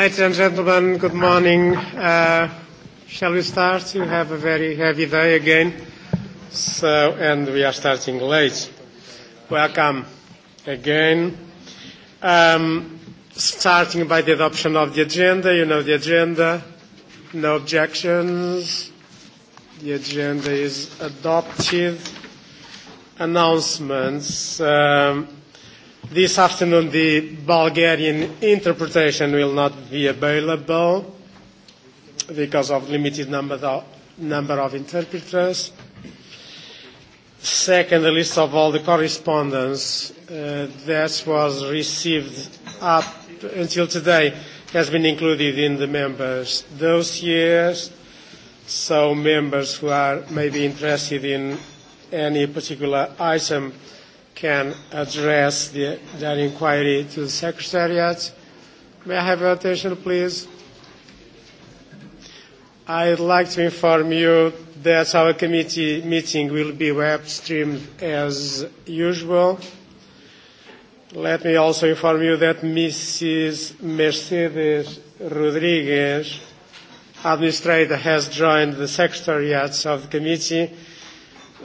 Ladies and gentlemen, good morning. Uh, shall we start? You have a very heavy day again, so and we are starting late. Welcome again. Um, starting by the adoption of the agenda, you know the agenda. No objections. The agenda is adopted. Announcements. Um, This afternoon the Bulgarian interpretation will not be available because of limited number of, number of interpreters. Second, the list of all the correspondence uh, that was received up until today has been included in the members' dossiers. So members who are maybe interested in any particular item can address the, that inquiry to the Secretariat. May I have your attention, please? I'd like to inform you that our committee meeting will be web streamed as usual. Let me also inform you that Mrs. Mercedes Rodriguez, administrator, has joined the secretariats of the committee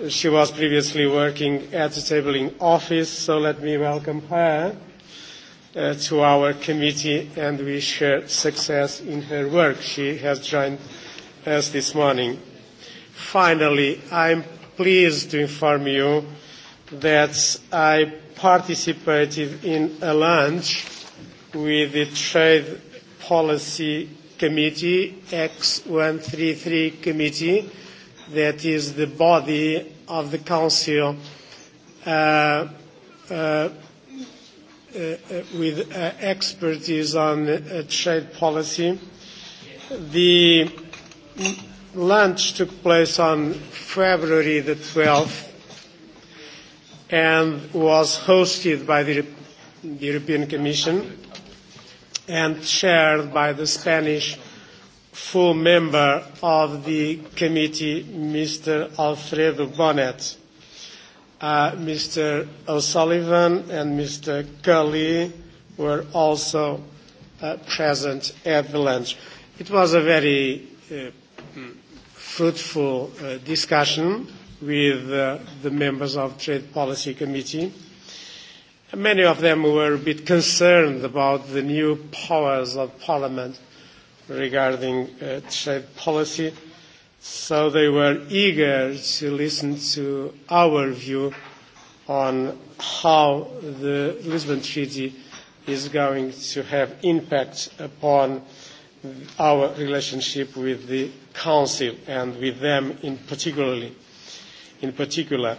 She was previously working at the tabling office, so let me welcome her uh, to our committee and wish her success in her work. She has joined us this morning. Finally, I'm pleased to inform you that I participated in a lunch with the Trade Policy Committee, X133 Committee, that is the body of the Council uh, uh, Uh, with uh, expertise on uh, trade policy. The lunch took place on February the 12th and was hosted by the, the European Commission and chaired by the Spanish full member of the committee, Mr. Alfredo Bonnet. Uh, Mr. O'Sullivan and Mr. Kelly were also uh, present at the lunch. It was a very uh, fruitful uh, discussion with uh, the members of Trade Policy Committee. Many of them were a bit concerned about the new powers of Parliament regarding uh, trade policy. So they were eager to listen to our view on how the Lisbon Treaty is going to have impact upon our relationship with the Council and with them in particularly. In particular,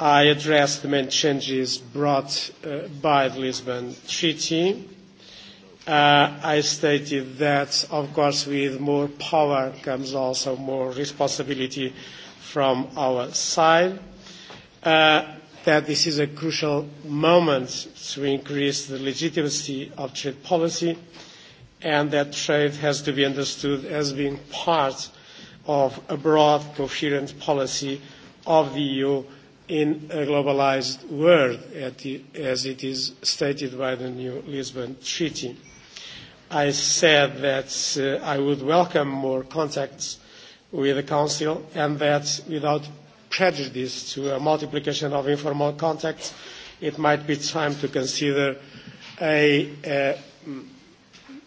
I addressed the main changes brought uh, by the Lisbon Treaty Uh, I stated that, of course, with more power comes also more responsibility from our side, uh, that this is a crucial moment to increase the legitimacy of trade policy, and that trade has to be understood as being part of a broad, coherent policy of the EU in a globalized world, as it is stated by the new Lisbon Treaty. I said that uh, I would welcome more contacts with the Council and that without prejudice to a multiplication of informal contacts, it might be time to consider a, a,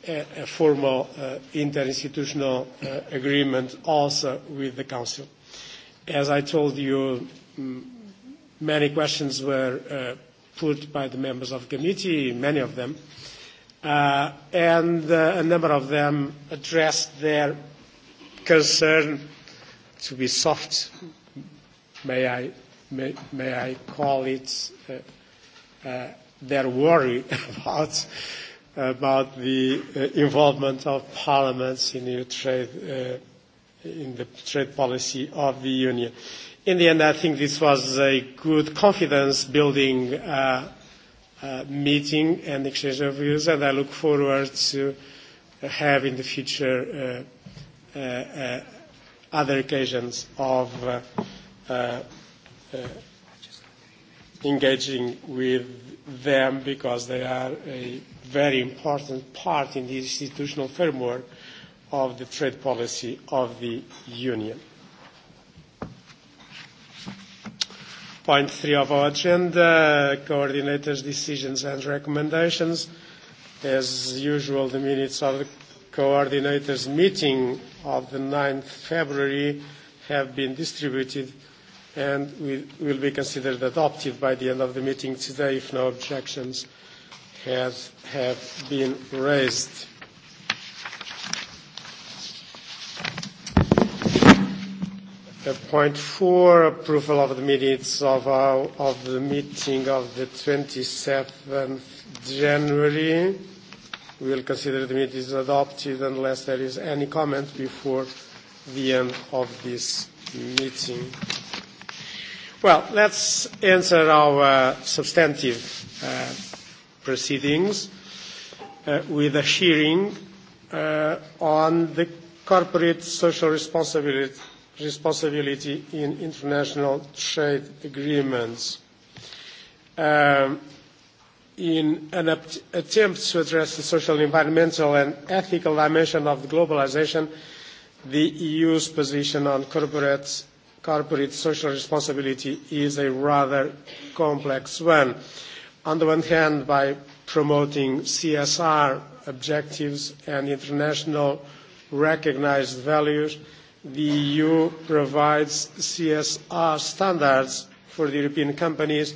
a formal uh, interinstitutional uh, agreement also with the Council. As I told you, mm, many questions were uh, put by the members of the committee, many of them. Uh, uh, and uh, a number of them addressed their concern to be soft, may I, may, may I call it, uh, uh, their worry about, about the uh, involvement of parliaments in the trade, uh, in the trade policy of the union. In the end, I think this was a good confidence-building uh, Uh, meeting and exchange of views, and I look forward to have in the future uh, uh, uh, other occasions of uh, uh, uh, engaging with them because they are a very important part in the institutional framework of the trade policy of the Union. point three of our agenda, coordinators' decisions and recommendations. As usual, the minutes of the coordinators' meeting of the 9th February have been distributed and will be considered adopted by the end of the meeting today if no objections have, have been raised. Point four, approval of the minutes of, our, of the meeting of the 27th January. We will consider the minutes adopted unless there is any comment before the end of this meeting. Well, let's answer our uh, substantive uh, proceedings uh, with a hearing uh, on the corporate social responsibility responsibility in international trade agreements. Um, in an attempt to address the social, environmental and ethical dimension of globalisation, the EU's position on corporate, corporate social responsibility is a rather complex one. On the one hand, by promoting CSR objectives and international recognized values, the EU provides CSR standards for the European companies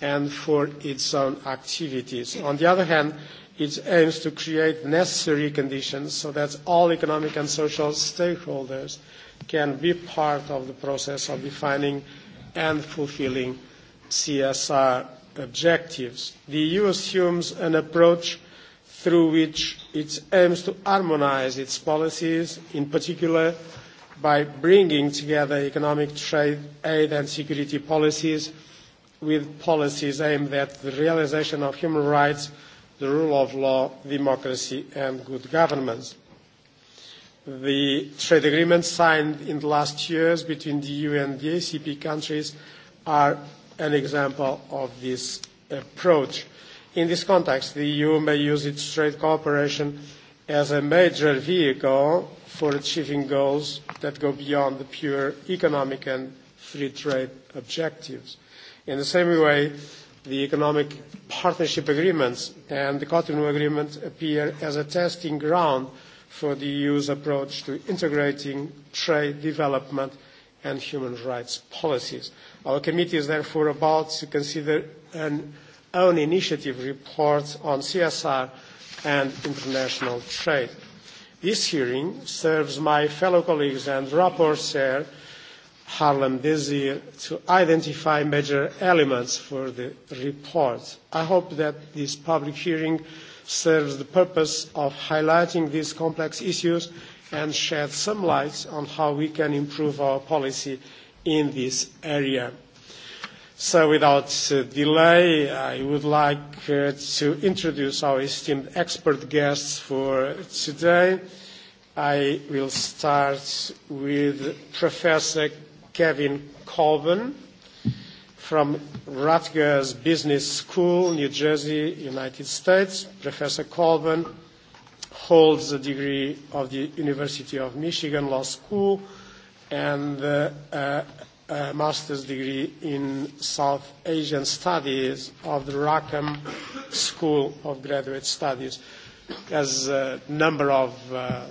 and for its own activities. On the other hand, it aims to create necessary conditions so that all economic and social stakeholders can be part of the process of defining and fulfilling CSR objectives. The EU assumes an approach through which it aims to harmonise its policies, in particular by bringing together economic trade, aid and security policies with policies aimed at the realization of human rights, the rule of law, democracy and good governance. The trade agreements signed in the last years between the EU and the ACP countries are an example of this approach. In this context, the EU may use its trade cooperation as a major vehicle for achieving goals that go beyond the pure economic and free trade objectives. In the same way, the economic partnership agreements and the Cotonou Agreement appear as a testing ground for the EU's approach to integrating trade, development and human rights policies. Our committee is therefore about to consider an own initiative report on CSR and international trade. This hearing serves my fellow colleagues and rapporteur Harlem Desir to identify major elements for the report. I hope that this public hearing serves the purpose of highlighting these complex issues and shed some light on how we can improve our policy in this area. So without uh, delay, I would like uh, to introduce our esteemed expert guests for today. I will start with Professor Kevin Colvin from Rutgers Business School, New Jersey, United States. Professor Colvin holds a degree of the University of Michigan Law School and a, uh, uh, a, master's degree in South Asian Studies of the Rackham School of Graduate Studies as a number of uh,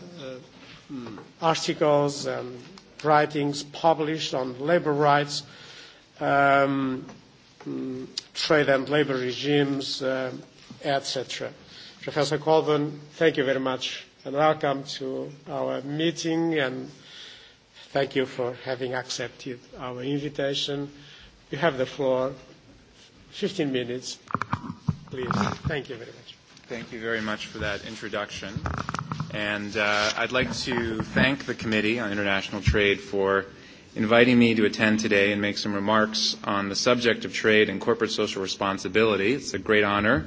uh, articles and writings published on labor rights, um, mm, trade and labor regimes, uh, etc. Professor Colvin, thank you very much and welcome to our meeting and thank you for having accepted our invitation. You have the floor. 15 minutes, please. Thank you very much. Thank you very much for that introduction. And uh, I'd like to thank the Committee on International Trade for inviting me to attend today and make some remarks on the subject of trade and corporate social responsibility. It's a great honor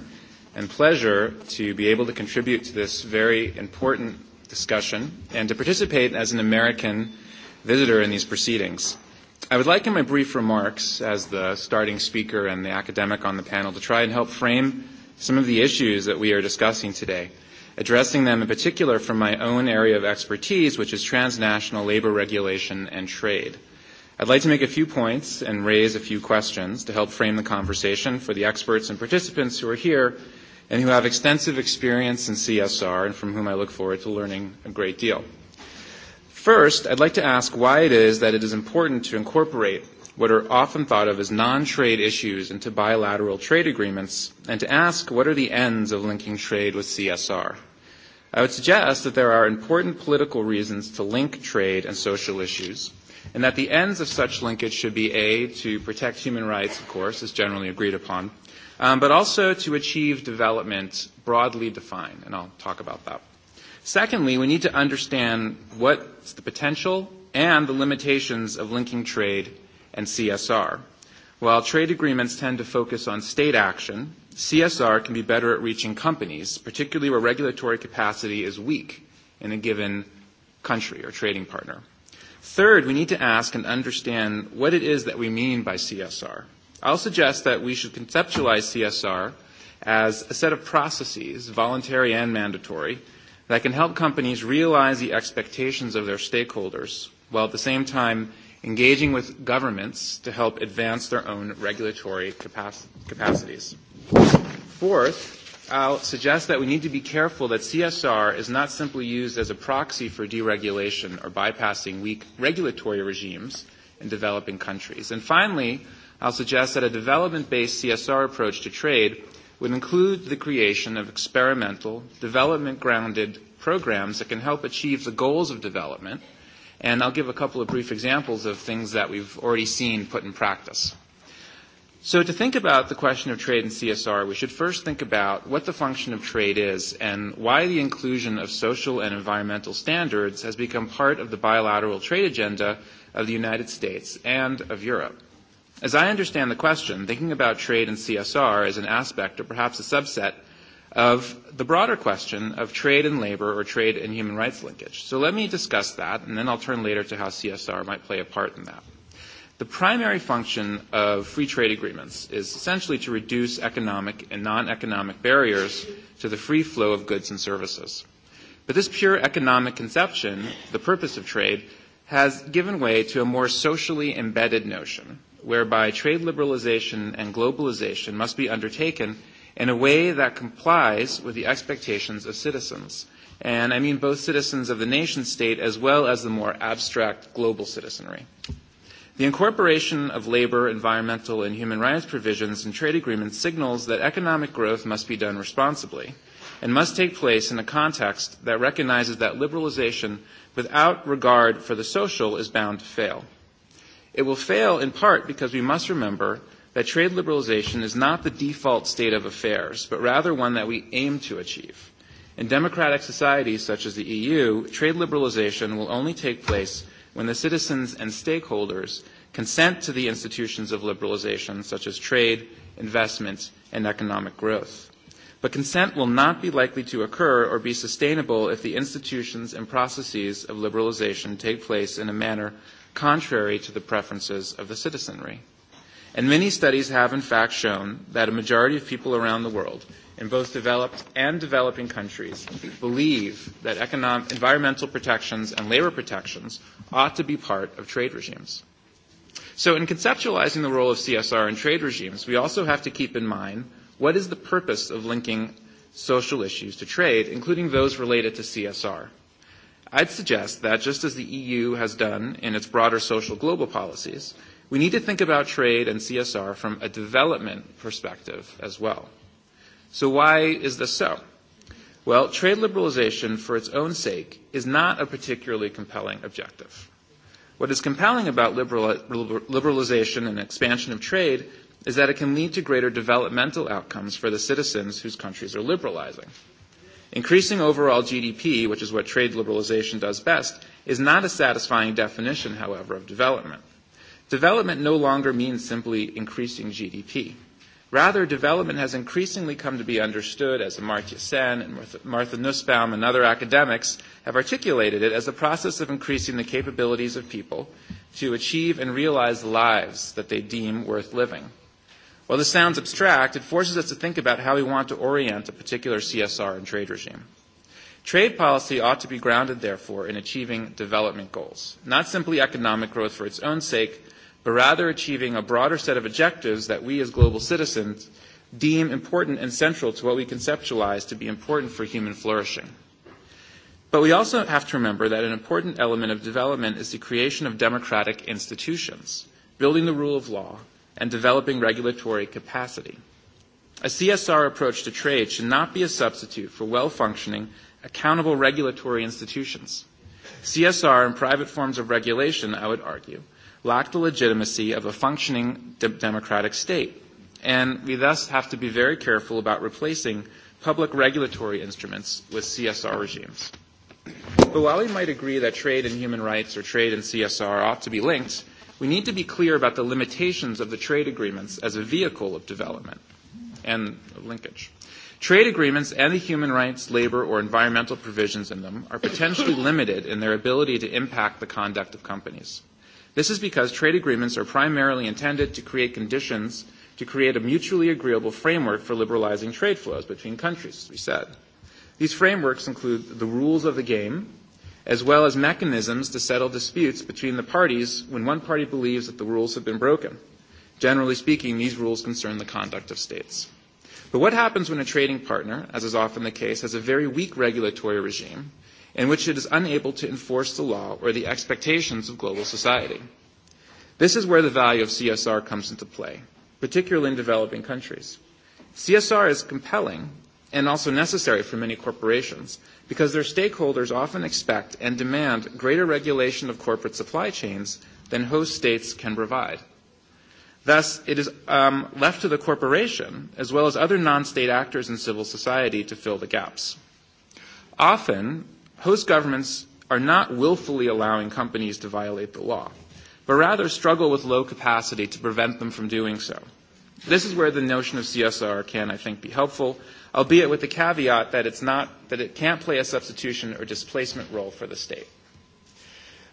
and pleasure to be able to contribute to this very important discussion and to participate as an American visitor in these proceedings. I would like in my brief remarks as the starting speaker and the academic on the panel to try and help frame some of the issues that we are discussing today, addressing them in particular from my own area of expertise, which is transnational labor regulation and trade. I'd like to make a few points and raise a few questions to help frame the conversation for the experts and participants who are here and who have extensive experience in CSR and from whom I look forward to learning a great deal. First, I'd like to ask why it is that it is important to incorporate what are often thought of as non-trade issues into bilateral trade agreements and to ask what are the ends of linking trade with CSR. I would suggest that there are important political reasons to link trade and social issues and that the ends of such linkage should be A, to protect human rights, of course, as generally agreed upon, um, but also to achieve development broadly defined, and I'll talk about that. Secondly, we need to understand what's the potential and the limitations of linking trade and CSR. While trade agreements tend to focus on state action, CSR can be better at reaching companies, particularly where regulatory capacity is weak in a given country or trading partner. Third, we need to ask and understand what it is that we mean by CSR. I'll suggest that we should conceptualize CSR as a set of processes, voluntary and mandatory, that can help companies realize the expectations of their stakeholders while at the same time engaging with governments to help advance their own regulatory capac capacities. Fourth, I'll suggest that we need to be careful that CSR is not simply used as a proxy for deregulation or bypassing weak regulatory regimes in developing countries. And finally, I'll suggest that a development-based CSR approach to trade would include the creation of experimental, development-grounded programs that can help achieve the goals of development – And I'll give a couple of brief examples of things that we've already seen put in practice. So to think about the question of trade and CSR, we should first think about what the function of trade is and why the inclusion of social and environmental standards has become part of the bilateral trade agenda of the United States and of Europe. As I understand the question, thinking about trade and CSR as an aspect or perhaps a subset of the broader question of trade and labor or trade and human rights linkage. So let me discuss that, and then I'll turn later to how CSR might play a part in that. The primary function of free trade agreements is essentially to reduce economic and non-economic barriers to the free flow of goods and services. But this pure economic conception, the purpose of trade, has given way to a more socially embedded notion, whereby trade liberalization and globalization must be undertaken in a way that complies with the expectations of citizens. And I mean both citizens of the nation state as well as the more abstract global citizenry. The incorporation of labor, environmental, and human rights provisions in trade agreements signals that economic growth must be done responsibly and must take place in a context that recognizes that liberalization without regard for the social is bound to fail. It will fail in part because we must remember that trade liberalization is not the default state of affairs, but rather one that we aim to achieve. In democratic societies such as the EU, trade liberalization will only take place when the citizens and stakeholders consent to the institutions of liberalization, such as trade, investment, and economic growth. But consent will not be likely to occur or be sustainable if the institutions and processes of liberalization take place in a manner contrary to the preferences of the citizenry. And many studies have in fact shown that a majority of people around the world, in both developed and developing countries, believe that economic, environmental protections and labor protections ought to be part of trade regimes. So in conceptualizing the role of CSR in trade regimes, we also have to keep in mind what is the purpose of linking social issues to trade, including those related to CSR. I'd suggest that just as the EU has done in its broader social global policies, We need to think about trade and CSR from a development perspective as well. So why is this so? Well, trade liberalization for its own sake is not a particularly compelling objective. What is compelling about liberalization and expansion of trade is that it can lead to greater developmental outcomes for the citizens whose countries are liberalizing. Increasing overall GDP, which is what trade liberalization does best, is not a satisfying definition, however, of development. Development no longer means simply increasing GDP. Rather, development has increasingly come to be understood, as Amartya Sen and Martha Nussbaum and other academics have articulated it, as the process of increasing the capabilities of people to achieve and realize lives that they deem worth living. While this sounds abstract, it forces us to think about how we want to orient a particular CSR and trade regime. Trade policy ought to be grounded, therefore, in achieving development goals, not simply economic growth for its own sake, but rather achieving a broader set of objectives that we as global citizens deem important and central to what we conceptualize to be important for human flourishing. But we also have to remember that an important element of development is the creation of democratic institutions, building the rule of law, and developing regulatory capacity. A CSR approach to trade should not be a substitute for well-functioning, accountable regulatory institutions. CSR and private forms of regulation, I would argue, lack the legitimacy of a functioning de- democratic state. And we thus have to be very careful about replacing public regulatory instruments with CSR regimes. But while we might agree that trade and human rights or trade and CSR ought to be linked, we need to be clear about the limitations of the trade agreements as a vehicle of development and linkage. Trade agreements and the human rights, labor, or environmental provisions in them are potentially limited in their ability to impact the conduct of companies. This is because trade agreements are primarily intended to create conditions to create a mutually agreeable framework for liberalizing trade flows between countries, as we said. These frameworks include the rules of the game, as well as mechanisms to settle disputes between the parties when one party believes that the rules have been broken. Generally speaking, these rules concern the conduct of states. But what happens when a trading partner, as is often the case, has a very weak regulatory regime in which it is unable to enforce the law or the expectations of global society. This is where the value of CSR comes into play, particularly in developing countries. CSR is compelling and also necessary for many corporations because their stakeholders often expect and demand greater regulation of corporate supply chains than host states can provide. Thus, it is um, left to the corporation, as well as other non-state actors in civil society, to fill the gaps. Often, host governments are not willfully allowing companies to violate the law, but rather struggle with low capacity to prevent them from doing so. This is where the notion of CSR can, I think, be helpful, albeit with the caveat that, it's not, that it can't play a substitution or displacement role for the state.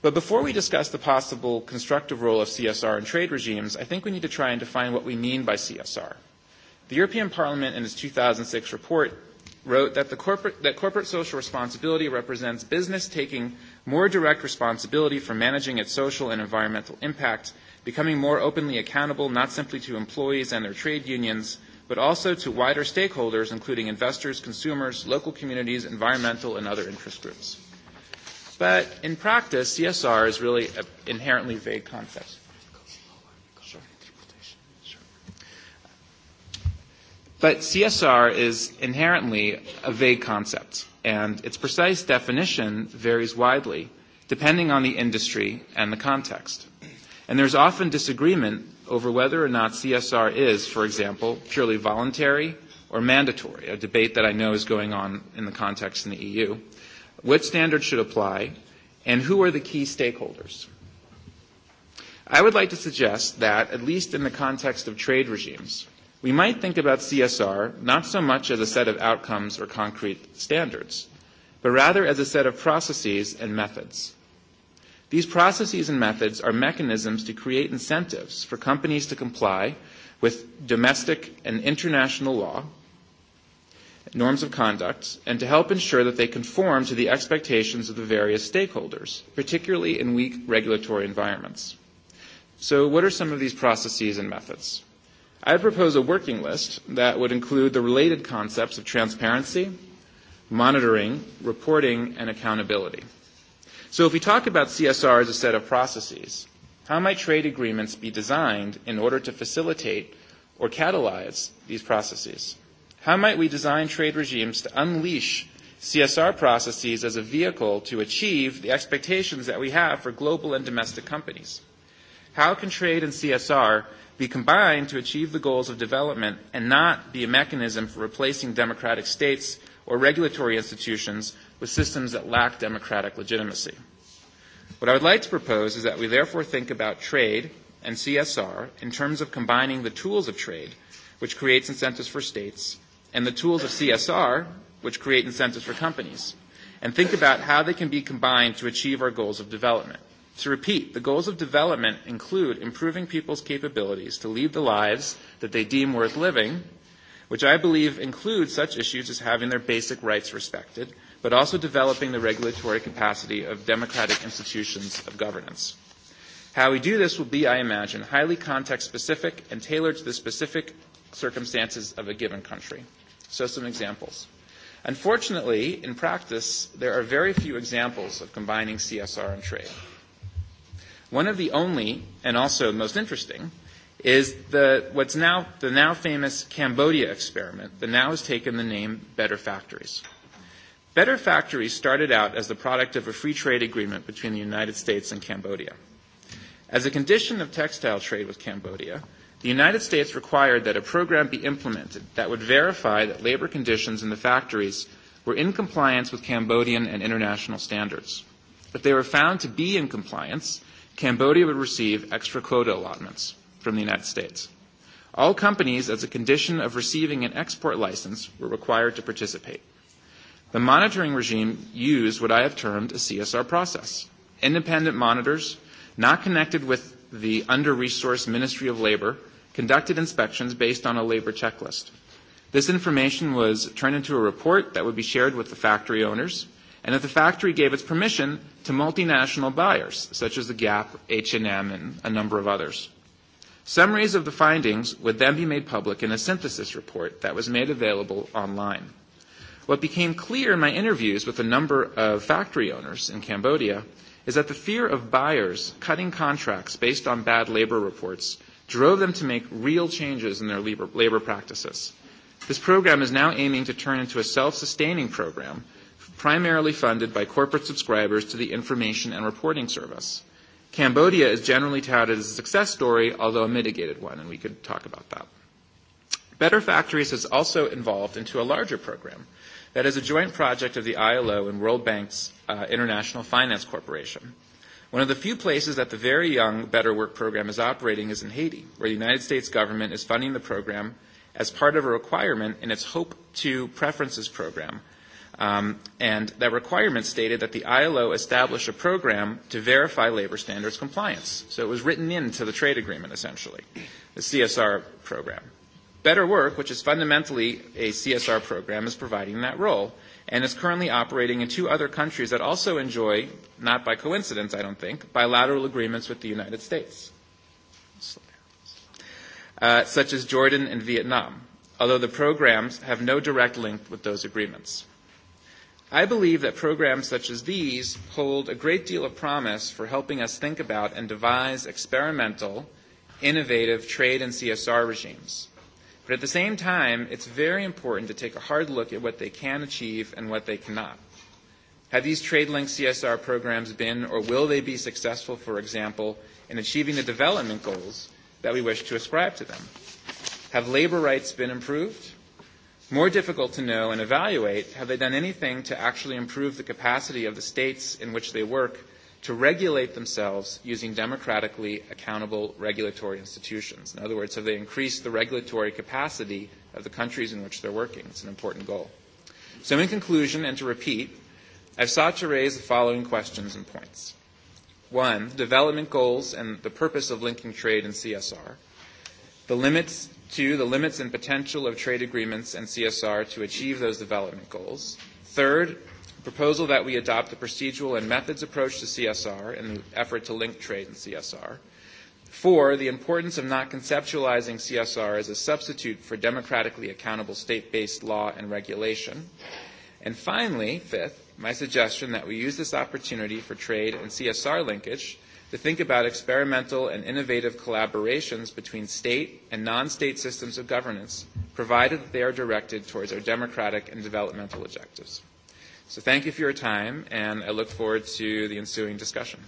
But before we discuss the possible constructive role of CSR in trade regimes, I think we need to try and define what we mean by CSR. The European Parliament, in its 2006 report, wrote that, the corporate, that corporate social responsibility represents business taking more direct responsibility for managing its social and environmental impact, becoming more openly accountable not simply to employees and their trade unions, but also to wider stakeholders, including investors, consumers, local communities, environmental, and other interest groups. But in practice, CSR is really an inherently vague concept. But CSR is inherently a vague concept, and its precise definition varies widely depending on the industry and the context. And there's often disagreement over whether or not CSR is, for example, purely voluntary or mandatory, a debate that I know is going on in the context in the EU. What standards should apply, and who are the key stakeholders? I would like to suggest that, at least in the context of trade regimes, We might think about CSR not so much as a set of outcomes or concrete standards, but rather as a set of processes and methods. These processes and methods are mechanisms to create incentives for companies to comply with domestic and international law, norms of conduct, and to help ensure that they conform to the expectations of the various stakeholders, particularly in weak regulatory environments. So what are some of these processes and methods? I'd propose a working list that would include the related concepts of transparency, monitoring, reporting, and accountability. So if we talk about CSR as a set of processes, how might trade agreements be designed in order to facilitate or catalyze these processes? How might we design trade regimes to unleash CSR processes as a vehicle to achieve the expectations that we have for global and domestic companies? How can trade and CSR be combined to achieve the goals of development and not be a mechanism for replacing democratic states or regulatory institutions with systems that lack democratic legitimacy. What I would like to propose is that we therefore think about trade and CSR in terms of combining the tools of trade, which creates incentives for states, and the tools of CSR, which create incentives for companies, and think about how they can be combined to achieve our goals of development. To repeat, the goals of development include improving people's capabilities to lead the lives that they deem worth living, which I believe include such issues as having their basic rights respected, but also developing the regulatory capacity of democratic institutions of governance. How we do this will be, I imagine, highly context specific and tailored to the specific circumstances of a given country. So some examples. Unfortunately, in practice, there are very few examples of combining CSR and trade. One of the only, and also most interesting, is the, what's now the now famous Cambodia experiment that now has taken the name Better Factories. Better Factories started out as the product of a free trade agreement between the United States and Cambodia. As a condition of textile trade with Cambodia, the United States required that a program be implemented that would verify that labor conditions in the factories were in compliance with Cambodian and international standards. If they were found to be in compliance, Cambodia would receive extra quota allotments from the United States. All companies, as a condition of receiving an export license, were required to participate. The monitoring regime used what I have termed a CSR process. Independent monitors, not connected with the under-resourced Ministry of Labor, conducted inspections based on a labor checklist. This information was turned into a report that would be shared with the factory owners, and that the factory gave its permission to multinational buyers, such as the Gap, H&M, and a number of others. Summaries of the findings would then be made public in a synthesis report that was made available online. What became clear in my interviews with a number of factory owners in Cambodia is that the fear of buyers cutting contracts based on bad labor reports drove them to make real changes in their labor, labor practices. This program is now aiming to turn into a self-sustaining program primarily funded by corporate subscribers to the Information and Reporting Service. Cambodia is generally touted as a success story, although a mitigated one, and we could talk about that. Better Factories is also involved into a larger program that is a joint project of the ILO and World Bank's uh, International Finance Corporation. One of the few places that the very young Better Work program is operating is in Haiti, where the United States government is funding the program as part of a requirement in its HOPE 2 preferences program Um, and that requirement stated that the ILO establish a program to verify labor standards compliance. So it was written into the trade agreement, essentially, the CSR program. Better Work, which is fundamentally a CSR program, is providing that role and is currently operating in two other countries that also enjoy, not by coincidence, I don't think, bilateral agreements with the United States, uh, such as Jordan and Vietnam, although the programs have no direct link with those agreements. I believe that programs such as these hold a great deal of promise for helping us think about and devise experimental, innovative trade and CSR regimes. But at the same time, it's very important to take a hard look at what they can achieve and what they cannot. Have these trade-linked CSR programs been or will they be successful, for example, in achieving the development goals that we wish to ascribe to them? Have labor rights been improved? more difficult to know and evaluate have they done anything to actually improve the capacity of the states in which they work to regulate themselves using democratically accountable regulatory institutions. In other words, have they increased the regulatory capacity of the countries in which they're working? It's an important goal. So, in conclusion, and to repeat, I've sought to raise the following questions and points. One, the development goals and the purpose of linking trade and CSR, the limits Two, the limits and potential of trade agreements and CSR to achieve those development goals. Third, proposal that we adopt a procedural and methods approach to CSR in the effort to link trade and CSR. Four, the importance of not conceptualizing CSR as a substitute for democratically accountable state-based law and regulation. And finally, fifth, my suggestion that we use this opportunity for trade and CSR linkage to think about experimental and innovative collaborations between state and non-state systems of governance, provided that they are directed towards our democratic and developmental objectives. So thank you for your time, and I look forward to the ensuing discussion.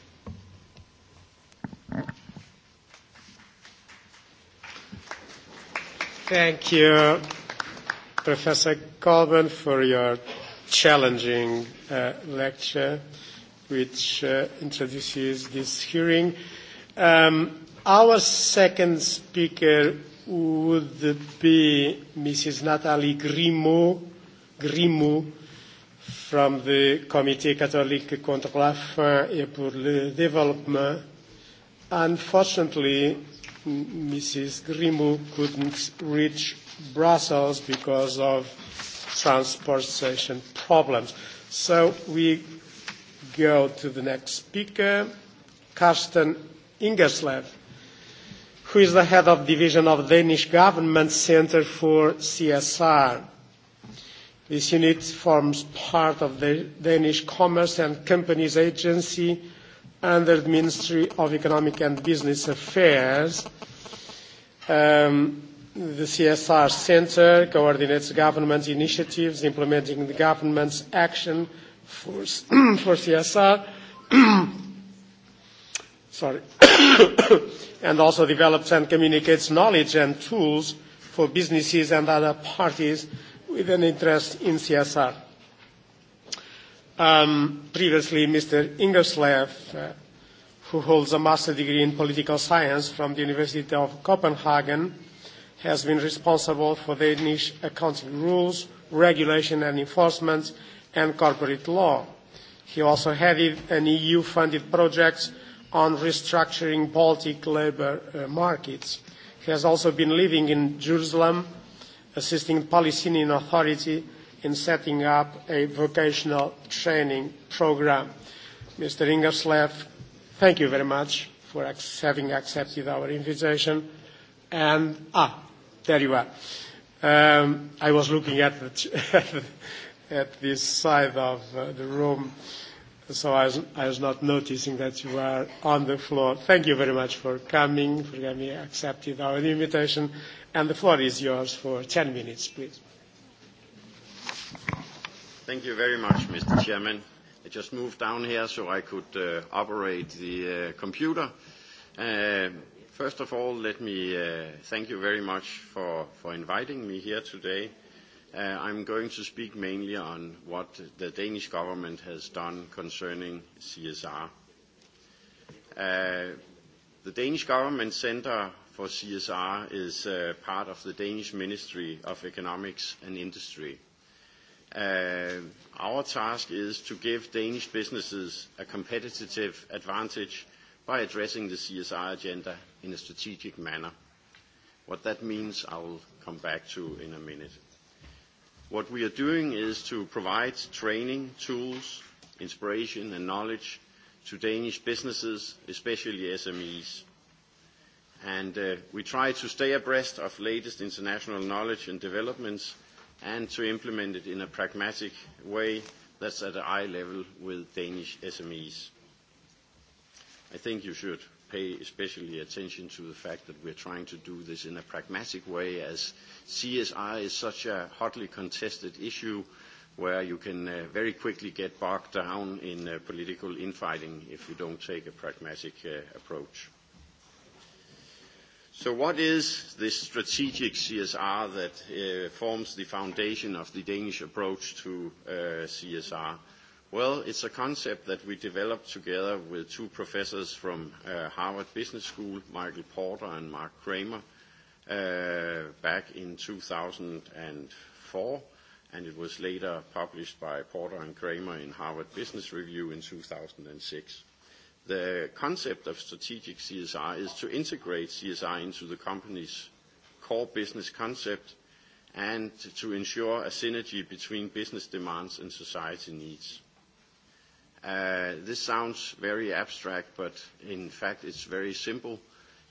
Thank you, Professor Colvin, for your challenging uh, lecture which uh, introduces this hearing. Um, our second speaker would be Mrs. Natalie Grimaud, Grimaud from the Comité catholique contre la faim et pour le développement. Unfortunately, Mrs. Grimaud couldn't reach Brussels because of transportation problems. So we go to the next speaker, Karsten Ingerslev, who is the head of division of Danish Government Center for CSR. This unit forms part of the Danish Commerce and Companies Agency under the Ministry of Economic and Business Affairs. Um, the CSR Center coordinates government initiatives implementing the government's action for, CSR, sorry, and also develops and communicates knowledge and tools for businesses and other parties with an interest in CSR. Um, previously, Mr. Ingerslev, uh, who holds a master's degree in political science from the University of Copenhagen, has been responsible for the Danish accounting rules, regulation and enforcement and corporate law. He also headed an EU-funded project on restructuring Baltic labour uh, markets. He has also been living in Jerusalem, assisting the Palestinian Authority in setting up a vocational training program. Mr. Ingerslev, thank you very much for having accepted our invitation. And, ah, there you are. Um, I was looking at the, at this side of uh, the room, so I was, I was not noticing that you were on the floor. Thank you very much for coming, for having accepted our invitation, and the floor is yours for 10 minutes, please. Thank you very much, Mr. Chairman. I just moved down here so I could uh, operate the uh, computer. Uh, first of all, let me uh, thank you very much for, for inviting me here today. Uh, I'm going to speak mainly on what the Danish government has done concerning CSR. Uh, the Danish Government Centre for CSR is uh, part of the Danish Ministry of Economics and Industry. our task is to give Danish businesses a competitive advantage by addressing the CSR agenda in a strategic manner. What that means, I will come back to in a minute. What we are doing is to provide training, tools, inspiration and knowledge to Danish businesses, especially SMEs. And uh, we try to stay abreast of latest international knowledge and developments and to implement it in a pragmatic way that's at an eye level with Danish SMEs. I think you should pay especially attention to the fact that we're trying to do this in a pragmatic way as CSR is such a hotly contested issue where you can uh, very quickly get bogged down in uh, political infighting if you don't take a pragmatic uh, approach. So what is this strategic CSR that uh, forms the foundation of the Danish approach to uh, CSR? Well, it's a concept that we developed together with two professors from uh, Harvard Business School, Michael Porter and Mark Kramer, uh, back in 2004, and it was later published by Porter and Kramer in Harvard Business Review in 2006. The concept of strategic CSR is to integrate CSR into the company's core business concept and to ensure a synergy between business demands and society needs. Uh, this sounds very abstract, but in fact it's very simple.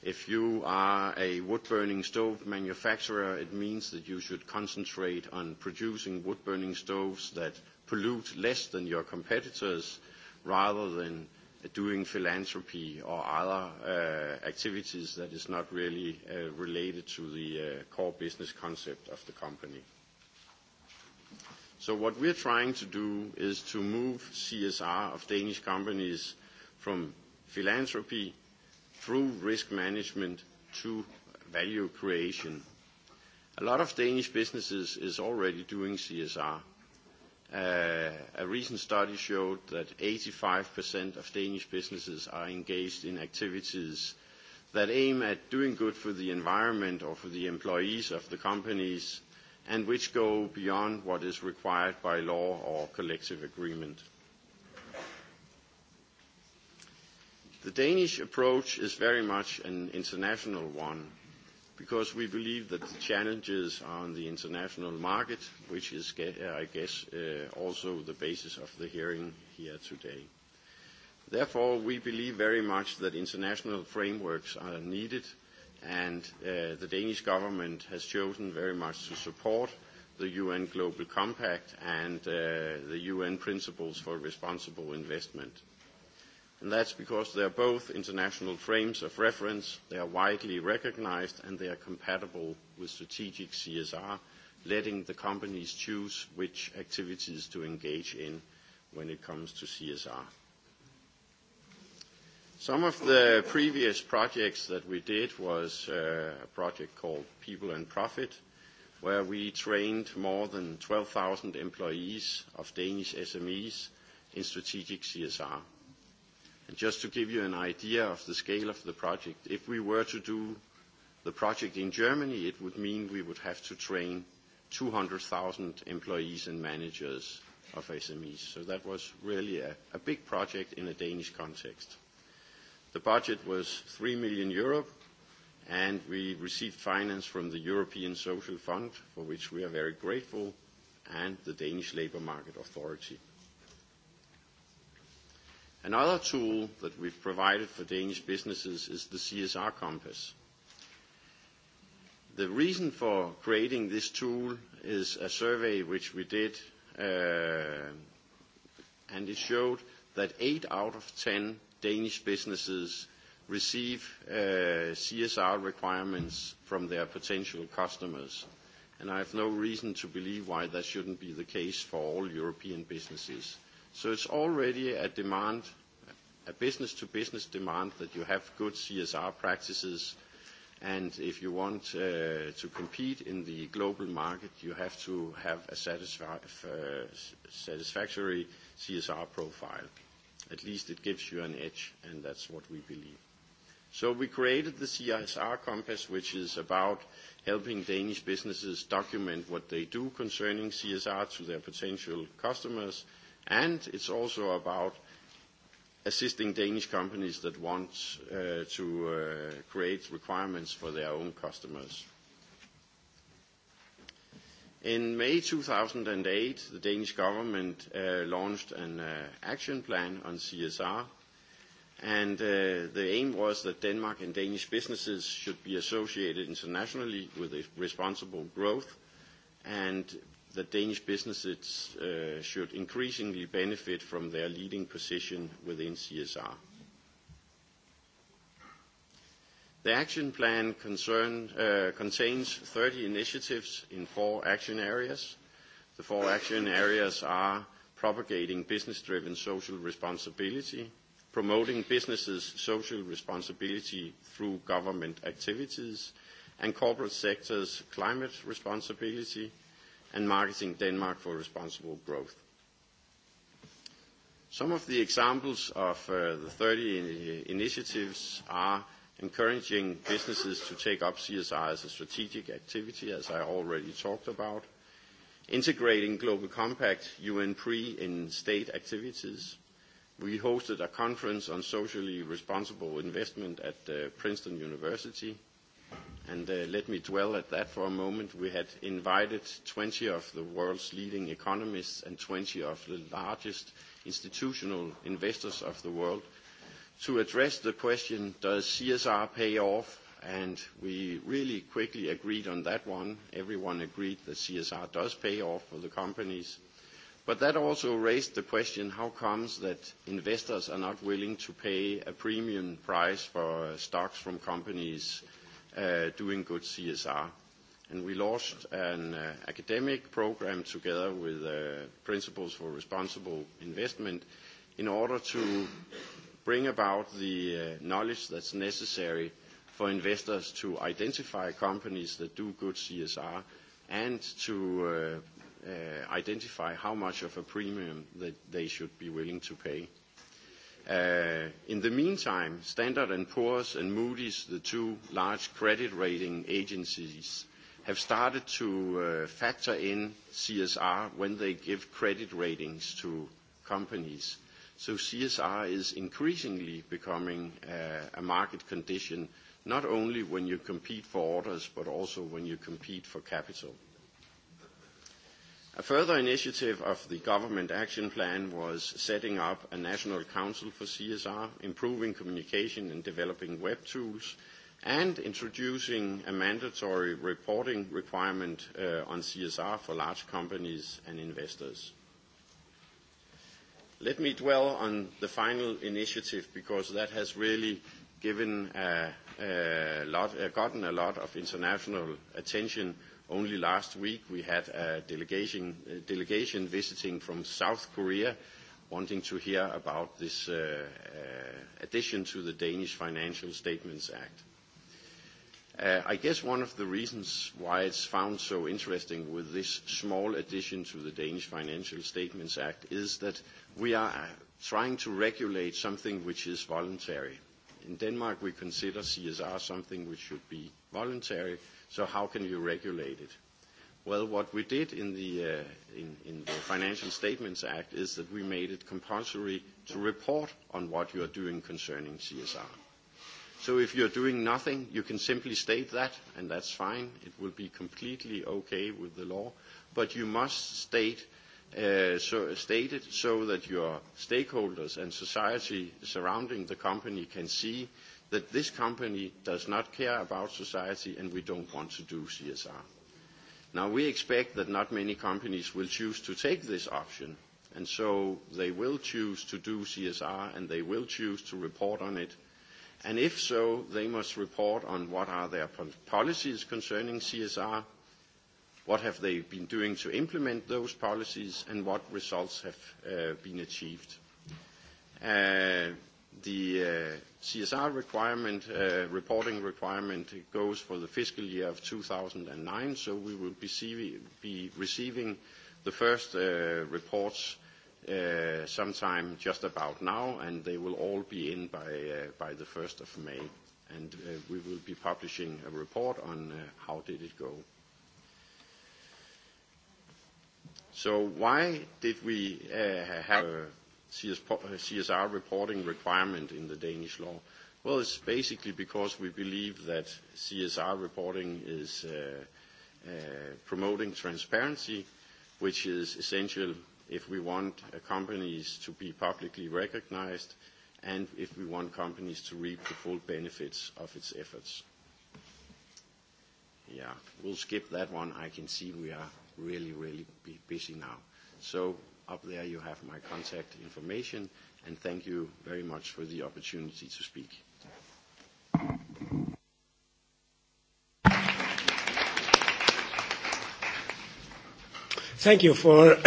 If you are a wood-burning stove manufacturer, it means that you should concentrate on producing wood-burning stoves that pollute less than your competitors rather than doing philanthropy or other uh, activities that is not really uh, related to the uh, core business concept of the company. So what we're trying to do is to move CSR of Danish companies from philanthropy through risk management to value creation. A lot of Danish businesses is already doing CSR. Uh, a recent study showed that 85% of Danish businesses are engaged in activities that aim at doing good for the environment or for the employees of the companies and which go beyond what is required by law or collective agreement. The Danish approach is very much an international one because we believe that the challenges on the international market, which is, I guess, uh, also the basis of the hearing here today. Therefore, we believe very much that international frameworks are needed and uh, the Danish government has chosen very much to support the UN Global Compact and uh, the UN Principles for Responsible Investment. And that's because they are both international frames of reference, they are widely recognized, and they are compatible with strategic CSR, letting the companies choose which activities to engage in when it comes to CSR. Some of the previous projects that we did was uh, a project called People and Profit, where we trained more than 12,000 employees of Danish SMEs in strategic CSR. And just to give you an idea of the scale of the project, if we were to do the project in Germany, it would mean we would have to train 200,000 employees and managers of SMEs. So that was really a, a big project in a Danish context. The budget was 3 million euro, and we received finance from the European Social Fund, for which we are very grateful, and the Danish Labour Market Authority. Another tool that we've provided for Danish businesses is the CSR Compass. The reason for creating this tool is a survey which we did, uh, and it showed that eight out of 10 Danish businesses receive uh, CSR requirements from their potential customers, and I have no reason to believe why that shouldn't be the case for all European businesses. So it's already a demand, a business-to-business demand that you have good CSR practices, and if you want uh, to compete in the global market, you have to have a uh, satisfactory CSR profile at least it gives you an edge, and that's what we believe. So we created the CSR Compass, which is about helping Danish businesses document what they do concerning CSR to their potential customers, and it's also about assisting Danish companies that want uh, to uh, create requirements for their own customers. In May 2008, the Danish government uh, launched an uh, action plan on CSR, and uh, the aim was that Denmark and Danish businesses should be associated internationally with responsible growth, and that Danish businesses uh, should increasingly benefit from their leading position within CSR. The action plan uh, contains 30 initiatives in four action areas. The four action areas are propagating business-driven social responsibility, promoting businesses' social responsibility through government activities, and corporate sectors' climate responsibility, and marketing Denmark for responsible growth. Some of the examples of uh, the 30 initiatives are encouraging businesses to take up CSR as a strategic activity, as I already talked about, integrating Global Compact UN in state activities. We hosted a conference on socially responsible investment at uh, Princeton University. And uh, let me dwell at that for a moment. We had invited 20 of the world's leading economists and 20 of the largest institutional investors of the world to address the question, does CSR pay off? And we really quickly agreed on that one. Everyone agreed that CSR does pay off for the companies. But that also raised the question, how comes that investors are not willing to pay a premium price for stocks from companies uh, doing good CSR? And we launched an uh, academic program together with uh, Principles for Responsible Investment in order to bring about the uh, knowledge that's necessary for investors to identify companies that do good CSR and to uh, uh, identify how much of a premium that they should be willing to pay. Uh, in the meantime, Standard and Poor's and Moody's, the two large credit rating agencies, have started to uh, factor in CSR when they give credit ratings to companies So CSR is increasingly becoming uh, a market condition, not only when you compete for orders, but also when you compete for capital. A further initiative of the government action plan was setting up a national council for CSR, improving communication and developing web tools, and introducing a mandatory reporting requirement uh, on CSR for large companies and investors. Let me dwell on the final initiative because that has really given a, uh, uh, lot, uh, gotten a lot of international attention. Only last week we had a delegation, a delegation visiting from South Korea wanting to hear about this uh, uh, addition to the Danish Financial Statements Act. Uh, I guess one of the reasons why it's found so interesting with this small addition to the Danish Financial Statements Act is that we are uh, trying to regulate something which is voluntary. In Denmark, we consider CSR something which should be voluntary, so how can you regulate it? Well, what we did in the, uh, in, in the Financial Statements Act is that we made it compulsory to report on what you are doing concerning CSR. So if you're doing nothing, you can simply state that, and that's fine. It will be completely okay with the law. But you must state Uh, stated so that your stakeholders and society surrounding the company can see that this company does not care about society and we don't want to do CSR. Now we expect that not many companies will choose to take this option and so they will choose to do CSR and they will choose to report on it. And if so, they must report on what are their policies concerning CSR, what have they been doing to implement those policies, and what results have uh, been achieved. Uh, the uh, CSR requirement, uh, reporting requirement goes for the fiscal year of 2009, so we will be, see, be receiving the first uh, reports uh, sometime just about now, and they will all be in by, uh, by the 1st of May. And uh, we will be publishing a report on uh, how did it go. So why did we uh, have a CSR uh, reporting requirement in the Danish law? Well, it's basically because we believe that CSR reporting is uh, uh, promoting transparency, which is essential if we want uh, companies to be publicly recognized and if we want companies to reap the full benefits of its efforts. Yeah, we'll skip that one. I can see we are really, really busy now. So up there you have my contact information, and thank you very much for the opportunity to speak. Thank you for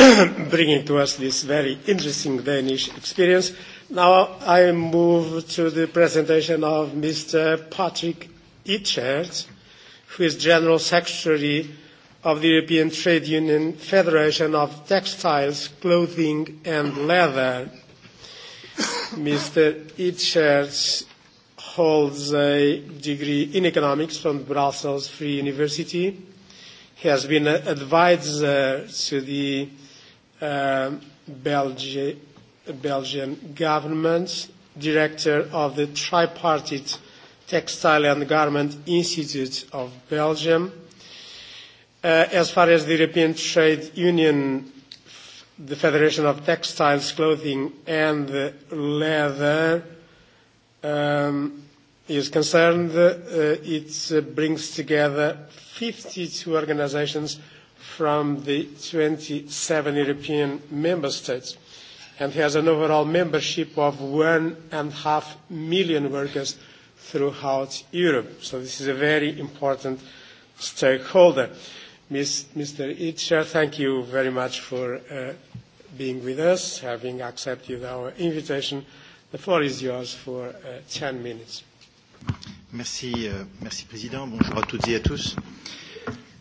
bringing to us this very interesting Danish experience. Now I move to the presentation of Mr. Patrick Itchert, who is General Secretary of the European Trade Union Federation of Textiles, Clothing and Leather. Mr. Itchers holds a degree in economics from Brussels Free University. He has been an advisor to the uh, Belgi Belgian government, director of the tripartite Textile and Garment Institute of Belgium, Uh, as far as the European Trade Union, the Federation of Textiles, Clothing and Leather um, is concerned, uh, it uh, brings together 52 organizations from the 27 European member states and has an overall membership of one and a half million workers throughout Europe. So this is a very important stakeholder. Mr. Itcher, thank you very much for uh, being with us, having accepted our invitation. The floor is yours for uh, 10 minutes. Merci, euh, merci Président. Bonjour à toutes et à tous.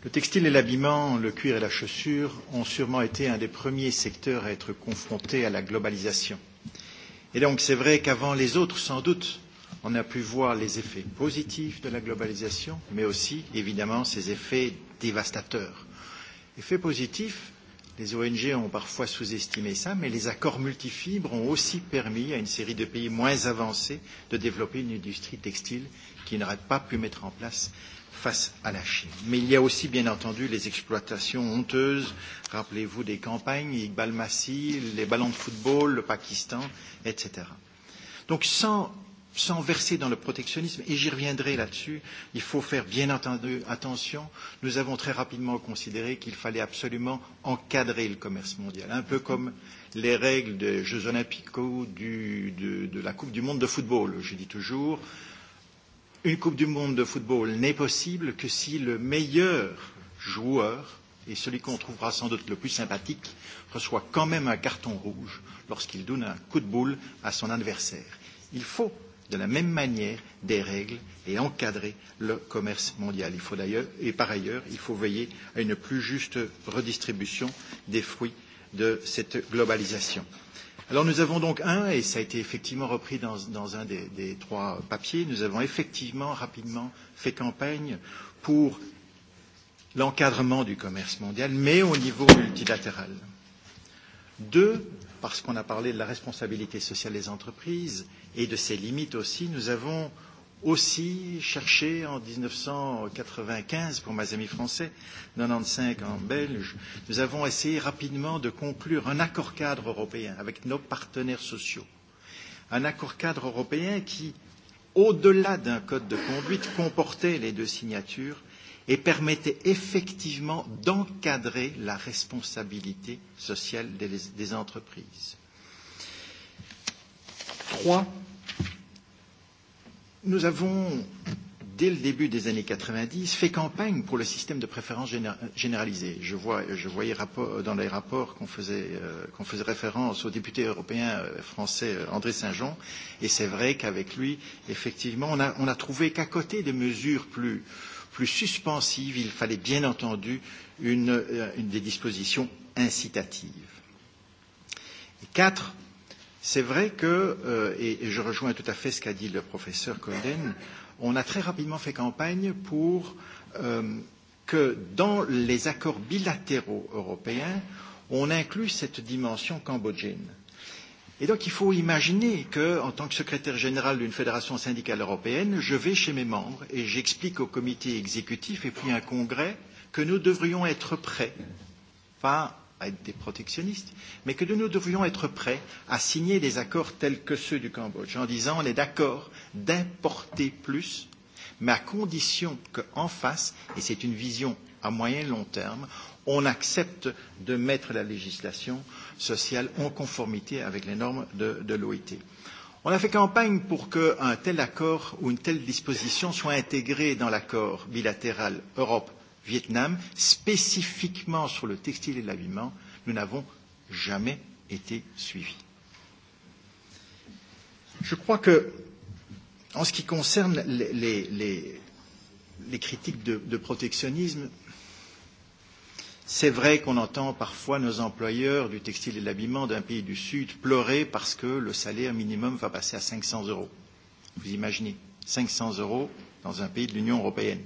Le textile et l'habillement, le cuir et la chaussure ont sûrement été un des premiers secteurs à être confrontés à la globalisation. Et donc c'est vrai qu'avant les autres, sans doute, on a pu voir les effets positifs de la globalisation, mais aussi évidemment ses effets dévastateur. Effet positif, les ONG ont parfois sous-estimé ça, mais les accords multifibres ont aussi permis à une série de pays moins avancés de développer une industrie textile qui n'aurait pas pu mettre en place face à la Chine. Mais il y a aussi, bien entendu, les exploitations honteuses. Rappelez-vous des campagnes, Iqbal Massi, les ballons de football, le Pakistan, etc. Donc sans sans verser dans le protectionnisme, et j'y reviendrai là-dessus, il faut faire bien entendu attention. Nous avons très rapidement considéré qu'il fallait absolument encadrer le commerce mondial, un peu comme les règles des Jeux olympiques ou du, de, de la Coupe du monde de football. Je dis toujours, une Coupe du monde de football n'est possible que si le meilleur joueur et celui qu'on trouvera sans doute le plus sympathique reçoit quand même un carton rouge lorsqu'il donne un coup de boule à son adversaire. Il faut de la même manière des règles et encadrer le commerce mondial. Il faut d'ailleurs, et par ailleurs, il faut veiller à une plus juste redistribution des fruits de cette globalisation. Alors nous avons donc un, et ça a été effectivement repris dans, dans un des, des trois papiers, nous avons effectivement rapidement fait campagne pour l'encadrement du commerce mondial, mais au niveau multilatéral. Deux, parce qu'on a parlé de la responsabilité sociale des entreprises et de ses limites aussi, nous avons aussi cherché en 1995, pour mes amis français, 95 en belge, nous avons essayé rapidement de conclure un accord cadre européen avec nos partenaires sociaux. Un accord cadre européen qui, au-delà d'un code de conduite, comportait les deux signatures et permettait effectivement d'encadrer la responsabilité sociale des, des entreprises. Trois, nous avons, dès le début des années 90, fait campagne pour le système de préférence généralisée. Je, vois, je voyais rapport, dans les rapports qu'on faisait, euh, qu faisait référence au député européen euh, français euh, André Saint-Jean, et c'est vrai qu'avec lui, effectivement, on a, on a trouvé qu'à côté des mesures plus euh, plus suspensive, il fallait bien entendu une, euh, une des dispositions incitatives. Et quatre, c'est vrai que, euh, et, et je rejoins tout à fait ce qu'a dit le professeur Colden, on a très rapidement fait campagne pour euh, que dans les accords bilatéraux européens, on inclut cette dimension cambodgienne. Euh, Et donc il faut imaginer que, en tant que secrétaire général d'une fédération syndicale européenne, je vais chez mes membres et j'explique au comité exécutif et puis à un congrès que nous devrions être prêts, pas à être des protectionnistes, mais que nous devrions être prêts à signer des accords tels que ceux du Cambodge, en disant on est d'accord d'importer plus, mais à condition qu'en face, et c'est une vision à moyen et long terme, on accepte de mettre la législation sociale en conformité avec les normes de, de l'OIT. On a fait campagne pour qu'un tel accord ou une telle disposition soit intégrée dans l'accord bilatéral Europe-Vietnam, spécifiquement sur le textile et l'habillement. Nous n'avons jamais été suivis. Je crois que, en ce qui concerne les, les, les, les critiques de, de protectionnisme, C'est vrai qu'on entend parfois nos employeurs du textile et de l'habillement d'un pays du Sud pleurer parce que le salaire minimum va passer à 500 euros. Vous imaginez 500 euros dans un pays de l'Union européenne.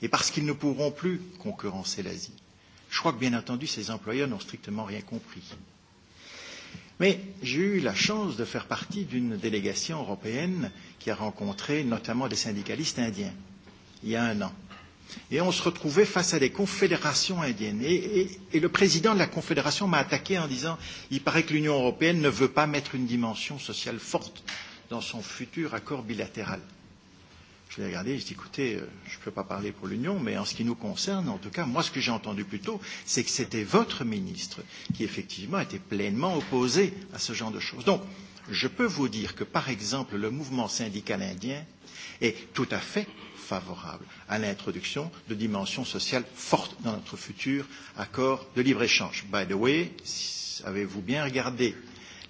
Et parce qu'ils ne pourront plus concurrencer l'Asie. Je crois que, bien entendu, ces employeurs n'ont strictement rien compris. Mais j'ai eu la chance de faire partie d'une délégation européenne qui a rencontré notamment des syndicalistes indiens il y a un an. Et on se retrouvait face à des confédérations indiennes. Et, et, et le président de la confédération m'a attaqué en disant il paraît que l'Union européenne ne veut pas mettre une dimension sociale forte dans son futur accord bilatéral. Je l'ai regardé, je dis « écoutez, euh, je ne peux pas parler pour l'Union, mais en ce qui nous concerne, en tout cas, moi, ce que j'ai entendu plus tôt, c'est que c'était votre ministre qui, effectivement, était pleinement opposé à ce genre de choses. Donc, je peux vous dire que, par exemple, le mouvement syndical indien est tout à fait favorable à l'introduction de dimensions sociales fortes dans notre futur accord de libre-échange. By the way, avez-vous bien regardé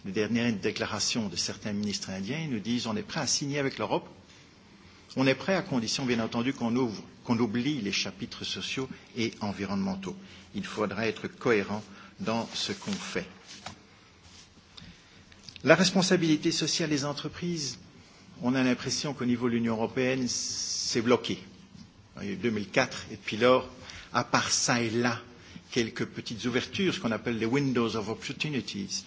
les dernières déclarations de certains ministres indiens Ils nous disent on est prêt à signer avec l'Europe, on est prêt à condition bien entendu qu'on ouvre, qu'on oublie les chapitres sociaux et environnementaux. Il faudra être cohérent dans ce qu'on fait. La responsabilité sociale des entreprises, on a l'impression qu'au niveau de l'Union européenne, c'est bloqué. Il y a eu 2004 et puis là, à part ça et là, quelques petites ouvertures, ce qu'on appelle les windows of opportunities.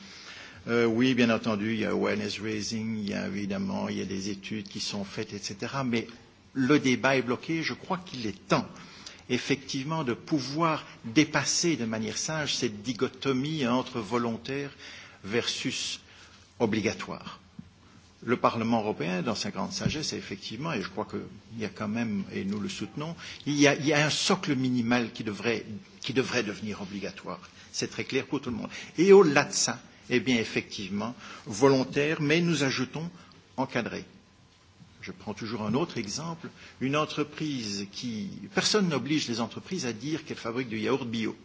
Euh, oui, bien entendu, il y a awareness raising, il y a évidemment, il y a des études qui sont faites, etc. Mais le débat est bloqué. Je crois qu'il est temps, effectivement, de pouvoir dépasser de manière sage cette dichotomie entre volontaire versus obligatoire le Parlement européen, dans sa grande sagesse, a effectivement, et je crois qu'il y a quand même, et nous le soutenons, il y a, il y a un socle minimal qui devrait, qui devrait devenir obligatoire. C'est très clair pour tout le monde. Et au-delà de ça, eh bien, effectivement, volontaire, mais nous ajoutons encadré. Je prends toujours un autre exemple. Une entreprise qui. Personne n'oblige les entreprises à dire qu'elles fabriquent du yaourt bio.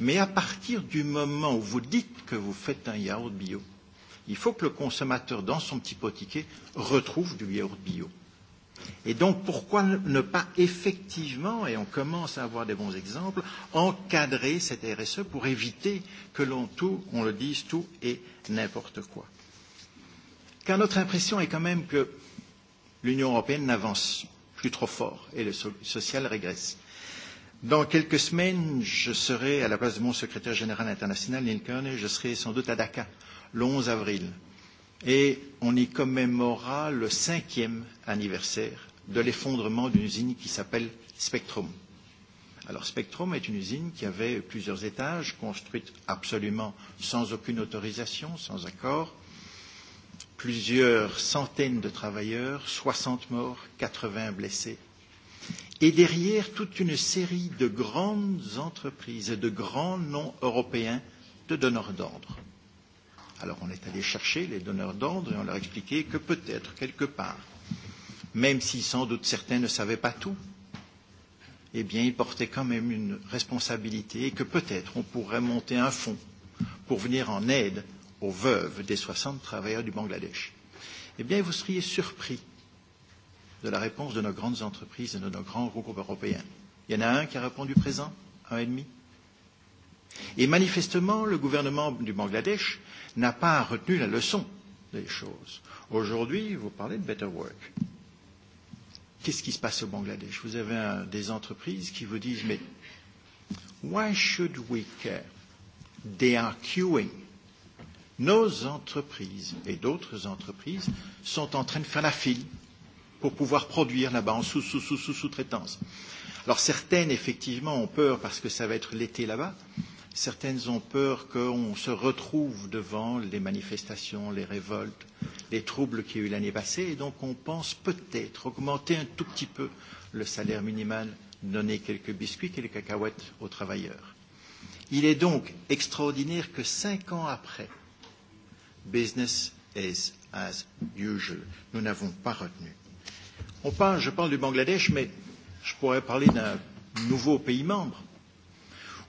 Mais à partir du moment où vous dites que vous faites un yaourt bio, Il faut que le consommateur, dans son petit potiquet, retrouve du yaourt bio. Et donc, pourquoi ne pas effectivement, et on commence à avoir des bons exemples, encadrer cette RSE pour éviter que l'on tout, on le dise tout et n'importe quoi Car notre impression est quand même que l'Union européenne n'avance plus trop fort et le social régresse. Dans quelques semaines, je serai à la place de mon secrétaire général international, Neil Kearney, je serai sans doute à Dakar le 11 avril. Et on y commémorera le cinquième anniversaire de l'effondrement d'une usine qui s'appelle Spectrum. Alors Spectrum est une usine qui avait plusieurs étages, construite absolument sans aucune autorisation, sans accord. Plusieurs centaines de travailleurs, 60 morts, 80 blessés. Et derrière, toute une série de grandes entreprises et de grands noms européens de donneurs d'ordre. Alors on est allé chercher les donneurs d'ordre et on leur expliquait que peut-être, quelque part, même si sans doute certains ne savaient pas tout, eh bien ils portaient quand même une responsabilité et que peut-être on pourrait monter un fonds pour venir en aide aux veuves des 60 travailleurs du Bangladesh. Eh bien vous seriez surpris de la réponse de nos grandes entreprises et de nos grands groupes européens. Il y en a un qui a répondu présent, un et demi, Et manifestement, le gouvernement du Bangladesh n'a pas retenu la leçon des choses. Aujourd'hui, vous parlez de Better Work. Qu'est-ce qui se passe au Bangladesh Vous avez un, des entreprises qui vous disent, mais why should we care They are queuing. Nos entreprises et d'autres entreprises sont en train de faire la file pour pouvoir produire là-bas en sous-sous-sous-sous-traitance. -sous -sous -sous Alors certaines, effectivement, ont peur parce que ça va être l'été là-bas, certaines ont peur qu'on se retrouve devant les manifestations, les révoltes, les troubles qu'il y a eu l'année passée, et donc on pense peut-être augmenter un tout petit peu le salaire minimal, donner quelques biscuits, quelques cacahuètes aux travailleurs. Il est donc extraordinaire que cinq ans après, business is as usual. Nous n'avons pas retenu. On parle, je parle du Bangladesh, mais je pourrais parler d'un nouveau pays membre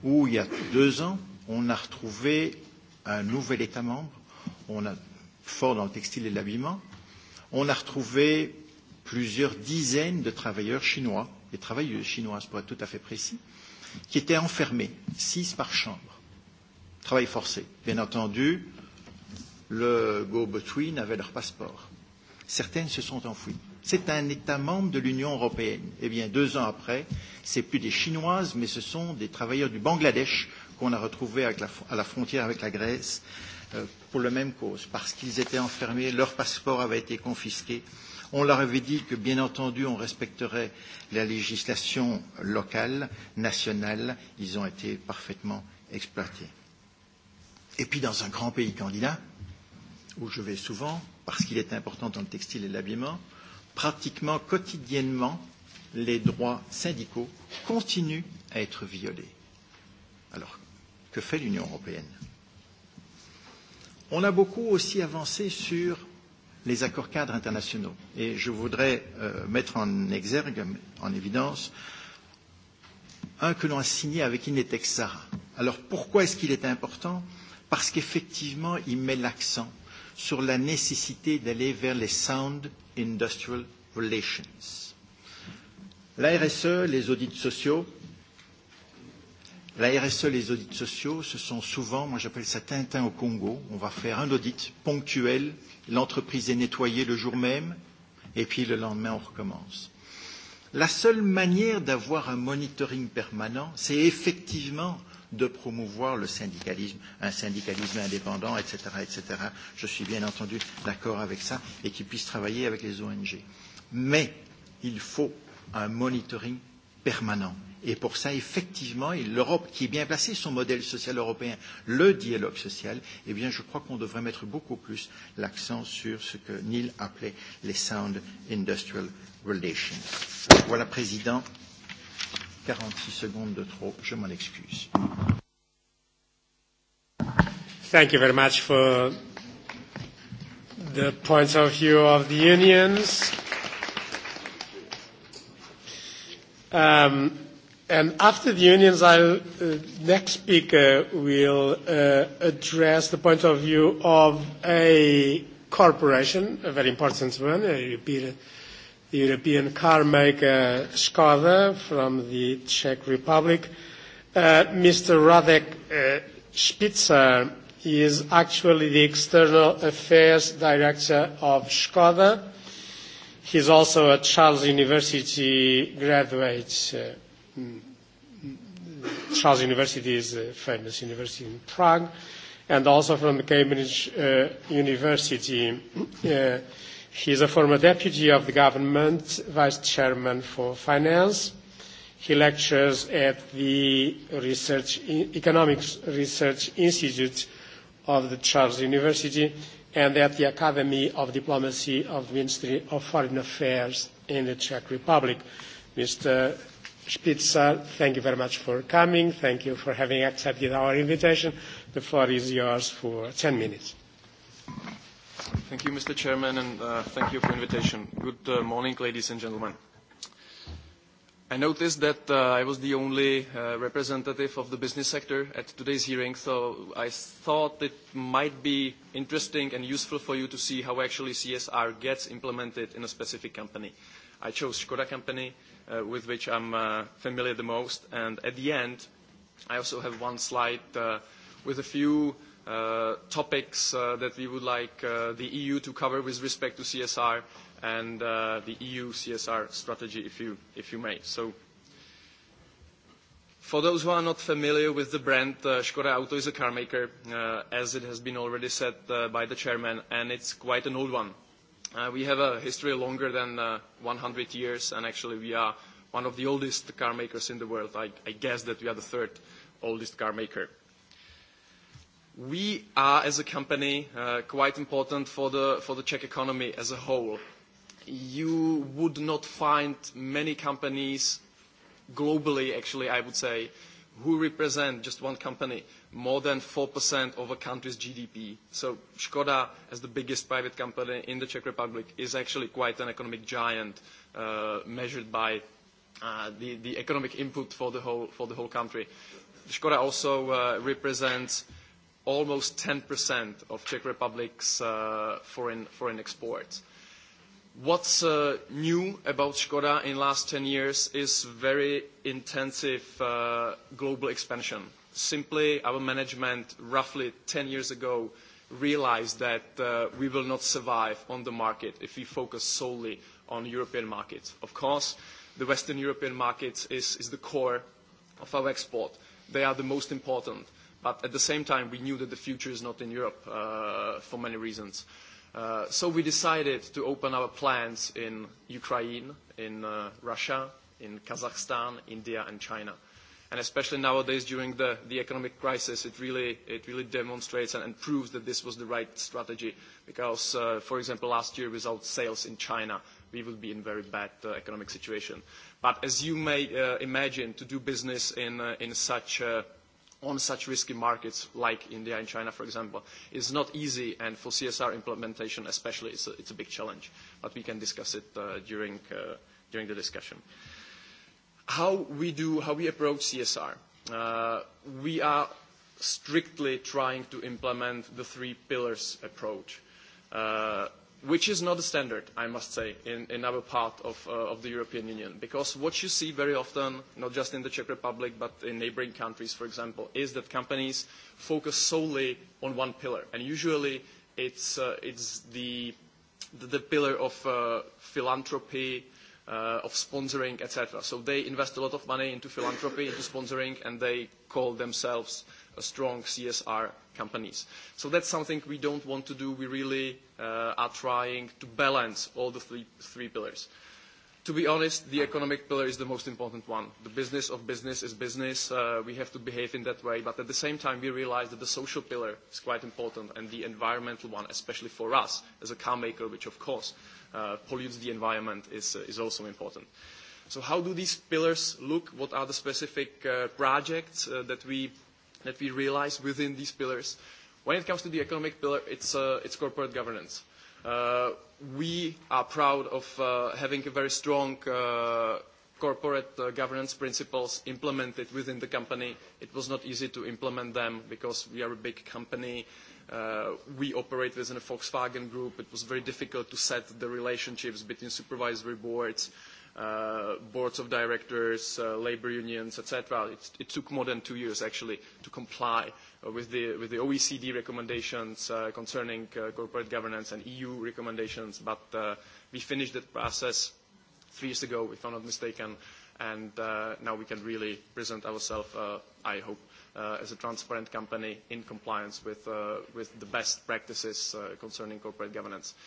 où, il y a deux ans, on a retrouvé un nouvel État membre, on a fort dans le textile et l'habillement, on a retrouvé plusieurs dizaines de travailleurs chinois, et travailleuses chinoises pour être tout à fait précis, qui étaient enfermés, six par chambre. Travail forcé. Bien entendu, le go-between avait leur passeport. Certaines se sont enfouies. C'est un État membre de l'Union européenne. Eh bien, deux ans après, ce plus des Chinoises, mais ce sont des travailleurs du Bangladesh qu'on a retrouvés avec la, à la frontière avec la Grèce euh, pour la même cause, parce qu'ils étaient enfermés, leur passeport avait été confisqué. On leur avait dit que, bien entendu, on respecterait la législation locale, nationale. Ils ont été parfaitement exploités. Et puis, dans un grand pays candidat, où je vais souvent, parce qu'il est important dans le textile et l'habillement, euh, pratiquement quotidiennement, les droits syndicaux continuent à être violés. Alors, que fait l'Union européenne On a beaucoup aussi avancé sur les accords cadres internationaux. Et je voudrais euh, mettre en exergue, en évidence, un que l'on a signé avec Inetex Sahara. Alors pourquoi est-ce qu'il est important Parce qu'effectivement, il met l'accent sur la nécessité d'aller vers les sound Industrial Relations. La RSE, les audits sociaux, la RSE, les audits sociaux, ce sont souvent, moi j'appelle ça Tintin au Congo, on va faire un audit ponctuel, l'entreprise est nettoyée le jour même, et puis le lendemain on recommence. La seule manière d'avoir un monitoring permanent, c'est effectivement de promouvoir le syndicalisme, un syndicalisme indépendant, etc. etc. Je suis bien entendu d'accord avec ça et qu'ils puissent travailler avec les ONG. Mais il faut un monitoring permanent. Et pour ça, effectivement, l'Europe, qui est bien placée, son modèle social européen, le dialogue social, eh bien, je crois qu'on devrait mettre beaucoup plus l'accent sur ce que Neil appelait les sound industrial relations. Voilà, Président, 46 secondes de trop, je m'en excuse. Thank you very much for the points of view of the unions. Um, and after the unions, I'll, uh, next speaker will uh, address the point of view of a corporation, a very important one, a European the European car maker Skoda from the Czech Republic. Uh, Mr. Radek uh, Spitzer is actually the External Affairs Director of Skoda. He's also a Charles University graduate. Uh, mm, Charles University is a famous university in Prague, and also from Cambridge uh, University. Uh, He is a former deputy of the government, vice chairman for finance. He lectures at the Research, Economics Research Institute of the Charles University and at the Academy of Diplomacy of the Ministry of Foreign Affairs in the Czech Republic. Mr. Spitzer, thank you very much for coming. Thank you for having accepted our invitation. The floor is yours for 10 minutes. Thank you, Mr. Chairman, and uh, thank you for invitation. Good uh, morning, ladies and gentlemen. I noticed that uh, I was the only uh, representative of the business sector at today's hearing, so I thought it might be interesting and useful for you to see how actually CSR gets implemented in a specific company. I chose Skoda company, uh, with which I'm uh, familiar the most, and at the end, I also have one slide uh, with a few uh, topics uh, that we would like uh, the EU to cover with respect to CSR and uh, the EU CSR strategy, if you, if you may. So for those who are not familiar with the brand, uh, Škoda Auto is a car maker, uh, as it has been already said uh, by the chairman, and it's quite an old one. Uh, we have a history longer than uh, 100 years, and actually we are one of the oldest car makers in the world. I, I guess that we are the third oldest car maker we are, as a company, uh, quite important for the, for the Czech economy as a whole. You would not find many companies globally, actually, I would say, who represent just one company more than 4% of a country's GDP. So Škoda, as the biggest private company in the Czech Republic, is actually quite an economic giant uh, measured by uh, the, the economic input for the whole, for the whole country. Škoda also uh, represents almost 10% of Czech Republic's uh, foreign, exports. What's uh, new about Skoda in the last 10 years is very intensive uh, global expansion. Simply, our management roughly 10 years ago realized that we will not survive on the market if we focus solely on European markets. Of course, the Western European market is the core of our export. They are the most important But at the same time, we knew that the future is not in Europe uh, for many reasons. Uh, so we decided to open our plants in Ukraine, in uh, Russia, in Kazakhstan, India, and China. And especially nowadays during the, the economic crisis, it really, it really demonstrates and, and proves that this was the right strategy. Because, uh, for example, last year without sales in China, we would be in very bad uh, economic situation. But as you may uh, imagine, to do business in, uh, in such a uh, on such risky markets like India and China, for example, is not easy, and for CSR implementation especially, it's a, it's a big challenge. But we can discuss it uh, during, uh, during the discussion. How we do, how we approach CSR. Uh, we are strictly trying to implement the three pillars approach. Uh, which is not a standard, I must say, in, in our part of, uh, of the European Union. Because what you see very often, not just in the Czech Republic, but in neighboring countries, for example, is that companies focus solely on one pillar. And usually it's, uh, it's the, the, the pillar of uh, philanthropy, uh, of sponsoring, etc. So they invest a lot of money into philanthropy, into sponsoring, and they call themselves a strong CSR companies. So that's something we don't want to do. We really uh, are trying to balance all the three, three pillars. To be honest, the economic pillar is the most important one. The business of business is business. Uh, we have to behave in that way. But at the same time, we realize that the social pillar is quite important and the environmental one, especially for us as a car maker, which of course uh, pollutes the environment, is, uh, is also important. So how do these pillars look? What are the specific uh, projects uh, that we that we realize within these pillars. When it comes to the economic pillar, it's, uh, it's corporate governance. Uh, we are proud of uh, having a very strong uh, corporate uh, governance principles implemented within the company. It was not easy to implement them because we are a big company. Uh, we operate within a Volkswagen group. It was very difficult to set the relationships between supervisory boards. Uh, uh, boards of directors, uh, labor unions, etc. It, took more than two years actually to comply uh, with, the, with the OECD recommendations uh, concerning uh, corporate governance and EU recommendations, but uh, we finished that process three years ago, if I'm not mistaken, and uh, now we can really present ourselves, uh, I hope, uh, as a transparent company in compliance with, uh, with the best practices uh, concerning corporate governance. Uh,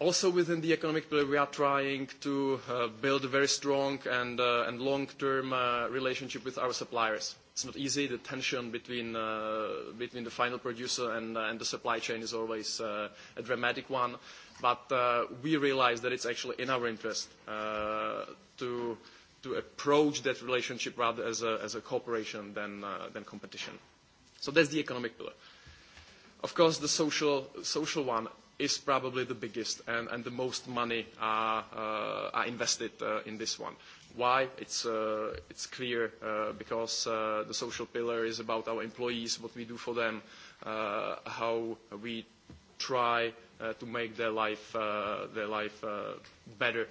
Also within the economic pillar, we are trying to uh, build a very strong and, uh, long-term uh, relationship with our suppliers. It's not easy. The tension between, the final producer and, the supply chain is always a dramatic one. But we realize that it's actually in our interest to, approach that relationship rather as a, cooperation than, competition. So that's the economic pillar. Of course, the social, social one is probably the biggest and, and the most money are, uh, uh, are invested uh, in this one. Why? It's, uh, it's clear uh, because uh, the social pillar is about our employees, what we do for them, uh, how we try uh, to make their life, uh, their life uh, better.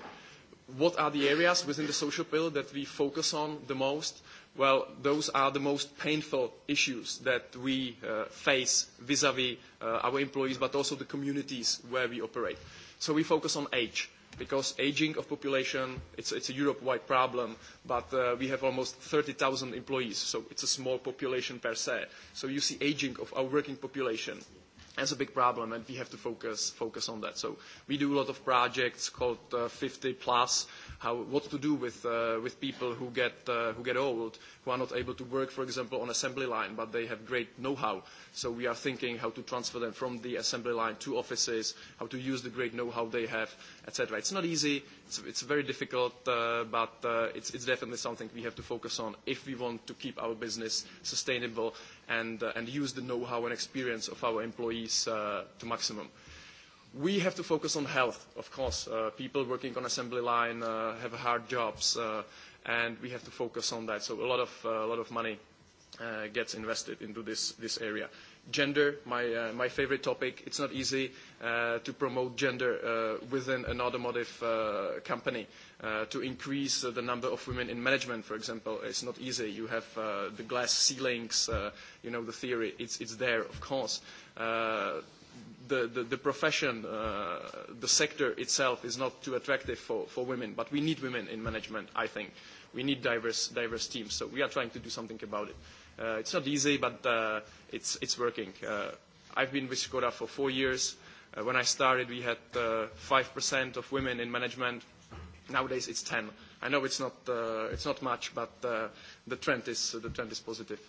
What are the areas within the social pillar that we focus on the most? well, those are the most painful issues that we uh, face vis-à-vis uh, our employees, but also the communities where we operate. So we focus on age, because aging of population, it's, it's a Europe-wide problem, but uh, we have almost 30,000 employees, so it's a small population per se. So you see aging of our working population as a big problem, and we have to focus focus on that. So we do a lot of projects called uh, 50 plus, how what to do with uh, with people who get uh, who get old, who are not able to work, for example, on assembly line, but they have great know-how. So we are thinking how to transfer them from the assembly line to offices, how to use the great know-how they have, etc. It's not easy. It's, it's very difficult, uh, but uh, it's, it's definitely something we have to focus on if we want to keep our business sustainable and, uh, and use the know-how and experience of our employees uh, to maximum. We have to focus on health, of course. Uh, people working on assembly line have hard jobs, and we have to focus on that. So a lot of, a lot of money gets invested into this, this area gender, my, uh, my favorite topic. It's not easy uh, to promote gender uh, within an automotive uh, company. Uh, to increase uh, the number of women in management, for example, it's not easy. You have uh, the glass ceilings, uh, you know, the theory. It's, it's there, of course. Uh, the, the, the profession, uh, the sector itself is not too attractive for, for women, but we need women in management, I think. We need diverse, diverse teams, so we are trying to do something about it. Uh, it's not easy, but uh, it's, it's working. Uh, I've been with Skoda for four years. Uh, when I started, we had uh, 5% of women in management. Nowadays, it's 10. I know it's not, uh, it's not much, but uh, the, trend is, uh, the trend is positive.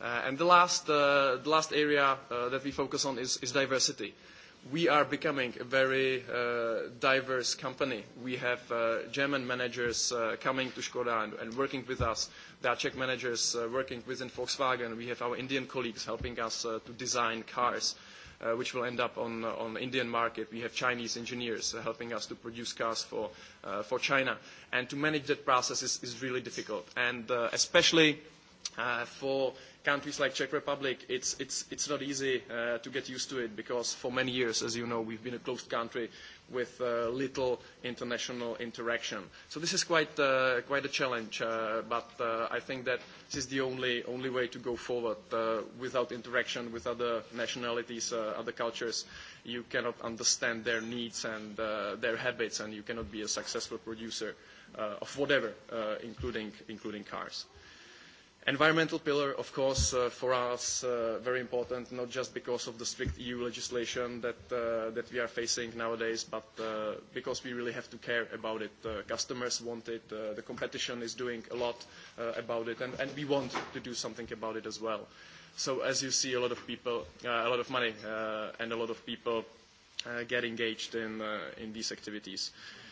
Uh, and the last, uh, the last area uh, that we focus on is, is diversity. Uh, we are becoming a very uh, diverse company. We have uh, German managers uh, coming to Skoda and, and, working with us. There are Czech managers uh, working within Volkswagen. We have our Indian colleagues helping us uh, to design cars. Uh, which will end up on uh, on Indian market. We have Chinese engineers uh, helping us to produce cars for uh, for China, and to manage that process is, is really difficult, and especially for countries like Czech Republic, it's, it's, it's not easy uh, to get used to it because for many years, as you know, we've been a closed country with uh, little international interaction. So this is quite, uh, quite a challenge, uh, but uh, I think that this is the only, only way to go forward. Uh, without interaction with other nationalities, uh, other cultures, you cannot understand their needs and uh, their habits, and you cannot be a successful producer uh, of whatever, uh, including, including cars. Environmental pillar, of course, uh, for us uh, very important, not just because of the strict EU legislation that, uh, that we are facing nowadays, but uh, because we really have to care about it. Uh, customers want it, uh, the competition is doing a lot about it, and, and we want to do something about it as well. So as you see, a lot of people, a lot of money, and a lot of people get engaged in, in these activities. Uh,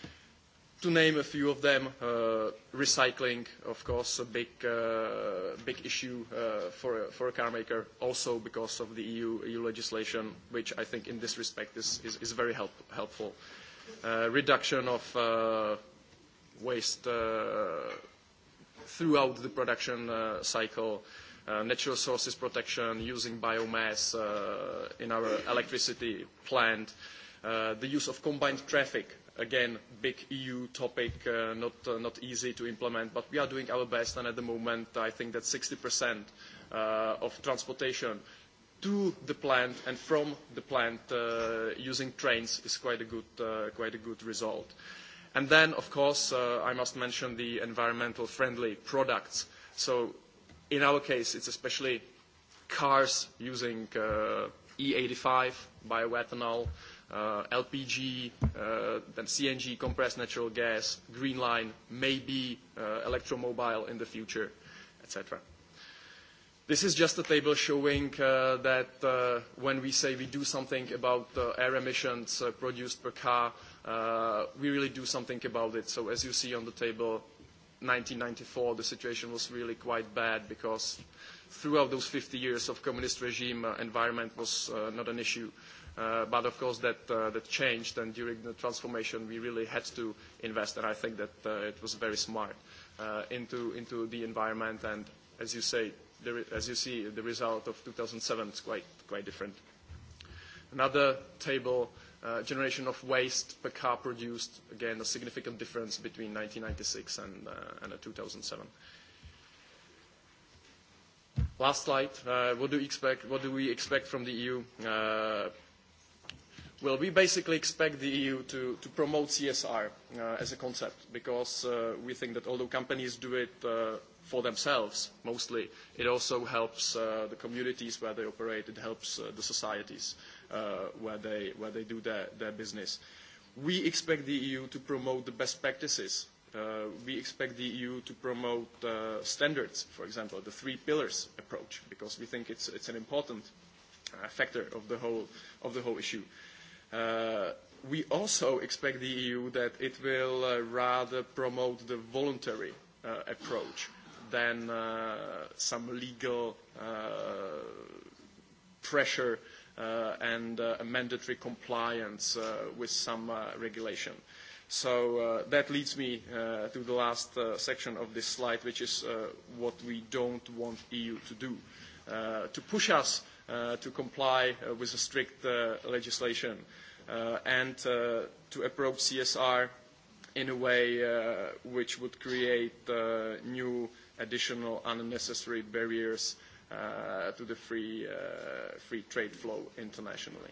to name a few of them, uh, recycling, of course, a big, uh, big issue uh, for, a, for a car maker, also because of the EU, EU legislation, which I think in this respect is, is, is very help, helpful. Uh, reduction of uh, waste uh, throughout the production uh, cycle, uh, natural sources protection, using biomass uh, in our electricity plant, uh, the use of combined traffic again, big EU topic, uh, not, uh, not easy to implement, but we are doing our best, and at the moment, I think that 60% uh, of transportation to the plant and from the plant uh, using trains is quite a good, uh, quite a good result. And then, of course, uh, I must mention the environmental friendly products. So in our case, it's especially cars using E85 bioethanol, uh, LPG, uh, then CNG, compressed natural gas, green line, maybe uh, electromobile in the future, etc. This is just a table showing uh, that uh, when we say we do something about the air emissions uh, produced per car, uh, we really do something about it. So as you see on the table, 1994, the situation was really quite bad because throughout those 50 years of communist regime, uh, environment was uh, not an issue. Uh, Uh, but of course that, uh, that changed and during the transformation we really had to invest and I think that uh, it was very smart uh, into, into the environment and as you say, the as you see the result of 2007 is quite, quite different. Another table, uh, generation of waste per car produced, again a significant difference between 1996 and, uh, and 2007. Last slide, uh, what, do expect, what do we expect from the EU? Uh, Well, we basically expect the EU to, to promote CSR uh, as a concept because uh, we think that although companies do it uh, for themselves mostly, it also helps uh, the communities where they operate, it helps uh, the societies uh, where, they, where they do their, their business. We expect the EU to promote the best practices. we expect the EU to promote standards, for example, the three pillars approach, because we think it's, it's an important factor of the whole, of the whole issue. Uh, we also expect the EU that it will uh, rather promote the voluntary uh, approach than uh, some legal uh, pressure and mandatory compliance with some regulation. So that leads me to the last section of this slide, which is what we don't want EU to do. to push us uh, uh, to comply uh, with the strict uh, legislation uh, and uh, to approach CSR in a way uh, which would create uh, new additional unnecessary barriers uh, to the free, uh, free trade flow internationally.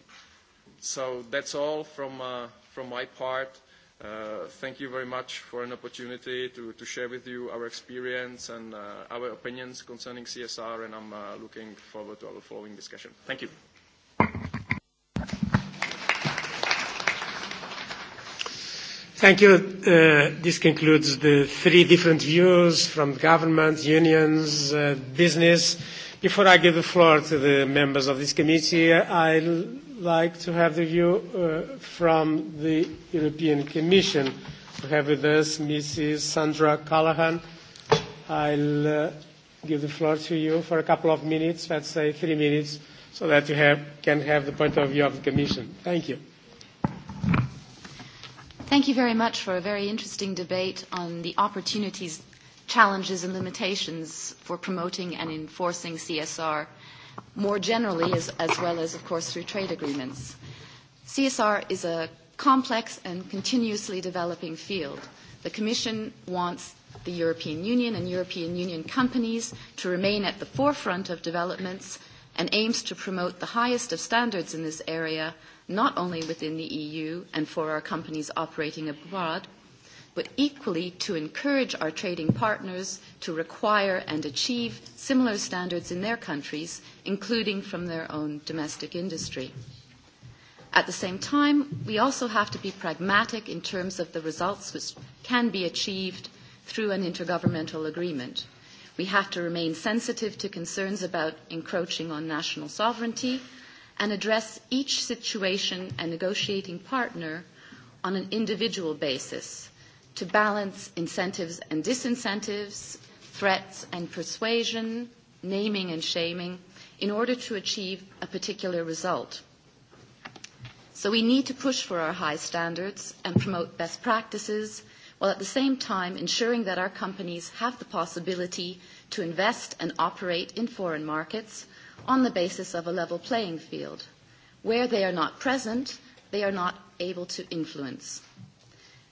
So that's all from, uh, from my part. Uh, thank you very much for an opportunity to, to share with you our experience and uh, our opinions concerning CSR, and I'm uh, looking forward to our following discussion. Thank you. Thank you. Uh, this concludes the three different views from government, unions, uh, business. Before I give the floor to the members of this committee, I'll like to have the view uh, from the European Commission. We have with us Mrs. Sandra Callahan. I'll uh, give the floor to you for a couple of minutes, let's say three minutes, so that you have, can have the point of view of the Commission. Thank you. Thank you very much for a very interesting debate on the opportunities, challenges, and limitations for promoting and enforcing CSR more generally, as, as well as, of course, through trade agreements. CSR is a complex and continuously developing field. The Commission wants the European Union and European Union companies to remain at the forefront of developments and aims to promote the highest of standards in this area, not only within the EU and for our companies operating abroad, but equally to encourage our trading partners to require and achieve similar standards in their countries, including from their own domestic industry. At the same time, we also have to be pragmatic in terms of the results which can be achieved through an intergovernmental agreement. We have to remain sensitive to concerns about encroaching on national sovereignty and address each situation and negotiating partner on an individual basis to balance incentives and disincentives, threats and persuasion, naming and shaming, in order to achieve a particular result. So we need to push for our high standards and promote best practices, while at the same time ensuring that our companies have the possibility to invest and operate in foreign markets on the basis of a level playing field. Where they are not present, they are not able to influence.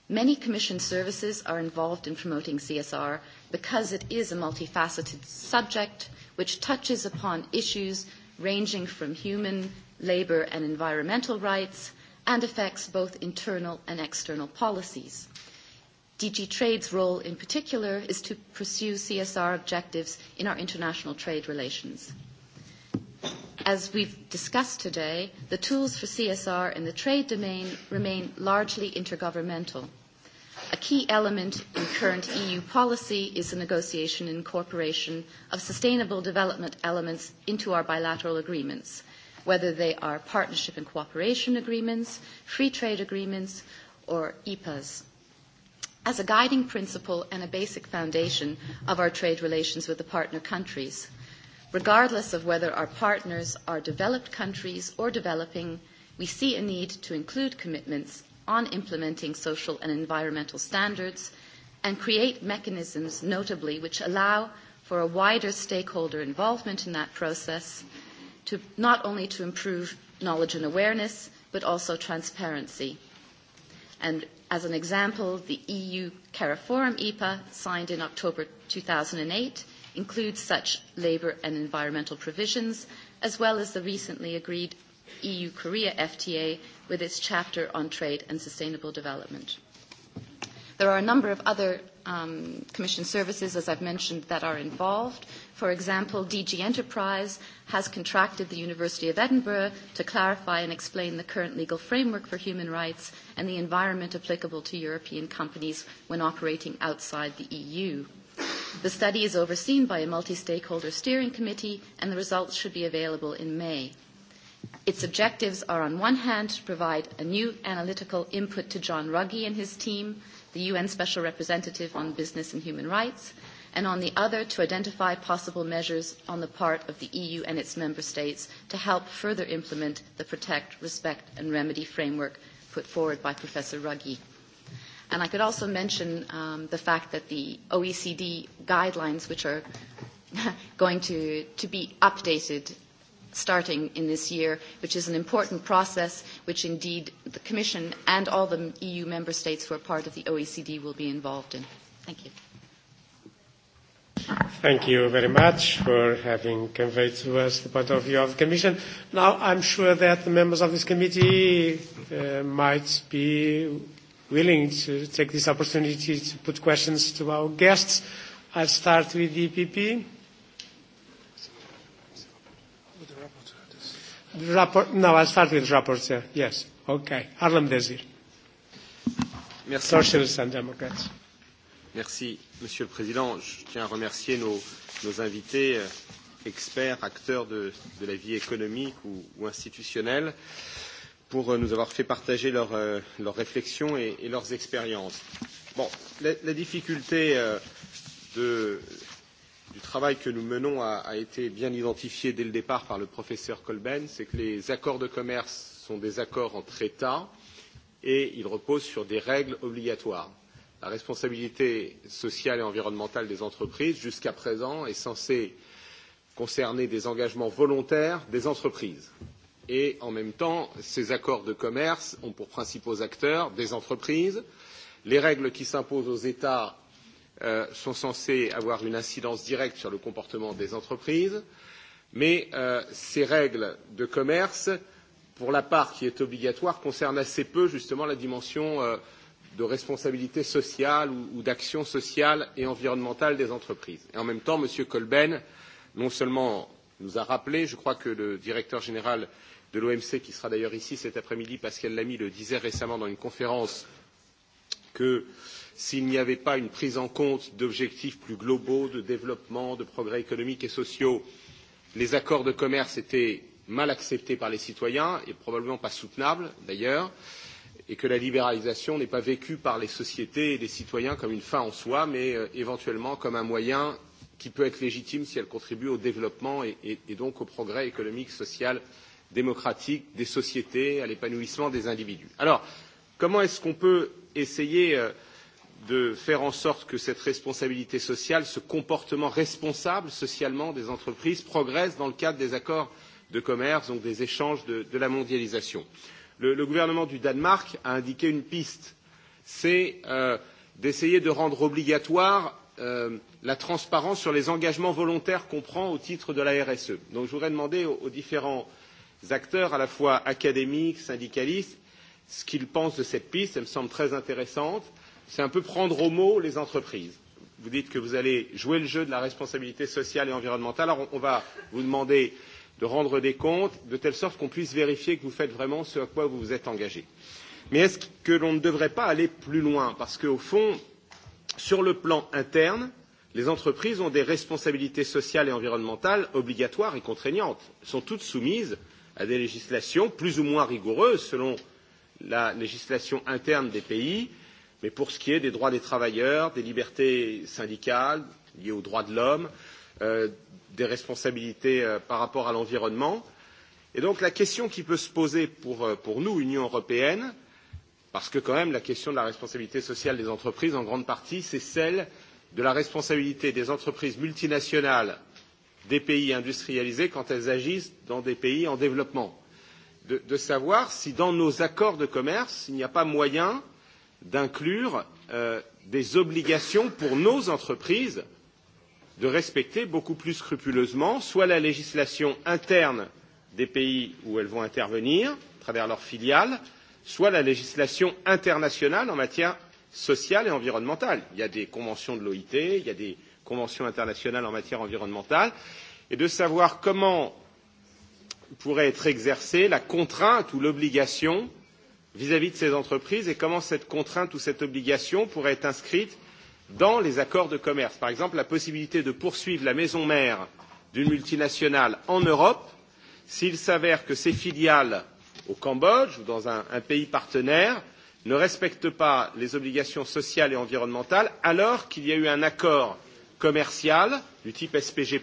Many Commission services are involved in promoting CSR because it is a multifaceted subject which touches upon issues ranging from human, labour and environmental rights and affects both internal and external policies. DG Trade's role in particular is to pursue CSR objectives in our international trade relations. As we've discussed today, the tools for CSR in the trade domain remain largely intergovernmental. A key element in current EU policy is the negotiation and incorporation of sustainable development elements into our bilateral agreements, whether they are partnership and cooperation agreements, free trade agreements, or EPAs. As a guiding principle and a basic foundation of our trade relations with the partner countries, regardless of whether our partners are developed countries or developing, we see a need to include commitments on implementing social and environmental standards and create mechanisms, notably, which allow for a wider stakeholder involvement in that process, to not only to improve knowledge and awareness, but also transparency. And as an example, the EU CARIFORUM EPA, signed in October 2008, includes such labour and environmental provisions, as well as the recently agreed EU-Korea FTA with its chapter on trade and sustainable development. There are a number of other um, Commission services, as I've mentioned, that are involved. For example, DG Enterprise has contracted the University of Edinburgh to clarify and explain the current legal framework for human rights and the environment applicable to European companies when operating outside the EU. The study is overseen by a multi-stakeholder steering committee and the results should be available in May. Its objectives are on one hand to provide a new analytical input to John Ruggie and his team, the UN Special Representative on Business and Human Rights, and on the other to identify possible measures on the part of the EU and its member states to help further implement the protect, respect and remedy framework put forward by Professor Ruggie. And I could also mention um, the fact that the OECD guidelines, which are going to, to be updated starting in this year, which is an important process, which indeed the Commission and all the EU member states who are part of the OECD will be involved in. Thank you. Thank you very much for having conveyed to us the point of view of the Commission. Now, I'm sure that the members of this committee uh, might be willing to take this opportunity to put questions to our guests. I'll start with the EPP. The rapport, no, I'll start with rapporteur. Yes. Okay. Harlem Desir. Merci. Socialists and Democrats. Merci, Monsieur le Président. Je tiens à remercier nos, nos invités, euh, experts, acteurs de, de la vie économique ou, ou institutionnelle. Euh, pour euh, nous avoir fait partager leur, euh, leurs réflexions et, et leurs expériences. Bon, la, la difficulté euh, de, du travail que nous menons a, a été bien identifiée dès le départ par le professeur Colben, c'est que les accords de commerce sont des accords entre États et ils reposent sur des règles obligatoires. La responsabilité sociale et environnementale des entreprises, jusqu'à présent, est censée concerner des engagements volontaires des entreprises et en même temps, ces accords de commerce ont pour principaux acteurs des entreprises. Les règles qui s'imposent aux États euh, sont censées avoir une incidence directe sur le comportement des entreprises, mais euh, ces règles de commerce, pour la part qui est obligatoire, concernent assez peu justement la dimension euh, de responsabilité sociale ou, ou d'action sociale et environnementale des entreprises. Et en même temps, M. Colben, non seulement nous a rappelé, je crois que le directeur général euh, de l'OMC, qui sera d'ailleurs ici cet après-midi, Pascal Lamy le disait récemment dans une conférence, que s'il n'y avait pas une prise en compte d'objectifs plus globaux de développement, de progrès économiques et sociaux, les accords de commerce étaient mal acceptés par les citoyens et probablement pas soutenables d'ailleurs, et que la libéralisation n'est pas vécue par les sociétés et les citoyens comme une fin en soi, mais euh, éventuellement comme un moyen qui peut être légitime si elle contribue au développement et, et, et donc au progrès économique, social démocratique des sociétés, à l'épanouissement des individus. Alors, comment est-ce qu'on peut essayer euh, de faire en sorte que cette responsabilité sociale, ce comportement responsable socialement des entreprises progresse dans le cadre des accords de commerce, donc des échanges de, de la mondialisation le, le gouvernement du Danemark a indiqué une piste, c'est euh, d'essayer de rendre obligatoire euh, la transparence sur les engagements volontaires qu'on prend au titre de la RSE. Donc je voudrais demander aux, aux différents euh, acteurs à la fois académiques, syndicalistes, ce qu'ils pensent de cette piste. Elle me semble très intéressante. C'est un peu prendre au mot les entreprises. Vous dites que vous allez jouer le jeu de la responsabilité sociale et environnementale. Alors on va vous demander de rendre des comptes de telle sorte qu'on puisse vérifier que vous faites vraiment ce à quoi vous vous êtes engagé. Mais est-ce que l'on ne devrait pas aller plus loin Parce qu'au fond, sur le plan interne, les entreprises ont des responsabilités sociales et environnementales obligatoires et contraignantes, elles sont toutes soumises à des législations plus ou moins rigoureuses selon la législation interne des pays, mais pour ce qui est des droits des travailleurs, des libertés syndicales liées aux droits de l'homme, euh, des responsabilités euh, par rapport à l'environnement. Et donc la question qui peut se poser pour, euh, pour nous, Union européenne, parce que quand même la question de la responsabilité sociale des entreprises, en grande partie, c'est celle de la responsabilité des entreprises multinationales des pays industrialisés quand elles agissent dans des pays en développement, de, de savoir si dans nos accords de commerce, il n'y a pas moyen d'inclure euh, des obligations pour nos entreprises de respecter beaucoup plus scrupuleusement soit la législation interne des pays où elles vont intervenir à travers leurs filiales, soit la législation internationale en matière sociale et environnementale. Il y a des conventions de l'OIT, il y a des conventions internationales en matière environnementale, et de savoir comment pourrait être exercée la contrainte ou l'obligation vis-à-vis de ces entreprises et comment cette contrainte ou cette obligation pourrait être inscrite dans les accords de commerce. Par exemple, la possibilité de poursuivre la maison mère d'une multinationale en Europe s'il s'avère que ses filiales au Cambodge ou dans un, un pays partenaire ne respectent pas les obligations sociales et environnementales alors qu'il y a eu un accord commerciale du type SPG,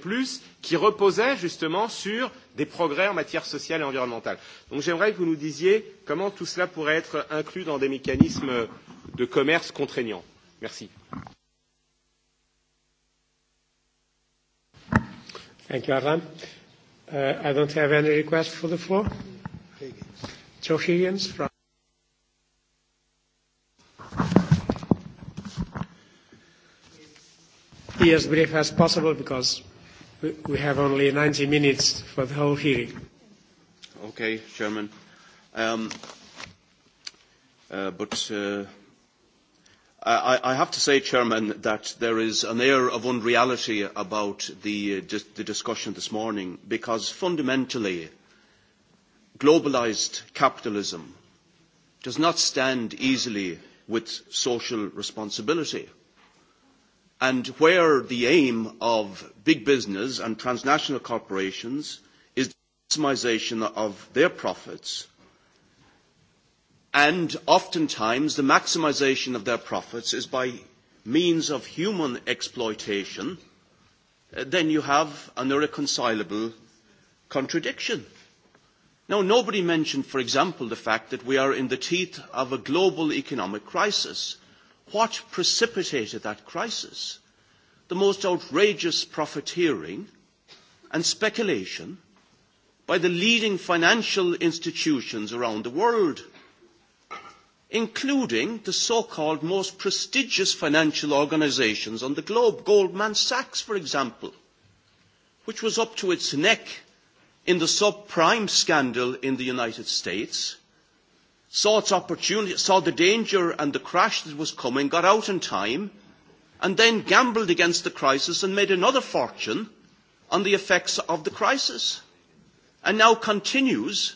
qui reposait justement sur des progrès en matière sociale et environnementale. Donc j'aimerais que vous nous disiez comment tout cela pourrait être inclus dans des mécanismes de commerce contraignants. Merci. Thank you, Adam. Uh, I don't have any request for the floor. Joe Higgins from be as brief as possible because we, have only 90 minutes for the whole hearing. Okay, Chairman. Um, uh, but uh, I, I have to say, Chairman, that there is an air of unreality about the, uh, dis the discussion this morning because fundamentally, globalised capitalism does not stand easily with social responsibility and where the aim of big business and transnational corporations is the maximisation of their profits and oftentimes the maximisation of their profits is by means of human exploitation, uh, then you have an irreconcilable contradiction. Now, nobody mentioned, for example, the fact that we are in the teeth of a global economic crisis what precipitated that crisis? The most outrageous profiteering and speculation by the leading financial institutions around the world, including the so-called most prestigious financial organisations on the globe, Goldman Sachs, for example, which was up to its neck in the subprime scandal in the United States, saw its opportunity, saw the danger and the crash that was coming, got out in time, and then gambled against the crisis and made another fortune on the effects of the crisis, and now continues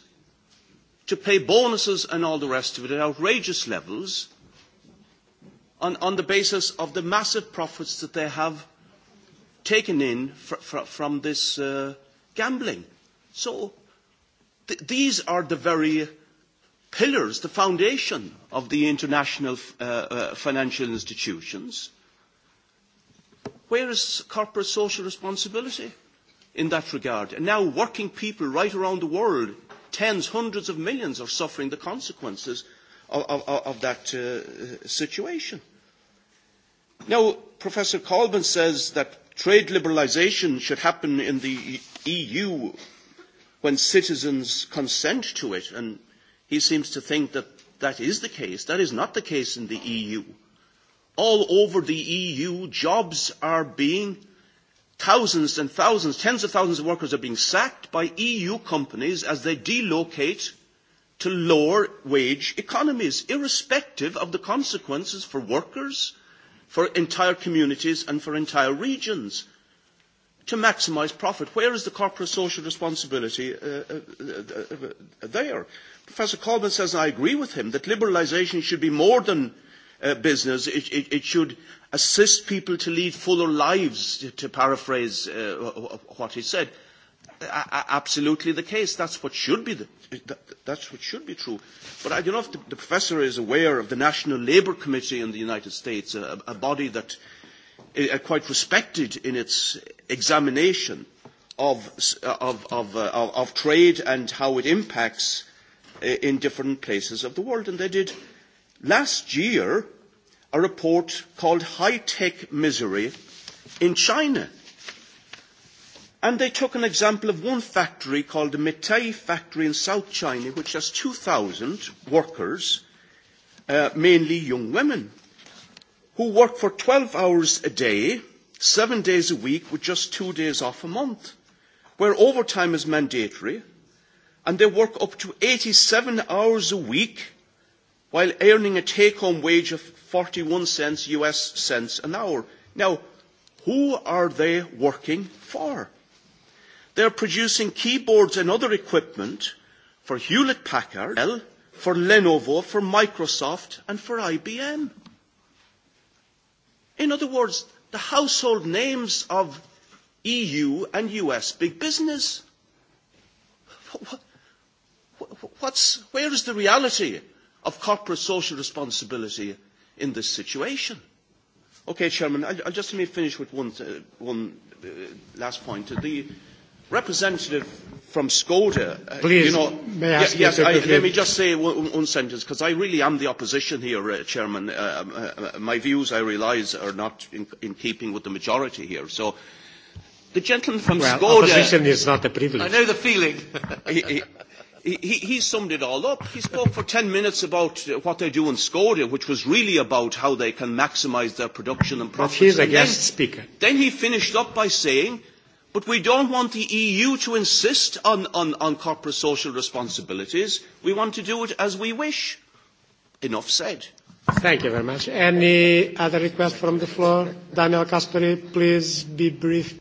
to pay bonuses and all the rest of it at outrageous levels on, on the basis of the massive profits that they have taken in fr fr from this uh, gambling. So th these are the very pillars, the foundation of the international uh, uh, financial institutions. Where is corporate social responsibility in that regard? And now working people right around the world, tens, hundreds of millions are suffering the consequences of, of, of that uh, situation. Now, Professor Colvin says that trade liberalisation should happen in the EU when citizens consent to it, and He seems to think that that is the case. That is not the case in the EU. All over the EU, jobs are being, thousands and thousands, tens of thousands of workers are being sacked by EU companies as they delocate to lower wage economies, irrespective of the consequences for workers, for entire communities and for entire regions to maximise profit. Where is the corporate social responsibility uh, uh, uh, uh there? Professor Coleman says, and I agree with him, that liberalisation should be more than uh, business. It, it, it, should assist people to lead fuller lives, to, to paraphrase uh, what he said. A absolutely the case. That's what should be the, that, that's what should be true. But I don't know if the, the professor is aware of the National Labour Committee in the United States, a, a body that is quite respected in its examination of, uh, of, of, uh, of trade and how it impacts uh, in different places of the world. And they did last year a report called High Tech Misery in China. And they took an example of one factory called the Metai factory in South China, which has 2,000 workers, uh, mainly young women, who work for 12 hours a day seven days a week with just two days off a month, where overtime is mandatory, and they work up to 87 hours a week while earning a take-home wage of 41 cents US cents an hour. Now, who are they working for? They're producing keyboards and other equipment for Hewlett Packard, for Lenovo, for Microsoft, and for IBM. In other words, the household names of EU and US big business. what's, where is the reality of corporate social responsibility in this situation? Okay, Chairman, I'll, I'll just let me finish with one, uh, one uh, last point. The, representative from Skoda, uh, Please, you know, may I ask yes, yes, I, let me just say one, one sentence because I really am the opposition here, uh, Chairman. Uh, um, uh, uh, my views, I realise, are not in, in keeping with the majority here. So, the gentleman from well, Skoda. opposition is not a privilege. I know the feeling. he, he, he, he summed it all up. He spoke for 10 minutes about what they do in Skoda, which was really about how they can maximise their production and profits. But he's a guest then, speaker. Then he finished up by saying But we don't want the EU to insist on, on, on corporate social responsibilities. We want to do it as we wish. Enough said. Thank you very much. Any other request from the floor? Daniel Kasperi, please be brief.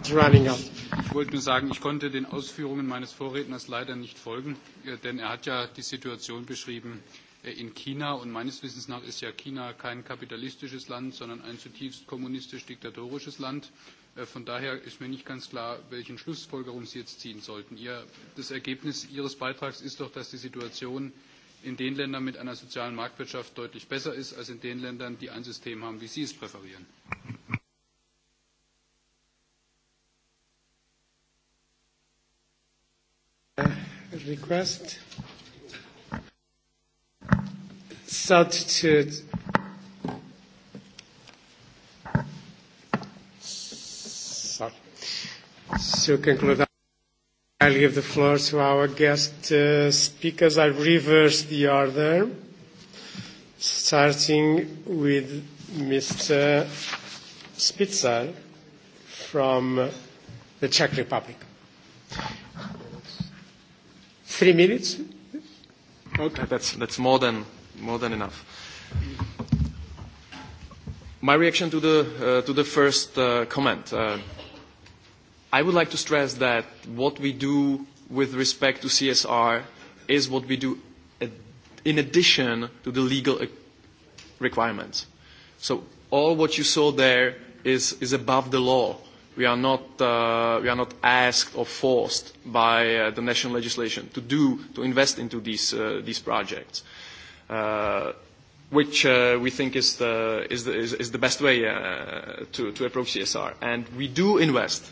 It's running out. Ich wollte nur sagen, ich konnte den Ausführungen meines Vorredners leider nicht folgen, äh, denn er hat ja die Situation beschrieben äh, in China und meines Wissens nach ist ja China kein kapitalistisches Land, sondern ein zutiefst kommunistisch-diktatorisches Land Äh, von daher ist mir nicht ganz klar, welchen Schlussfolgerungen Sie jetzt ziehen sollten. Ihr, das Ergebnis Ihres Beitrags ist doch, dass die Situation in den Ländern mit einer sozialen Marktwirtschaft deutlich besser ist als in den Ländern, die ein System haben, wie Sie es präferieren. Request substitute So conclude. I'll give the floor to our guest uh, speakers. I reverse the order, starting with Mr. Spitzer from the Czech Republic. Three minutes? Okay, that's, that's more, than, more than enough. My reaction to the, uh, to the first uh, comment. Uh, I would like to stress that what we do with respect to CSR is what we do in addition to the legal uh, requirements. So all what you saw there is, is above the law. We are, not, uh, we are not asked or forced by uh, the national legislation to do, to invest into these, uh, these projects, uh, which uh, we think is the, is the, is, is the best way uh, to, to approach CSR. And we do invest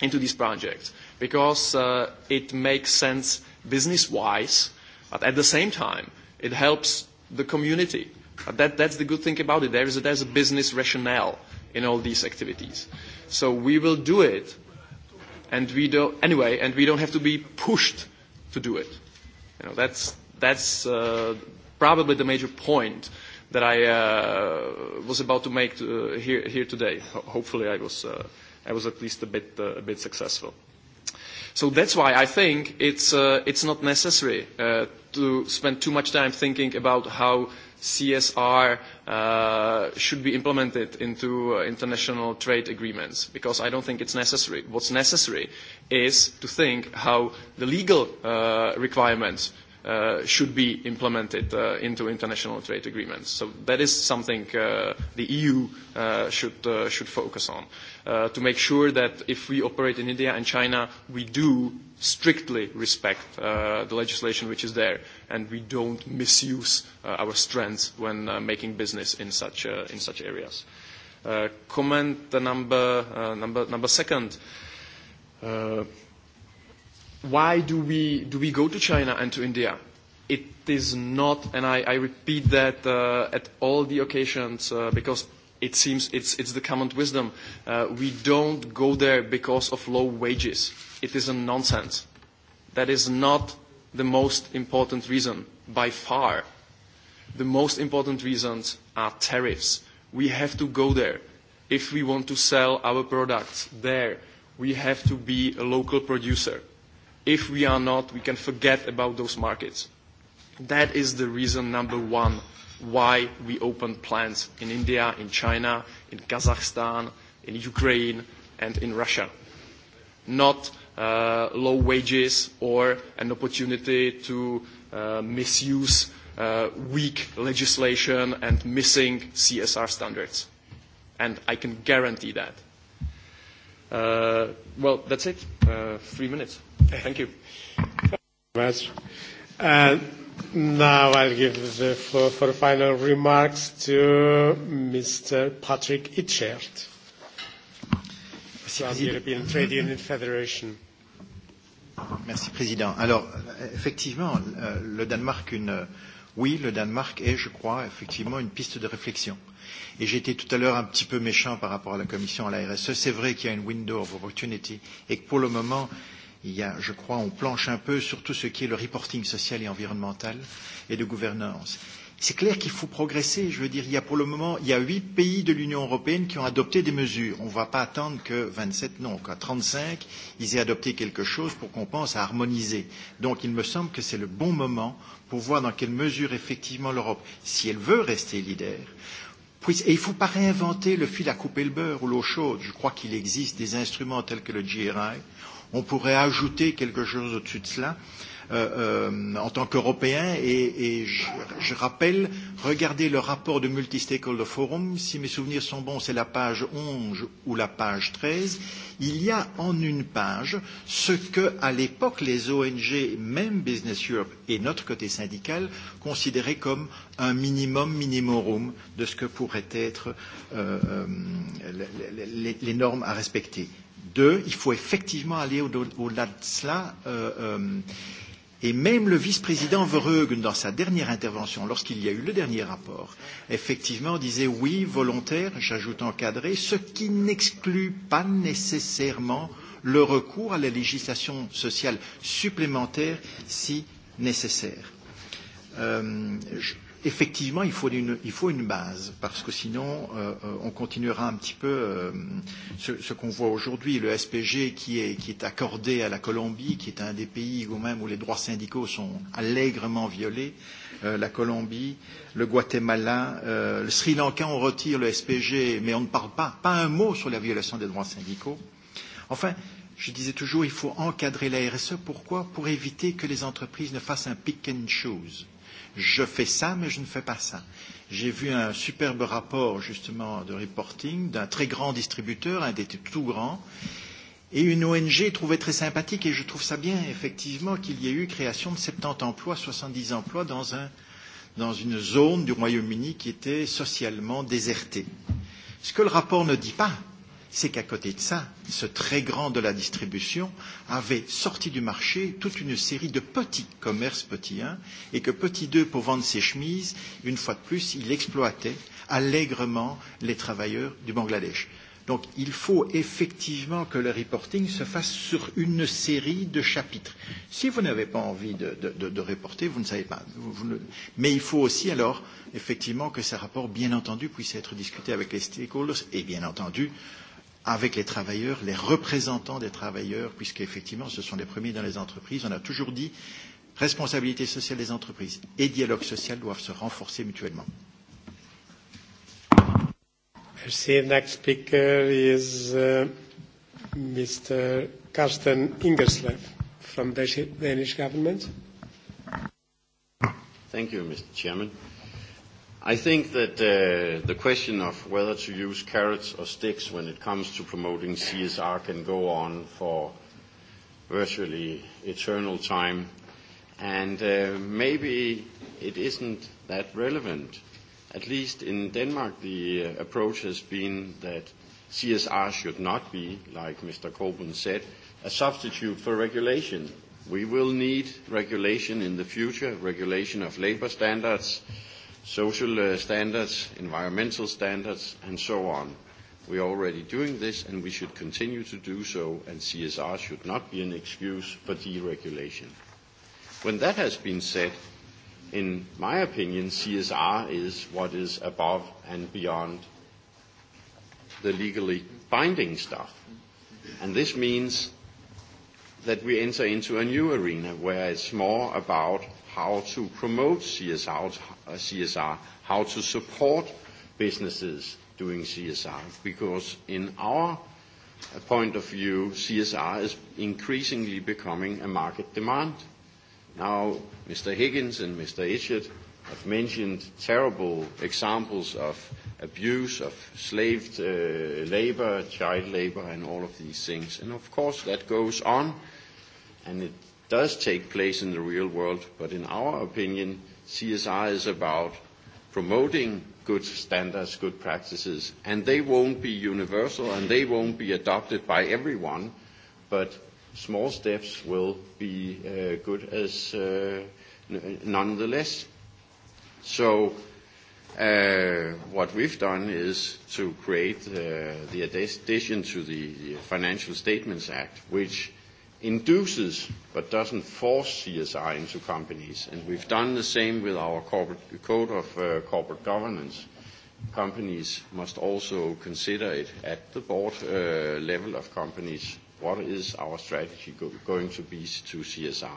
into these projects because uh, it makes sense business-wise, but at the same time, it helps the community. Uh, that, that's the good thing about it. There is a, there's a business rationale in all these activities. So we will do it, and we don't, anyway, and we don't have to be pushed to do it. You know, that's, that's uh, probably the major point that I uh, was about to make to, uh, here, here today. Ho- hopefully I was... Uh, I was at least a bit, uh, a bit successful. So that's why I think it's, uh, it's not necessary uh, to spend too much time thinking about how CSR uh, should be implemented into uh, international trade agreements because I don't think it's necessary. What's necessary is to think how the legal uh, requirements uh, should be implemented uh, into international trade agreements. So that is something uh, the EU uh, should, uh, should focus on, uh, to make sure that if we operate in India and China, we do strictly respect uh, the legislation which is there, and we don't misuse uh, our strengths when uh, making business in such, uh, in such areas. Uh, comment the number, uh, number, number second. Uh, why do we, do we go to China and to India? It is not, and I, I repeat that uh, at all the occasions uh, because it seems it's, it's the common wisdom. Uh, we don't go there because of low wages. It is a nonsense. That is not the most important reason by far. The most important reasons are tariffs. We have to go there. If we want to sell our products there, we have to be a local producer If we are not, we can forget about those markets. That is the reason number one why we opened plants in India, in China, in Kazakhstan, in Ukraine, and in Russia. Not uh, low wages or an opportunity to uh, misuse uh, weak legislation and missing CSR standards. And I can guarantee that Uh, well, that's it. Uh, three minutes. Thank you. Thank you very much. Now I'll give the floor for final remarks to Mr. Patrick Itchert from the European Trade Union Federation. Merci, Président. Alors, effectivement, euh, le Danemark, une, oui, le Danemark est, je crois, effectivement, une piste de réflexion Et j'étais tout à l'heure un petit peu méchant par rapport à la commission à la RSE. C'est vrai qu'il y a une window of opportunity et que pour le moment, il y a, je crois, on planche un peu sur tout ce qui est le reporting social et environnemental et de gouvernance. C'est clair qu'il faut progresser. Je veux dire, il y a pour le moment, il y a huit pays de l'Union européenne qui ont adopté des mesures. On ne va pas attendre que 27, non, qu'à 35, ils aient adopté quelque chose pour qu'on pense à harmoniser. Donc, il me semble que c'est le bon moment pour voir dans quelle mesure, effectivement, l'Europe, si elle veut rester leader, Et il ne faut pas réinventer le fil à couper le beurre ou l'eau chaude. Je crois qu'il existe des instruments tels que le GRI. On pourrait ajouter quelque chose au-dessus de cela. Euh, euh, en tant qu'Européens. Et, et je, je rappelle, regardez le rapport de Multi-Stakeholder Forum. Si mes souvenirs sont bons, c'est la page 11 ou la page 13. Il y a en une page ce que, à l'époque, les ONG, même Business Europe et notre côté syndical, considéraient comme un minimum minimorum de ce que pourraient être euh, euh les, les normes à respecter. Deux, il faut effectivement aller au-delà au de cela. Euh, euh, Et même le vice-président Verheugen, dans sa dernière intervention, lorsqu'il y a eu le dernier rapport, effectivement disait oui, volontaire, j'ajoute encadré, ce qui n'exclut pas nécessairement le recours à la législation sociale supplémentaire si nécessaire. Euh, je, effectivement, il faut une, il faut une base, parce que sinon, euh, on continuera un petit peu euh, ce, ce qu'on voit aujourd'hui, le SPG qui est, qui est accordé à la Colombie, qui est un des pays où même où les droits syndicaux sont allègrement violés, euh, la Colombie, le Guatemala, euh, le Sri Lanka, on retire le SPG, mais on ne parle pas, pas un mot sur la violation des droits syndicaux. Enfin, je disais toujours, il faut encadrer la RSE. Pourquoi Pour éviter que les entreprises ne fassent un pick and choose je fais ça, mais je ne fais pas ça. J'ai vu un superbe rapport justement de reporting d'un très grand distributeur, un des tout grands, et une ONG trouvait très sympathique, et je trouve ça bien effectivement qu'il y ait eu création de 70 emplois, 70 emplois dans, un, dans une zone du Royaume-Uni qui était socialement désertée. Ce que le rapport ne dit pas, c'est qu'à côté de ça, ce très grand de la distribution avait sorti du marché toute une série de petits commerces petit 1 et que petit 2, pour vendre ses chemises, une fois de plus, il exploitait allègrement les travailleurs du Bangladesh. Donc il faut effectivement que le reporting se fasse sur une série de chapitres. Si vous n'avez pas envie de, de, de, de reporter, vous ne savez pas. Vous, vous ne... Mais il faut aussi alors effectivement que ces rapports, bien entendu, puissent être discutés avec les stakeholders et bien entendu euh, avec les travailleurs, les représentants des travailleurs, puisqu'effectivement, ce sont les premiers dans les entreprises. On a toujours dit responsabilité sociale des entreprises et dialogue social doivent se renforcer mutuellement. Merci. Next speaker is uh, Mr. Carsten Ingerslev from the Danish government. Thank you, Mr. Chairman. I think that uh, the question of whether to use carrots or sticks when it comes to promoting CSR can go on for virtually eternal time, and uh, maybe it isn't that relevant. At least in Denmark, the uh, approach has been that CSR should not be, like Mr. Coburn said, a substitute for regulation. We will need regulation in the future, regulation of labor standards, social uh, standards, environmental standards, and so on. We are already doing this, and we should continue to do so, and CSR should not be an excuse for deregulation. When that has been said, in my opinion, CSR is what is above and beyond the legally binding stuff. And this means that we enter into a new arena where it's more about how to promote CSR, CSR, how to support businesses doing CSR, because in our point of view, CSR is increasingly becoming a market demand. Now, Mr. Higgins and Mr. Ischet have mentioned terrible examples of abuse of slaved uh, labor, child labor, and all of these things. And of course, that goes on, and it does take place in the real world, but in our opinion, CSR is about promoting good standards, good practices, and they won't be universal and they won't be adopted by everyone, but small steps will be uh, good as uh, nonetheless. So uh, what we've done is to create uh, the addition to the Financial Statements Act, which induces but doesn't force CSR into companies. And we've done the same with our corporate code of uh, corporate governance. Companies must also consider it at the board uh, level of companies. What is our strategy going to be to CSR?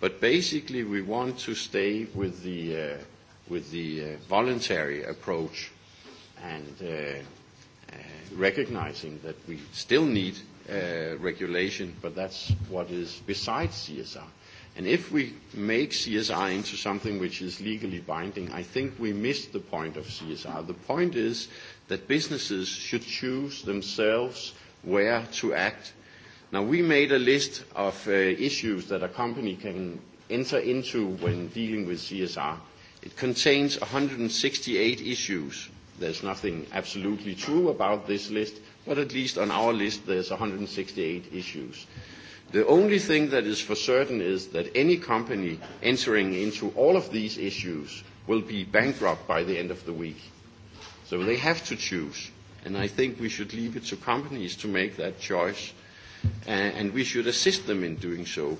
But basically, we want to stay with the, uh, with the voluntary approach and recognizing that we still need Uh, regulation, but that's what is besides CSR. And if we make CSR into something which is legally binding, I think we miss the point of CSR. The point is that businesses should choose themselves where to act. Now, we made a list of uh, issues that a company can enter into when dealing with CSR. It contains 168 issues. There's nothing absolutely true about this list, But at least on our list, there's 168 issues. The only thing that is for certain is that any company entering into all of these issues will be bankrupt by the end of the week. So they have to choose. And I think we should leave it to companies to make that choice. And, and we should assist them in doing so,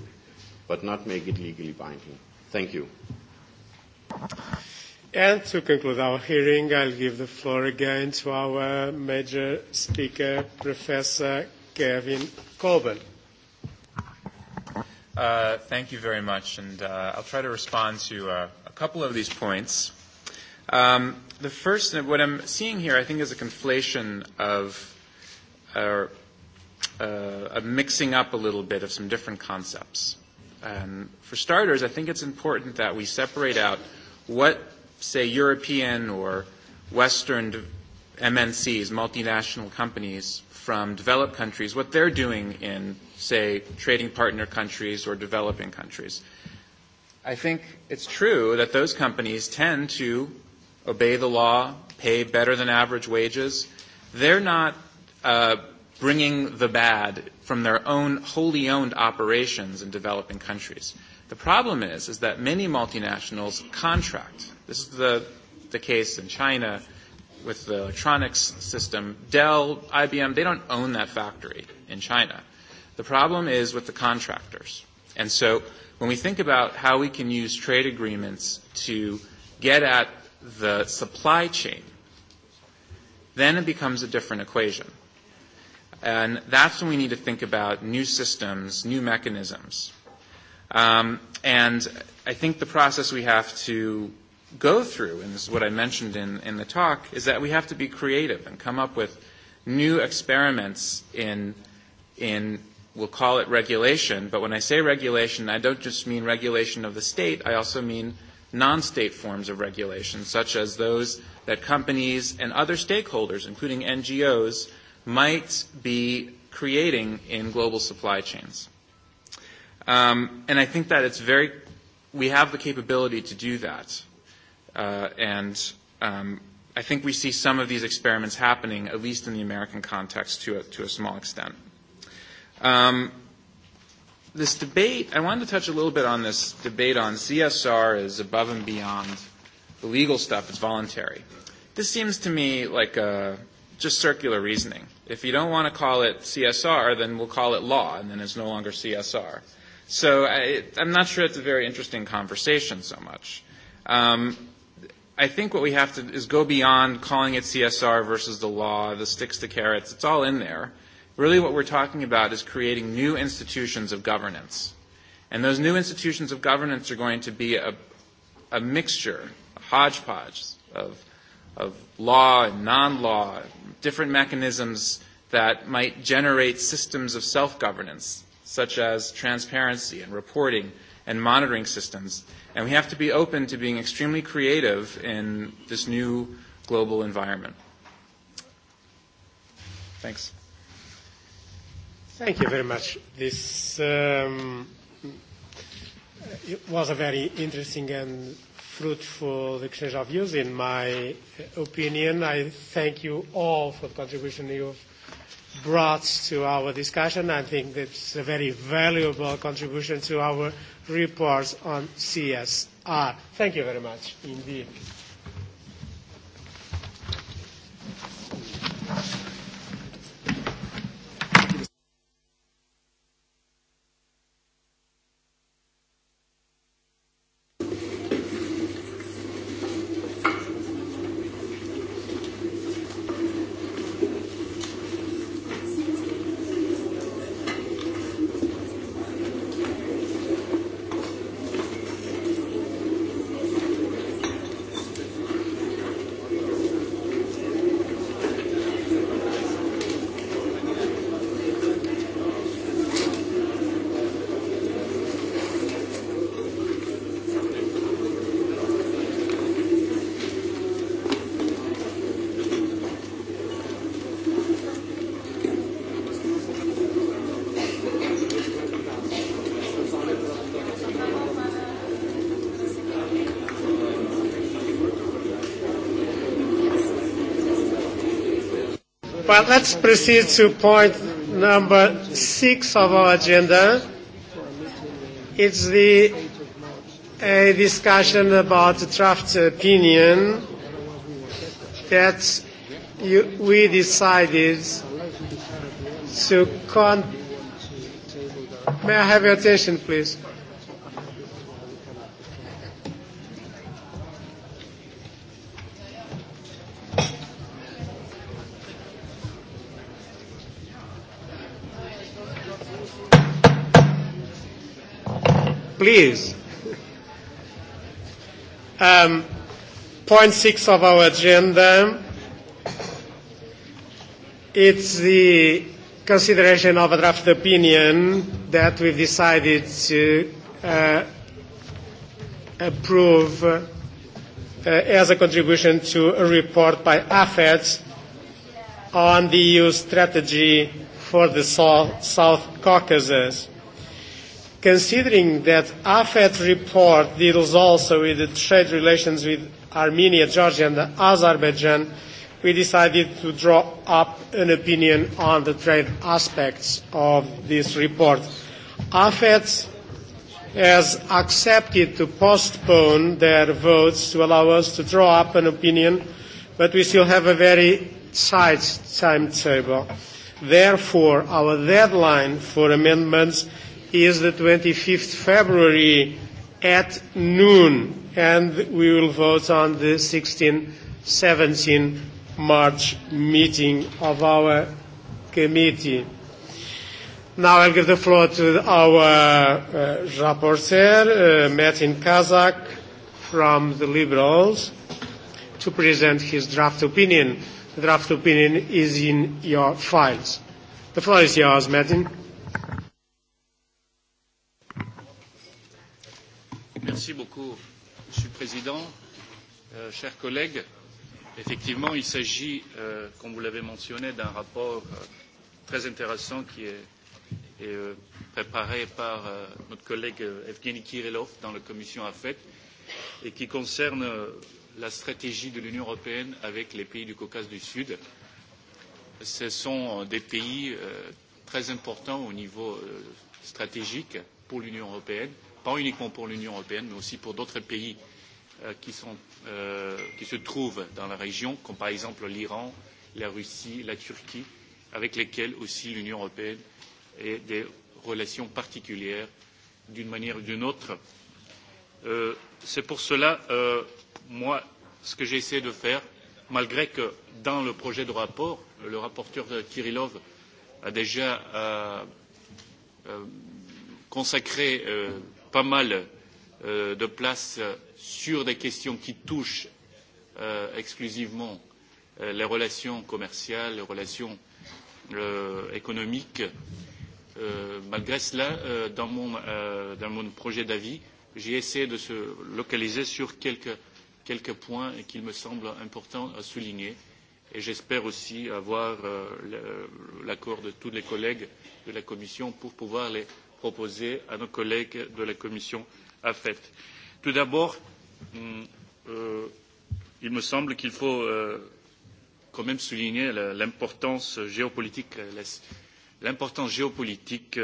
but not make it legally binding. Thank you. And to conclude our hearing, I'll give the floor again to our major speaker, Professor Kevin Colburn. Uh, thank you very much, and uh, I'll try to respond to uh, a couple of these points. Um, the first, what I'm seeing here, I think, is a conflation of uh, uh, a mixing up a little bit of some different concepts. And for starters, I think it's important that we separate out what say, European or Western MNCs, multinational companies from developed countries, what they're doing in, say, trading partner countries or developing countries. I think it's true that those companies tend to obey the law, pay better than average wages. They're not uh, bringing the bad from their own wholly owned operations in developing countries. The problem is, is that many multinationals contract This is the, the case in China with the electronics system. Dell, IBM, they don't own that factory in China. The problem is with the contractors. And so when we think about how we can use trade agreements to get at the supply chain, then it becomes a different equation. And that's when we need to think about new systems, new mechanisms. Um, and I think the process we have to go through, and this is what I mentioned in, in the talk, is that we have to be creative and come up with new experiments in, in we'll call it regulation, but when I say regulation, I don't just mean regulation of the state, I also mean non-state forms of regulation, such as those that companies and other stakeholders, including NGOs, might be creating in global supply chains. Um, and I think that it's very, we have the capability to do that. Uh, and um, I think we see some of these experiments happening, at least in the American context, to a, to a small extent. Um, this debate, I wanted to touch a little bit on this debate on CSR is above and beyond the legal stuff, it's voluntary. This seems to me like a, just circular reasoning. If you don't want to call it CSR, then we'll call it law, and then it's no longer CSR. So I, I'm not sure it's a very interesting conversation so much. Um, I think what we have to is go beyond calling it CSR versus the law, the sticks to carrots. It's all in there. Really, what we're talking about is creating new institutions of governance. And those new institutions of governance are going to be a, a mixture, a hodgepodge of, of law and non-law, different mechanisms that might generate systems of self-governance, such as transparency and reporting and monitoring systems And we have to be open to being extremely creative in this new global environment. Thanks. Thank you very much. This um, it was a very interesting and fruitful exchange of views. In my opinion, I thank you all for the contribution you've brought to our discussion. I think it's a very valuable contribution to our reports on CSR. Thank you very much indeed. But let's proceed to point number six of our agenda. It's the a discussion about the draft opinion that you, we decided to con. May I have your attention, please? point six of our agenda. It's the consideration of a draft opinion that we've decided to uh, approve uh, as a contribution to a report by AFET on the EU strategy for the South Caucasus. Considering that AFET report deals also with the trade relations with Armenia, Georgia, and Azerbaijan, we decided to draw up an opinion on the trade aspects of this report. AFET has accepted to postpone their votes to allow us to draw up an opinion, but we still have a very tight timetable. Therefore, our deadline for amendments is the 25th February at noon and we will vote on the 16, 17 March meeting of our committee. Now I'll give the floor to our uh, rapporteur, uh, Metin Kazak from the Liberals, to present his draft opinion. The draft opinion is in your files. The floor is yours, Metin. Merci beaucoup. Monsieur le Président, euh, chers collègues, effectivement, il s'agit, euh, comme vous l'avez mentionné, d'un rapport euh, très intéressant qui est, préparé par notre collègue Evgeny Kirillov dans la commission AFET et qui concerne la stratégie de l'Union européenne avec les pays du Caucase du Sud. Ce sont des pays très importants au niveau stratégique pour l'Union européenne pas uniquement pour l'Union européenne, mais aussi pour d'autres pays euh, qui, sont, euh, qui se trouvent dans la région, comme par exemple l'Iran, la Russie, la Turquie, avec lesquels aussi l'Union européenne a des relations particulières d'une manière ou d'une autre. Euh, C'est pour cela, euh, moi, ce que j'ai essayé de faire, malgré que dans le projet de rapport, le rapporteur Kirillov a déjà euh, euh, consacré euh, pas mal euh, de place euh, sur des questions qui touchent euh, exclusivement les relations commerciales, les relations économiques. malgré cela, dans, mon, dans mon projet d'avis, j'ai essayé de se localiser sur quelques, quelques points qu'il me semble important à souligner et j'espère aussi avoir l'accord de tous les collègues de la Commission pour pouvoir les proposées à nos collègues de la commission AFET. Tout d'abord, euh, il me semble qu'il faut euh, quand même souligner l'importance géopolitique, l'importance géopolitique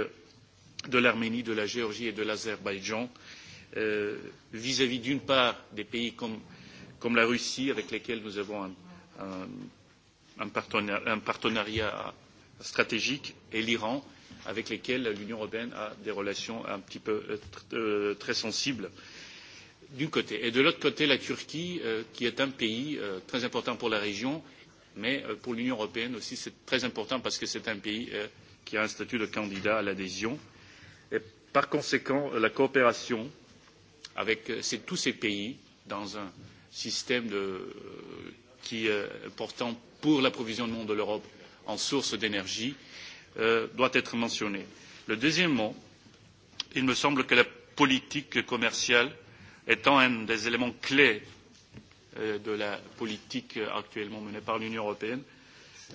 de l'Arménie, de la Géorgie et de l'Azerbaïdjan euh, vis-à-vis d'une part des pays comme, la Russie avec lesquels nous avons un, un, un, partenariat, un partenariat stratégique et l'Iran, euh, avec lesquels l'Union européenne a des relations un petit peu euh, euh, très sensibles d'un côté et de l'autre côté la Turquie euh, qui est un pays très important pour la région mais pour l'Union européenne aussi c'est très important parce que c'est un pays qui a un statut de candidat à l'adhésion et par conséquent la coopération avec tous ces pays dans un système de, qui est important pour l'approvisionnement de l'Europe en sources d'énergie euh, Euh, doit être mentionné. Le deuxièmement, il me semble que la politique commerciale étant un des éléments clés euh, de la politique actuellement menée par l'Union européenne,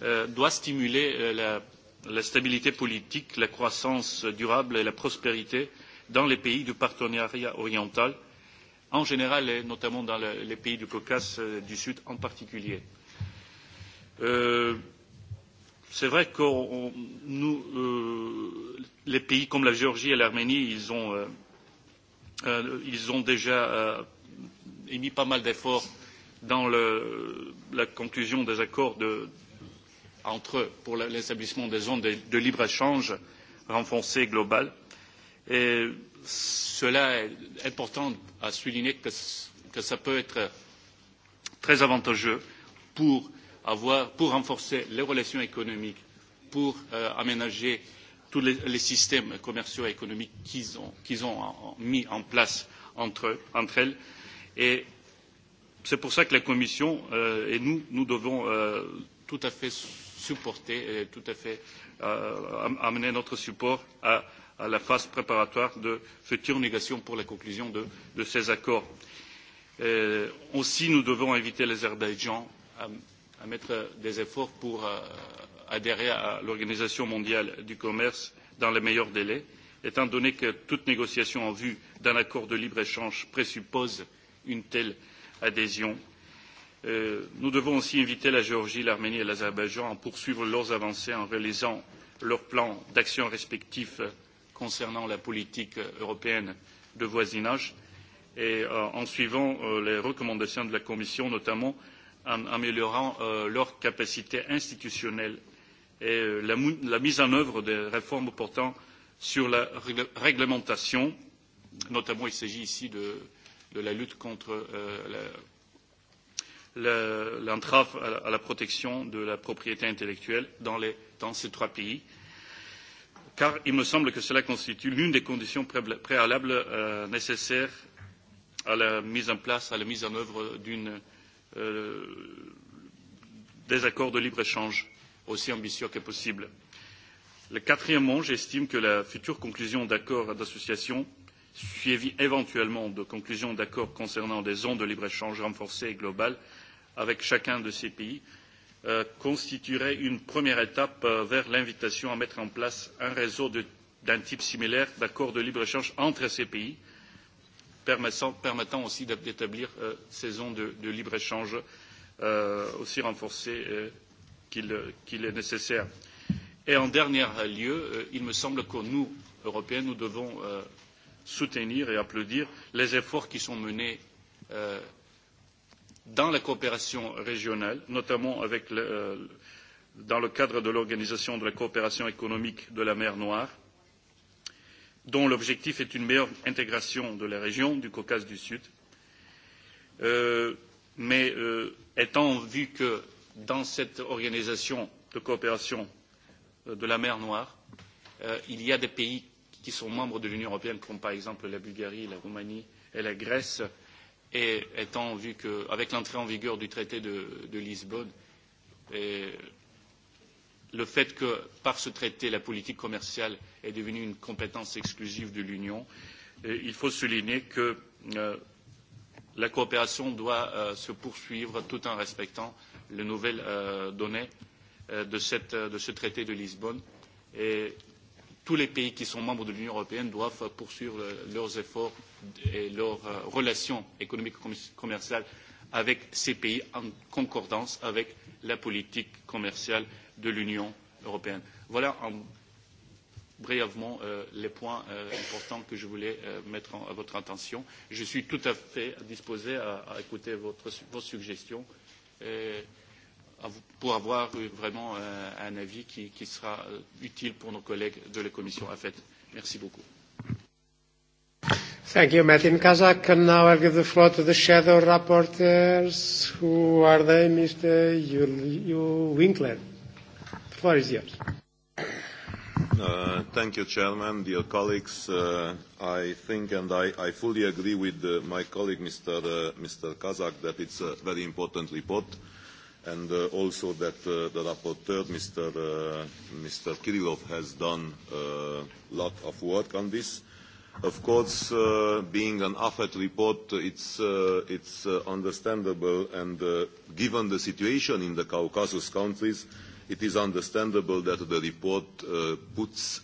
euh, doit stimuler la, la stabilité politique, la croissance durable et la prospérité dans les pays du partenariat oriental, en général et notamment dans les pays du Caucase du Sud en particulier. Euh, c'est vrai que euh, les pays comme la Géorgie et l'Arménie, ils ont, euh, euh, ils ont déjà euh, émis pas mal d'efforts dans le, la conclusion des accords de, entre eux pour l'établissement des zones de, de libre-échange renforcées globales. Et cela est important à souligner que, que ça peut être très avantageux pour avoir pour renforcer les relations économiques, pour euh, aménager tous les, les systèmes commerciaux et économiques qu'ils ont, ont en, mis en place entre, entre elles. Et c'est pour ça que la Commission euh, et nous, nous devons euh, tout à fait supporter et tout à fait euh, amener notre support à, à la phase préparatoire de futures négociations pour la conclusion de, de ces accords. Euh, aussi, nous devons inviter l'Azerbaïdjan à euh, à mettre euh, des efforts pour euh, adhérer à l'Organisation mondiale du commerce dans les meilleurs délais, étant donné que toute négociation en vue d'un accord de libre-échange présuppose une telle adhésion. Euh, nous devons aussi inviter la Géorgie, l'Arménie et l'Azerbaïdjan à poursuivre leurs avancées en réalisant leurs plans d'action respectifs concernant la politique européenne de voisinage et euh, en suivant euh, les recommandations de la Commission, notamment en améliorant euh, leurs capacités institutionnelles et euh, la, mise en œuvre des réformes portant sur la réglementation, notamment il s'agit ici de, la lutte contre euh, l'entrave à, la protection de la propriété intellectuelle dans, ces trois pays, car il me semble que cela constitue l'une des conditions préalables nécessaires à la mise en place, à la mise en œuvre d'une Euh, des accords de libre-échange aussi ambitieux que possible. Le quatrièmement, j'estime que la future conclusion d'accords d'association, suivie éventuellement de conclusion d'accords concernant des zones de libre-échange renforcées et globales avec chacun de ces pays, euh, constituerait une première étape euh, vers l'invitation à mettre en place un réseau d'un type similaire d'accords de libre-échange entre ces pays, permettant, aussi d'établir euh, ces zones de, libre-échange euh, aussi renforcées euh, qu'il est nécessaire. Et en dernier lieu, il me semble que nous, Européens, nous devons soutenir et applaudir les efforts qui sont menés dans la coopération régionale, notamment avec le, dans le cadre de l'Organisation de la coopération économique de la mer Noire, dont l'objectif est une meilleure intégration de la région du Caucase du Sud. Euh, mais euh, étant vu que dans cette organisation de coopération euh, de la mer Noire, il y a des pays qui sont membres de l'Union européenne, comme par exemple la Bulgarie, la Roumanie et la Grèce, et étant vu qu'avec l'entrée en vigueur du traité de, Lisbonne, le fait que, par ce traité, la politique commerciale est devenue une compétence exclusive de l'Union, il faut souligner que euh, la coopération doit euh, se poursuivre tout en respectant les nouvelles euh, données de, cette, de ce traité de Lisbonne. Et tous les pays qui sont membres de l'Union européenne doivent poursuivre leurs efforts et leurs relations économiques et commerciales avec ces pays en concordance avec la politique commerciale de l'Union européenne. Voilà en, brièvement euh, les points euh, importants que je voulais euh, mettre en, à votre attention. Je suis tout à fait disposé à, à écouter votre, vos suggestions et euh, à pour avoir vraiment euh, un avis qui, qui sera euh, utile pour nos collègues de la commission AFET. Merci beaucoup. Thank you, Martin Kazak. And now I'll give the floor to the shadow rapporteurs. Who are they, Mr. Winkler? floor is yours. Uh, thank you, Chairman, dear colleagues. Uh, I think and I, I fully agree with uh, my colleague, Mr. Uh, Mr. Kazak, that it's a very important report and uh, also that uh, the rapporteur, Mr. Uh, Mr. Kirillov, has done a uh, lot of work on this. Of course, uh, being an AFET report, it's, uh, it's uh, understandable and uh, given the situation in the Caucasus countries, it is understandable that the report uh, puts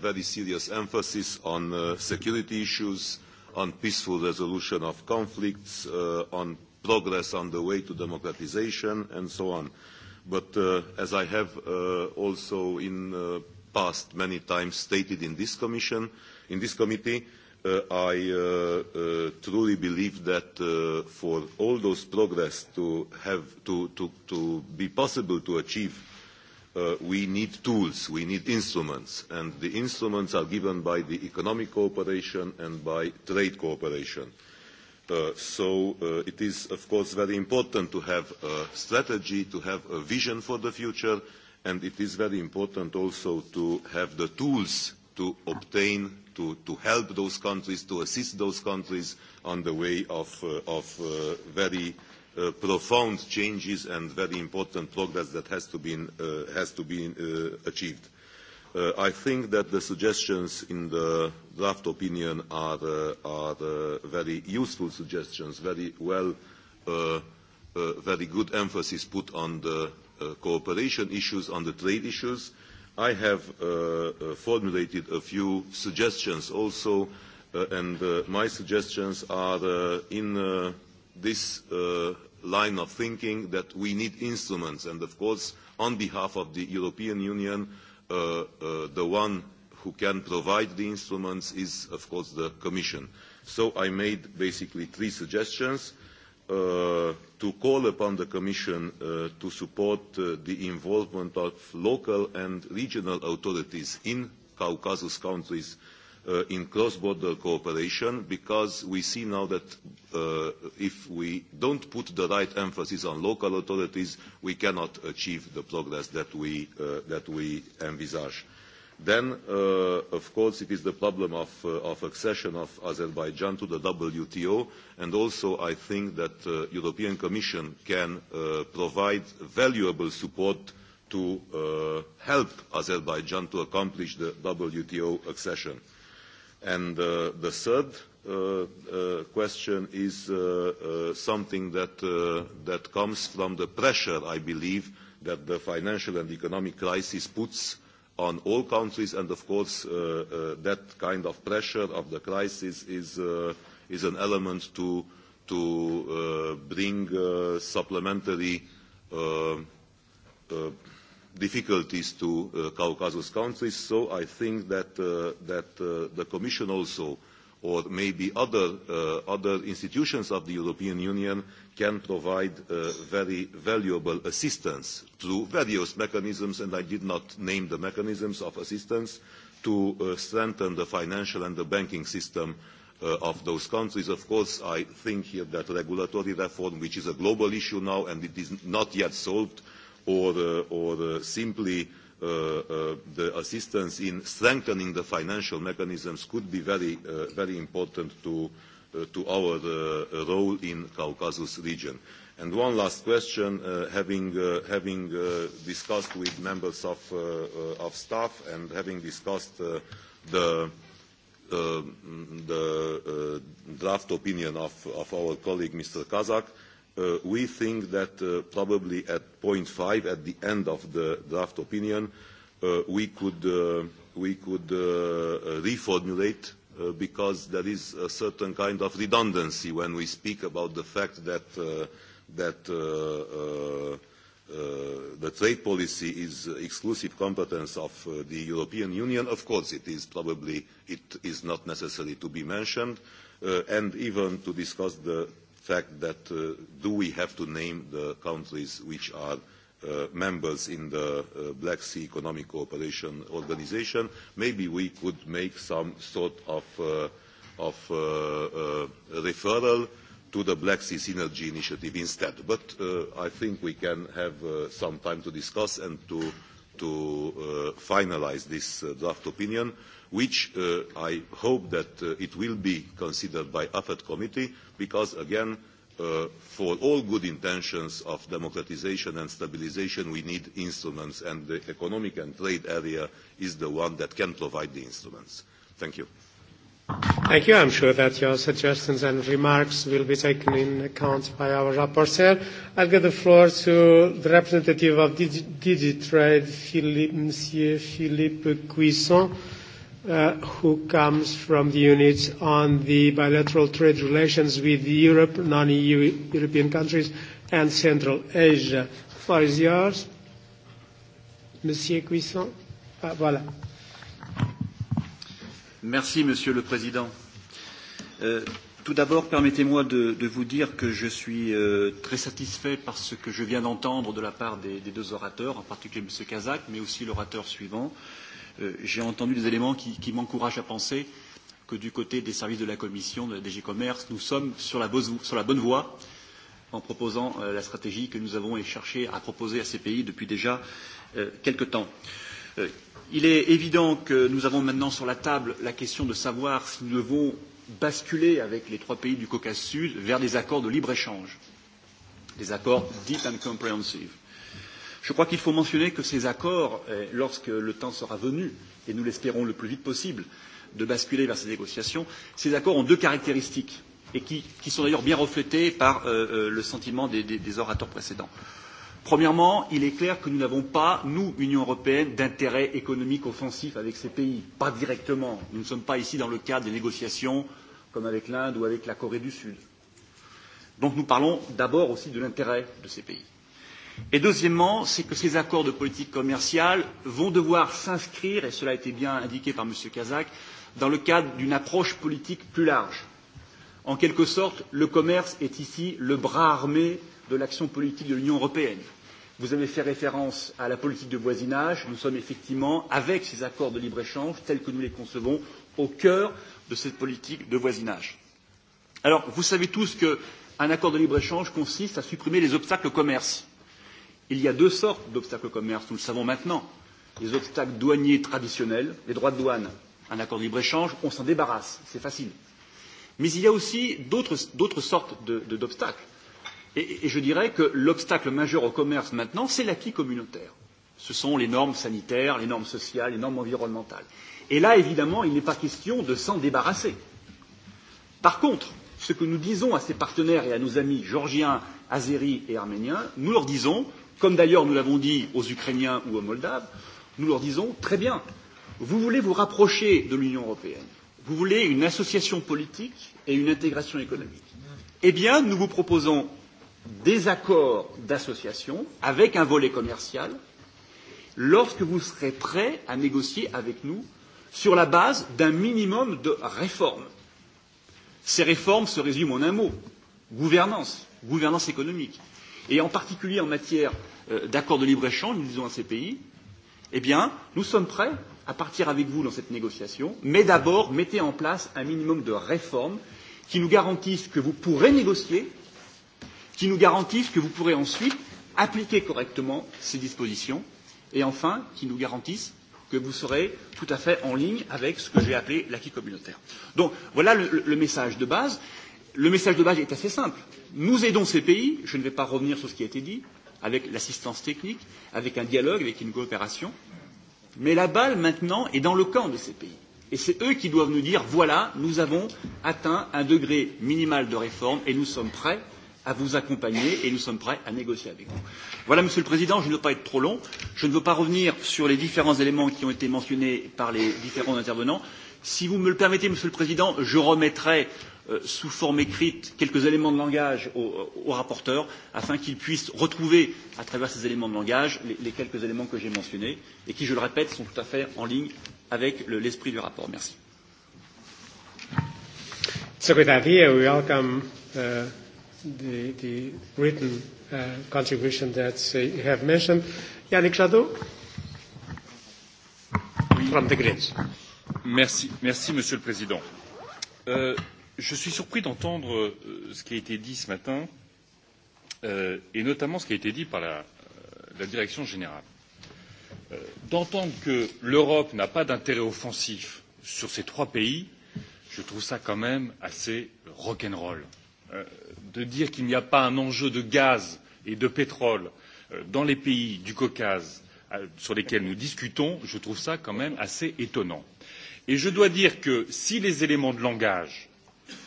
very serious emphasis on uh, security issues, on peaceful resolution of conflicts, uh, on progress on the way to democratization, and so on. But uh, as I have uh, also in uh, past many times stated in this commission, in this committee, uh, I uh, uh, truly believe that uh, for all those progress to have to, to, to be possible to achieve Uh, we need tools, we need instruments, and the instruments are given by the economic cooperation and by trade cooperation. Uh, so uh, it is, of course, very important to have a strategy, to have a vision for the future, and it is very important also to have the tools to obtain, to, to help those countries, to assist those countries on the way of, uh, of uh, very Uh, profound changes and very important progress that has to be, uh, has to be uh, achieved. Uh, I think that the suggestions in the draft opinion are, uh, are uh, very useful suggestions, very well, uh, uh, very good emphasis put on the uh, cooperation issues, on the trade issues. I have uh, uh, formulated a few suggestions also, uh, and uh, my suggestions are uh, in uh, this uh, line of thinking that we need instruments. And of course, on behalf of the European Union, uh, uh, the one who can provide the instruments is, of course, the Commission. So I made basically three suggestions. Uh, to call upon the Commission uh, to support uh, the involvement of local and regional authorities in Caucasus countries uh, in cross-border cooperation because we see now that uh, if we don't put the right emphasis on local authorities, we cannot achieve the progress that we, uh, that we envisage. Then, uh, of course, it is the problem of, uh, of accession of Azerbaijan to the WTO, and also I think that the uh, European Commission can uh, provide valuable support to uh, help Azerbaijan to accomplish the WTO accession. And uh, the third uh, uh, question is uh, uh, something that, uh, that comes from the pressure, I believe, that the financial and economic crisis puts on all countries, and of course that kind of pressure of the crisis is, is an element to, to bring supplementary difficulties to uh, Caucasus countries. So I think that, uh, that uh, the Commission also or maybe other, uh, other institutions of the European Union can provide uh, very valuable assistance through various mechanisms, and I did not name the mechanisms of assistance, to uh, strengthen the financial and the banking system of those countries. Of course, I think here that regulatory reform, which is a global issue now and it is not yet solved, or, or simply uh, uh, the assistance in strengthening the financial mechanisms could be very, uh, very important to, to our role in Caucasus region. And one last question, having, having discussed with members of, of staff and having discussed the Uh, the uh, draft opinion of, of, our colleague Mr. Kazak. Uh, we think that uh, probably at point five, at the end of the draft opinion, uh, we could, uh, we could uh, uh, reformulate uh, because there is a certain kind of redundancy when we speak about the fact that, uh, that uh, uh, Uh, the trade policy is exclusive competence of uh, the European Union, of course it is probably, it is not necessary to be mentioned, uh, and even to discuss the fact that uh, do we have to name the countries which are Uh, members in the uh, Black Sea Economic Cooperation Organization, maybe we could make some sort of, uh, of uh, uh, referral to the Black Sea Synergy Initiative instead. But I think we can have some time to discuss and to to uh, finalize this uh, draft opinion, which uh, I hope that uh, it will be considered by AFET committee, because again, uh, for all good intentions of democratization and stabilization, we need instruments, and the economic and trade area is the one that can provide the instruments. Thank you. Thank you. I'm sure that your suggestions and remarks will be taken in account by our rapporteur. I'll give the floor to the representative of Digitrade, Philippe, Monsieur Philippe Cuisson, uh, who comes from the unit on the bilateral trade relations with Europe, non-EU European countries, and Central Asia. The floor is yours. Monsieur Cuisson. Ah, voilà. Merci, Monsieur le Président. Euh, tout d'abord, permettez-moi de, de vous dire que je suis euh, très satisfait par ce que je viens d'entendre de la part des, des deux orateurs, en particulier M. Kazak, mais aussi l'orateur suivant. Euh, J'ai entendu des éléments qui, qui m'encouragent à penser que du côté des services de la Commission, de la DG Commerce, nous sommes sur la, bozo, sur la bonne voie en proposant euh, la stratégie que nous avons cherché à proposer à ces pays depuis déjà euh, quelque temps. Euh, Euh, il est évident que nous avons maintenant sur la table la question de savoir si nous devons basculer avec les trois pays du Caucase Sud vers des accords de libre-échange, des accords deep and comprehensive. Je crois qu'il faut mentionner que ces accords, euh, lorsque le temps sera venu, et nous l'espérons le plus vite possible, de basculer vers ces négociations, ces accords ont deux caractéristiques, et qui, qui sont d'ailleurs bien reflétées par euh, euh, le sentiment des, des, des orateurs précédents. Premièrement, il est clair que nous n'avons pas, nous, Union européenne, d'intérêt économique offensif avec ces pays, pas directement. Nous ne sommes pas ici dans le cadre des négociations comme avec l'Inde ou avec la Corée du Sud. Donc nous parlons d'abord aussi de l'intérêt de ces pays. Et deuxièmement, c'est que ces accords de politique commerciale vont devoir s'inscrire, et cela a été bien indiqué par M. Kazak, dans le cadre d'une approche politique plus large. En quelque sorte, le commerce est ici le bras armé de l'action politique de l'Union européenne. Vous avez fait référence à la politique de voisinage. Nous sommes effectivement, avec ces accords de libre-échange, tels que nous les concevons, au cœur de cette politique de voisinage. Alors, vous savez tous qu'un accord de libre-échange consiste à supprimer les obstacles au commerce. Il y a deux sortes d'obstacles au commerce, nous le savons maintenant. Les obstacles douaniers traditionnels, les droits de douane. Un accord de libre-échange, on s'en débarrasse, c'est facile. Mais il y a aussi d'autres sortes d'obstacles Et, et je dirais que l'obstacle majeur au commerce maintenant, c'est l'acquis communautaire. Ce sont les normes sanitaires, les normes sociales, les normes environnementales. Et là, évidemment, il n'est pas question de s'en débarrasser. Par contre, ce que nous disons à ces partenaires et à nos amis georgiens, azéris et arméniens, nous leur disons, comme d'ailleurs nous l'avons dit aux Ukrainiens ou aux Moldaves, nous leur disons très bien, vous voulez vous rapprocher de l'Union européenne, vous voulez une association politique et une intégration économique. Eh bien, nous vous proposons des accords d'association avec un volet commercial lorsque vous serez prêt à négocier avec nous sur la base d'un minimum de réformes. Ces réformes se résument en un mot gouvernance, gouvernance économique. Et en particulier en matière euh, d'accords de libre-échange, nous disons à ces pays, eh bien, nous sommes prêts à partir avec vous dans cette négociation, mais d'abord, mettez en place un minimum de réformes qui nous garantissent que vous pourrez négocier qui nous garantissent que vous pourrez ensuite appliquer correctement ces dispositions et enfin qui nous garantissent que vous serez tout à fait en ligne avec ce que j'ai appelé l'acquis communautaire. Donc voilà le, le message de base. Le message de base est assez simple. Nous aidons ces pays, je ne vais pas revenir sur ce qui a été dit, avec l'assistance technique, avec un dialogue, avec une coopération, mais la balle maintenant est dans le camp de ces pays. Et c'est eux qui doivent nous dire voilà, nous avons atteint un degré minimal de réforme et nous sommes prêts à vous accompagner et nous sommes prêts à négocier avec vous. Voilà, Monsieur le Président, je ne veux pas être trop long. Je ne veux pas revenir sur les différents éléments qui ont été mentionnés par les différents intervenants. Si vous me le permettez, Monsieur le Président, je remettrai euh, sous forme écrite quelques éléments de langage au, euh, au rapporteur afin qu'il puisse retrouver à travers ces éléments de langage les, les quelques éléments que j'ai mentionnés et qui, je le répète, sont tout à fait en ligne avec l'esprit le, du rapport. Merci. Secretary, with we welcome uh, the, the written uh, contribution that uh, you have mentioned. Yannick Jadot oui. from the Greens. Merci, merci Monsieur le Président. Euh, je suis surpris d'entendre euh, ce qui a été dit ce matin, euh, et notamment ce qui a été dit par la, euh, la direction générale. Euh, d'entendre que l'Europe n'a pas d'intérêt offensif sur ces trois pays, je trouve ça quand même assez rock'n'roll. Euh, Euh, de dire qu'il n'y a pas un enjeu de gaz et de pétrole euh, dans les pays du Caucase euh, sur lesquels nous discutons, je trouve ça quand même assez étonnant. Et je dois dire que si les éléments de langage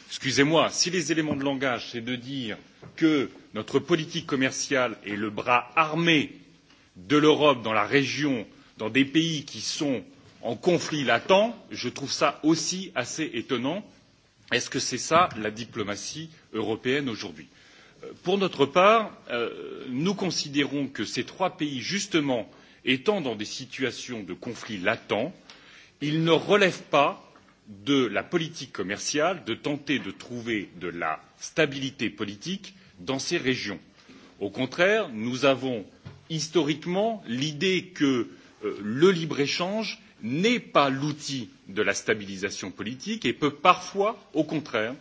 excusez moi si les éléments de langage c'est de dire que notre politique commerciale est le bras armé de l'europe dans la région dans des pays qui sont en conflit latent je trouve ça aussi assez étonnant est ce que c'est ça la diplomatie européenne aujourd'hui? Euh, pour notre part euh, nous considérons que ces trois pays justement étant dans des situations de conflit latent il ne relève pas de la politique commerciale de tenter de trouver de la stabilité politique dans ces régions. au contraire nous avons historiquement l'idée que euh, le libre échange n'est pas l'outil de la stabilisation politique et peut parfois, au contraire,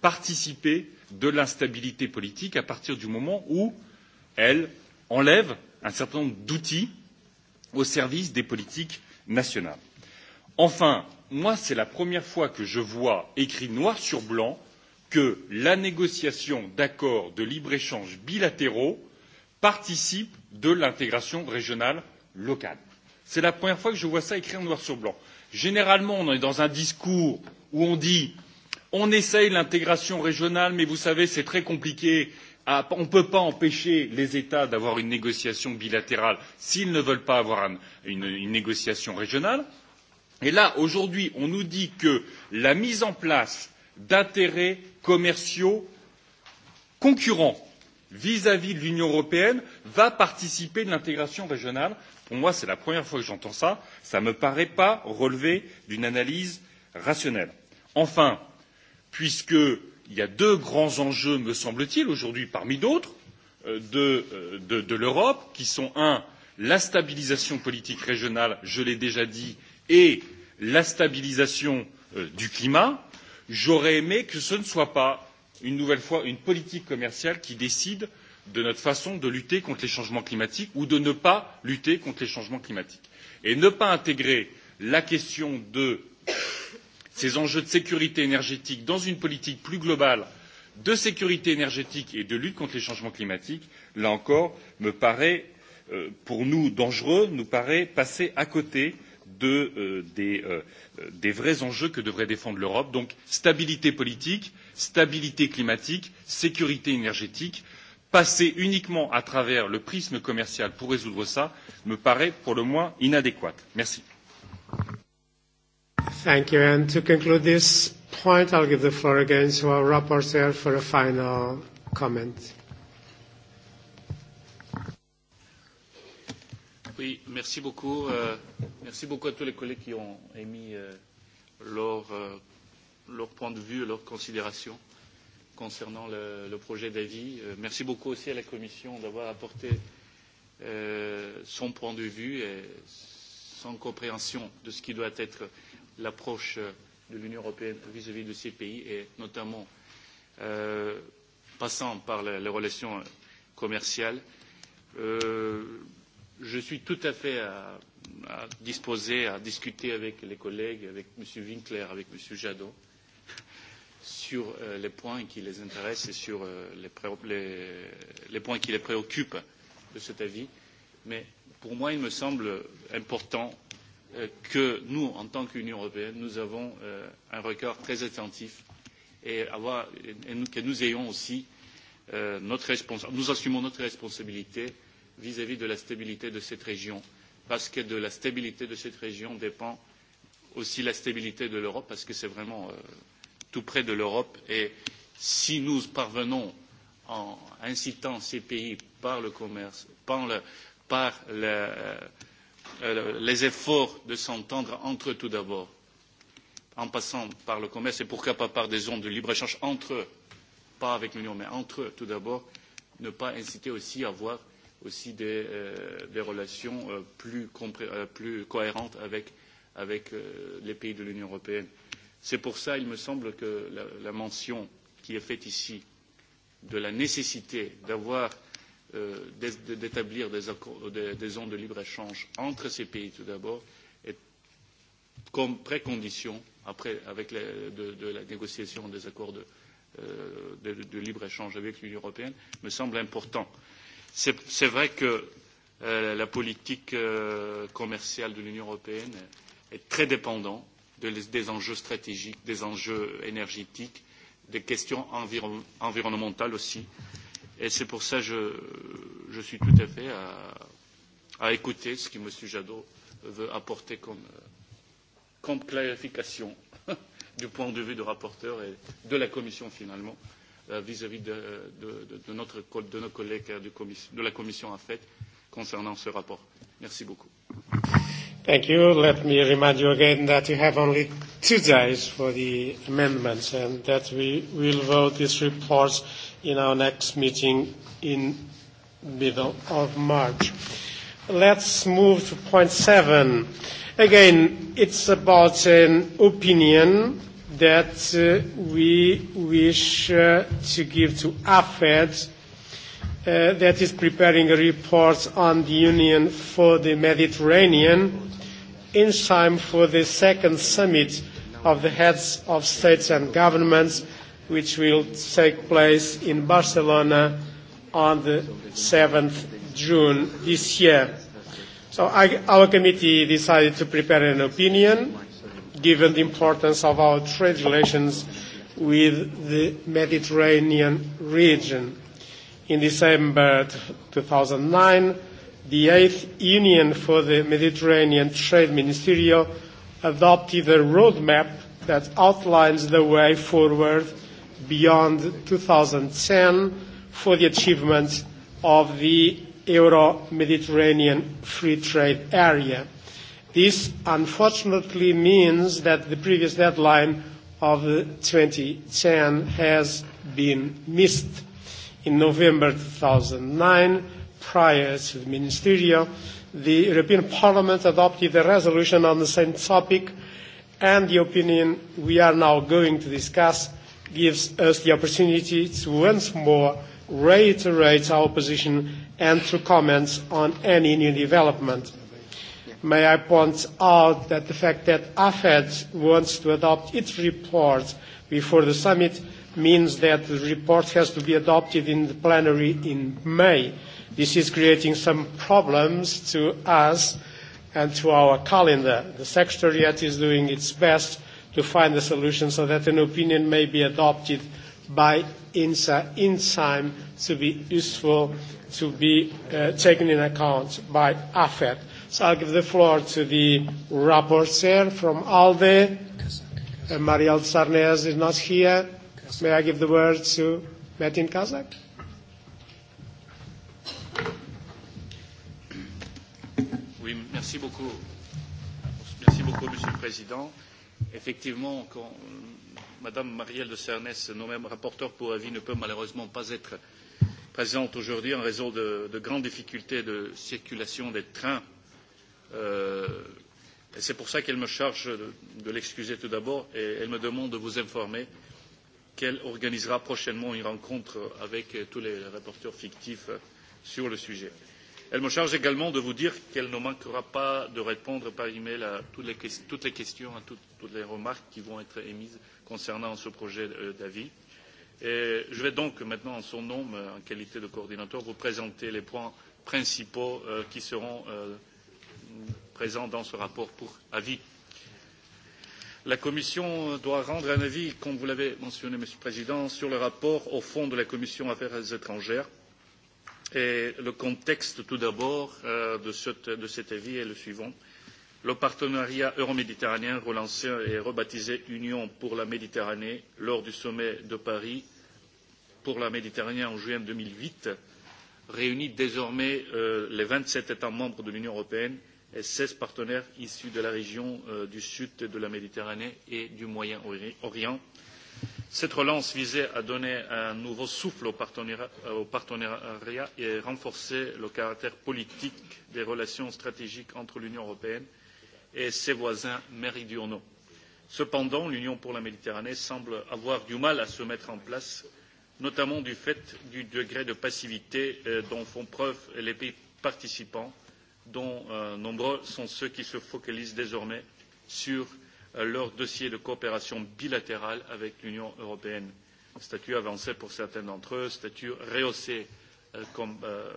participer de l'instabilité politique à partir du moment où elle enlève un certain nombre d'outils au service des politiques nationales. Enfin, moi, c'est la première fois que je vois écrit noir sur blanc que la négociation d'accords de libre échange bilatéraux participe de l'intégration régionale locale. C'est la première fois que je vois ça écrit en noir sur blanc. Généralement, on est dans un discours où on dit on essaye l'intégration régionale, mais vous savez, c'est très compliqué. on ne peut pas empêcher les États d'avoir une négociation bilatérale s'ils ne veulent pas avoir un, une, une négociation régionale. Et là, aujourd'hui, on nous dit que la mise en place d'intérêts commerciaux concurrents vis à vis de l'union européenne va participer de l'intégration régionale pour moi c'est la première fois que j'entends cela cela ne me paraît pas relever d'une analyse rationnelle. enfin puisqu'il y a deux grands enjeux me semble t il aujourd'hui parmi d'autres euh, de, euh, de, de l'europe qui sont un la stabilisation politique régionale je l'ai déjà dit et la stabilisation euh, du climat j'aurais aimé que ce ne soit pas une nouvelle fois une politique commerciale qui décide de notre façon de lutter contre les changements climatiques ou de ne pas lutter contre les changements climatiques. Et ne pas intégrer la question de ces enjeux de sécurité énergétique dans une politique plus globale de sécurité énergétique et de lutte contre les changements climatiques, là encore, me paraît euh, pour nous dangereux, nous paraît passer à côté de, euh, des, euh, des vrais enjeux que devrait défendre l'Europe. Donc stabilité politique, stabilité climatique, sécurité énergétique. Passer uniquement à travers le prisme commercial pour résoudre cela me paraît pour le moins inadéquat. Merci. Thank you. And to conclude this point, I'll give the floor again to our rapporteur for a final comment. Oui, merci beaucoup. Euh, merci beaucoup à tous les collègues qui ont émis euh, leur euh, leur point de vue et leurs considérations concernant le, le projet d'avis. Euh, merci beaucoup aussi à la Commission d'avoir apporté euh, son point de vue et son compréhension de ce qui doit être l'approche de l'Union européenne vis-à-vis -vis de ces pays et notamment euh, passant par les, les relations commerciales. Euh, je suis tout à fait à, à disposé à discuter avec les collègues, avec M. Winkler, avec M. Jadot, sur euh, les points qui les intéressent et sur euh, les, pré les, les points qui les préoccupent de cet avis. Mais pour moi, il me semble important euh, que nous, en tant qu'Union européenne, nous avons euh, un regard très attentif et, avoir, et nous, que nous ayons aussi euh, notre nous assumons notre responsabilité vis-à-vis -vis de la stabilité de cette région, parce que de la stabilité de cette région dépend aussi la stabilité de l'Europe, parce que c'est vraiment euh, tout près de l'europe et si nous parvenons en incitant ces pays par le commerce par, le, par le, euh, euh, les efforts de s'entendre entre eux tout d'abord en passant par le commerce et pourquoi pas par des zones de libre échange entre eux pas avec l'union mais entre eux tout d'abord ne pas inciter aussi à avoir aussi des, euh, des relations euh, plus, euh, plus cohérentes avec, avec euh, les pays de l'union européenne C'est pour ça, il me semble, que la, la mention qui est faite ici de la nécessité d'avoir euh, d'établir des, des, des zones de libre-échange entre ces pays tout d'abord est comme précondition après, avec les, de, de la négociation des accords de, euh, de, de libre-échange avec l'Union européenne me semble important. C'est vrai que euh, la politique euh, commerciale de l'Union européenne est très dépendante des enjeux stratégiques, des enjeux énergétiques, des questions environ, environnementales aussi. Et c'est pour ça que je, je suis tout à fait à, à écouter ce que M. Jadot veut apporter comme, comme clarification du point de vue du rapporteur et de la Commission finalement euh, vis-à-vis de, de, de, de, notre, de nos collègues de, de la Commission en fait concernant ce rapport. Merci beaucoup. Thank you. Let me remind you again that you have only two days for the amendments and that we will vote these reports in our next meeting in middle of March. Let's move to point seven. Again, it's about an opinion that uh, we wish uh, to give to AFED uh, that is preparing a report on the Union for the Mediterranean in time for the second summit of the heads of states and governments, which will take place in Barcelona on the 7th June this year. So I, our committee decided to prepare an opinion, given the importance of our trade relations with the Mediterranean region. In December 2009, the Eighth Union for the Mediterranean Trade Ministerial adopted a roadmap that outlines the way forward beyond 2010 for the achievement of the Euro-Mediterranean Free Trade Area. This unfortunately means that the previous deadline of 2010 has been missed. In November 2009, prior to the ministerial, the European Parliament adopted a resolution on the same topic, and the opinion we are now going to discuss gives us the opportunity to once more reiterate our position and to comment on any new development. May I point out that the fact that AFED wants to adopt its report before the summit means that the report has to be adopted in the plenary in May This is creating some problems to us and to our calendar. The Secretariat is doing its best to find a solution so that an opinion may be adopted by INSA in time to be useful, to be uh, taken in account by AFET. So I'll give the floor to the rapporteur from ALDE. Uh, Marielle Sarnez is not here. May I give the word to Metin Kazak? Oui, merci beaucoup. Merci beaucoup, Monsieur le Président. Effectivement, quand Madame Marielle de Sarnez, nous-mêmes rapporteur pour avis, ne peut malheureusement pas être présente aujourd'hui en raison de, de grandes difficultés de circulation des trains. Euh, et c'est pour ça qu'elle me charge de, de l'excuser tout d'abord et elle me demande de vous informer qu'elle organisera prochainement une rencontre avec tous les rapporteurs fictifs sur le sujet. Elle me charge également de vous dire qu'elle ne manquera pas de répondre par email à toutes les, questions, à toutes, les remarques qui vont être émises concernant ce projet euh, d'avis. je vais donc maintenant, en son nom, euh, en qualité de coordinateur, vous présenter les points principaux euh, qui seront présents dans ce rapport pour avis. La Commission doit rendre un avis, comme vous l'avez mentionné, Monsieur le Président, sur le rapport au fond de la Commission Affaires étrangères Et le contexte tout d'abord euh, de, cette, de cet avis est le suivant. Le partenariat euro-méditerranéen relancé et rebaptisé Union pour la Méditerranée lors du sommet de Paris pour la Méditerranée en juin 2008 réunit désormais euh, les 27 États membres de l'Union européenne et 16 partenaires issus de la région euh, du sud de la Méditerranée et du Moyen-Orient. Euh, Cette relance visait à donner un nouveau souffle au partenariat, et à renforcer le caractère politique des relations stratégiques entre l'Union européenne et ses voisins méridionaux. Cependant, l'Union pour la Méditerranée semble avoir du mal à se mettre en place, notamment du fait du degré de passivité euh, dont font preuve les pays participants, dont euh, nombreux sont ceux qui se focalisent désormais sur Euh, leur dossier de coopération bilatérale avec l'Union européenne. Statut avancé pour certains d'entre eux, statut rehaussé euh, comme euh,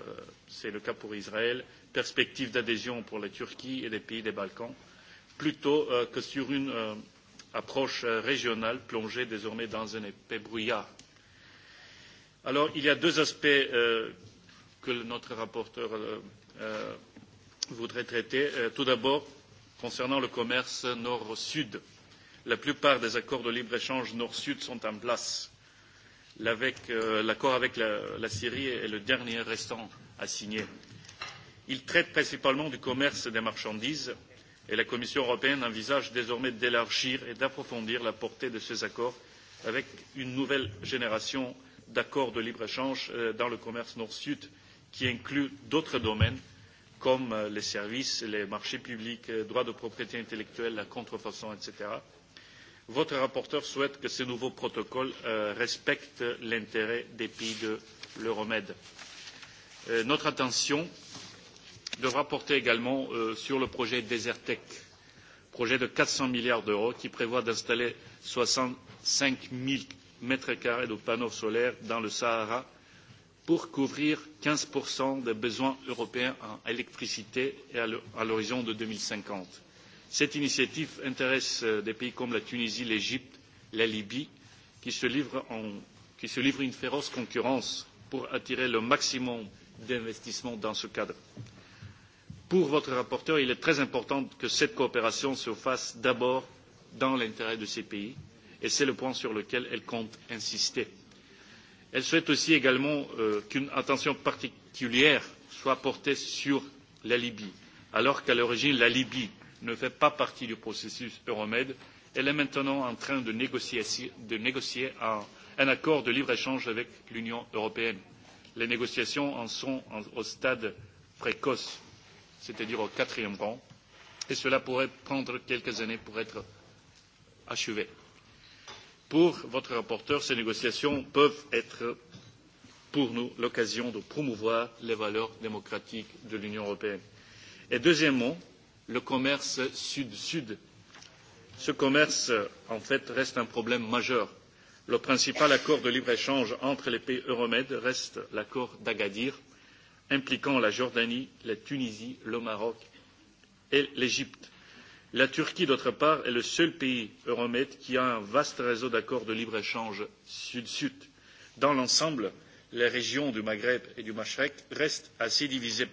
c'est le cas pour Israël, perspective d'adhésion pour la Turquie et les pays des Balkans, plutôt euh, que sur une euh, approche euh, régionale plongée désormais dans un épais brouillard. Alors, il y a deux aspects que notre rapporteur voudrait traiter. Tout d'abord, concernant le commerce nord-sud. La plupart des accords de libre-échange nord-sud sont en place. Euh, l'accord avec, la Syrie est le dernier restant à signer. Il traite principalement du commerce des marchandises et la Commission européenne envisage désormais d'élargir et d'approfondir la portée de ces accords avec une nouvelle génération d'accords de libre-échange euh, dans le commerce nord-sud qui inclut d'autres domaines comme euh, les services, les marchés publics, euh, droit de propriété intellectuelle, la contrefaçon, etc. Votre rapporteur souhaite que ce nouveau protocole euh, respecte l'intérêt des pays de l'Euromed. notre attention devra porter également sur le projet Desertec, projet de 400 milliards d'euros qui prévoit d'installer cinq zéro mètres carrés de panneaux solaires dans le Sahara pour couvrir quinze des besoins européens en électricité à l'horizon de. deux mille cinquante cette initiative intéresse euh, des pays comme la tunisie l'égypte et la libye qui se livrent à une féroce concurrence pour attirer le maximum d'investissements dans ce cadre. pour votre rapporteur il est très important que cette coopération se fasse d'abord dans l'intérêt de ces pays et c'est le point sur lequel elle compte insister elle souhaite aussi également euh, qu'une attention particulière soit portée sur la libye alors qu'à l'origine la libye ne fait pas partie du processus euromed elle est maintenant en train de négocier, de négocier un, un accord de libre échange avec l'union européenne. les négociations en sont en, au stade précoce c'est à dire au quatrième rang et cela pourrait prendre quelques années pour être achevé pour votre rapporteur, ces négociations peuvent être pour nous l'occasion de promouvoir les valeurs démocratiques de l'Union européenne. Et deuxièmement, le commerce sud-sud. Ce commerce, en fait, reste un problème majeur. Le principal accord de libre-échange entre les pays Euromed reste l'accord d'Agadir, impliquant la Jordanie, la Tunisie, le Maroc et l'Égypte la Turquie, d'autre part, est le seul pays Euromed qui a un vaste réseau d'accords de libre-échange sud-sud. Dans l'ensemble, les régions du Maghreb et du Machrek restent assez divisées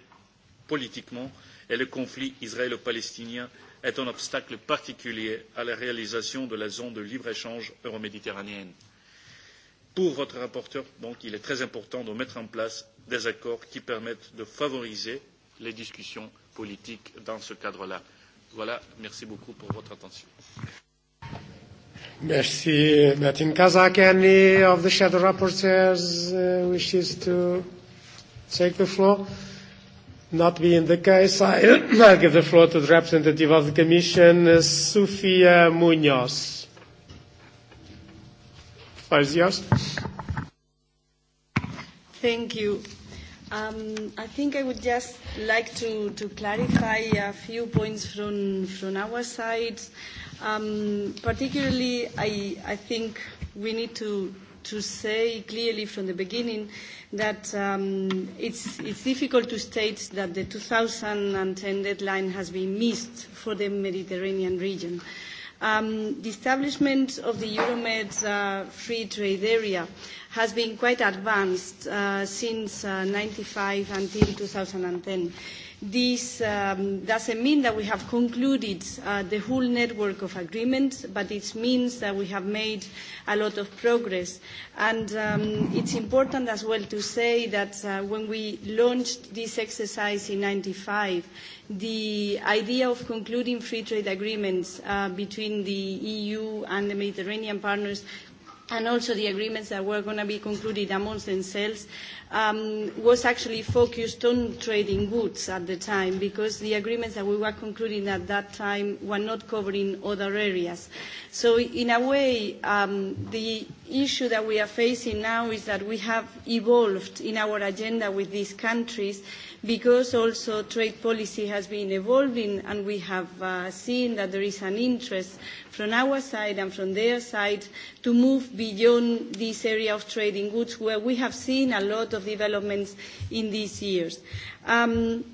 politiquement et le conflit israélo-palestinien est un obstacle particulier à la réalisation de la zone de libre-échange euroméditerranéenne. Pour votre rapporteur, donc, il est très important de mettre en place des accords qui permettent de favoriser les discussions politiques dans ce cadre-là. Voilà, merci beaucoup pour votre attention. Merci, Martin Kazak. Any of the shadow rapporteurs uh, wishes to take the floor? Not being the case, I, I'll give the floor to the representative of the Commission, uh, Sofia Munoz. Floor is yours. Thank you. Um, I think I would just like to, to clarify a few points from, from our side. Um, particularly, I, I think we need to, to say clearly from the beginning that um, it's, it's difficult to state that the 2010 deadline has been missed for the Mediterranean region. Uh, Um, the establishment of the Euromed uh, free trade area has been quite advanced uh, since 1995 uh, until 2010. This um, doesn't mean that we have concluded uh, the whole network of agreements, but it means that we have made a lot of progress. And um, it's important as well to say that uh, when we launched this exercise in 95, the idea of concluding free trade agreements uh, between the EU and the Mediterranean partners and also the agreements that were going to be concluded amongst themselves um, was actually focused on trading goods at the time because the agreements that we were concluding at that time were not covering other areas. So in a way, um, the issue that we are facing now is that we have evolved in our agenda with these countries because also trade policy has been evolving and we have uh, seen that there is an interest from our side and from their side to move beyond this area of trade in goods where we have seen a lot of developments in these years. Um,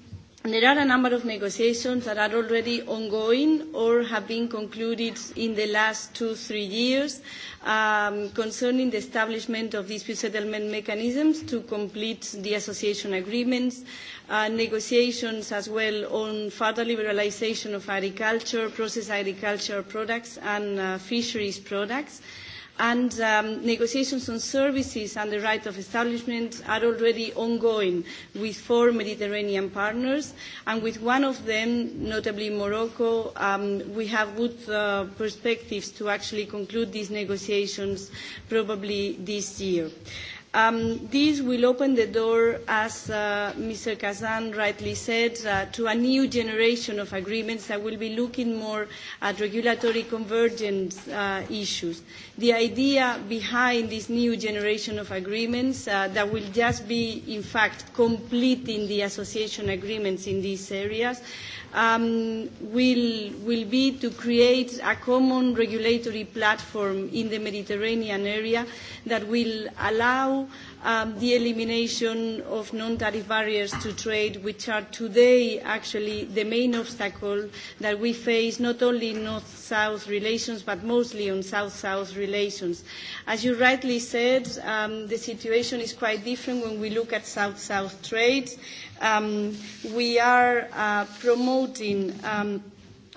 There are a number of negotiations that are already ongoing or have been concluded in the last two, three years um, concerning the establishment of dispute settlement mechanisms to complete the association agreements Uh, negotiations as well on further liberalisation of agriculture, processed agriculture products and uh, fisheries products. And um, negotiations on services and the right of establishment are already ongoing with four Mediterranean partners. And with one of them, notably Morocco, um, we have good uh, perspectives to actually conclude these negotiations probably this year. Uh, Um, this will open the door, as uh, Mr. Kazan rightly said, uh, to a new generation of agreements that will be looking more at regulatory convergence uh, issues. The idea behind this new generation of agreements uh, that will just be, in fact, completing the association agreements in these areas um, will, will be to create a common regulatory platform in the Mediterranean area that will allow um, the elimination of non-tariff barriers to trade, which are today actually the main obstacle that we face not only in North-South relations, but mostly on South-South relations. As you rightly said, um, the situation is quite different when we look at South-South trades. Um, we are uh, promoting um,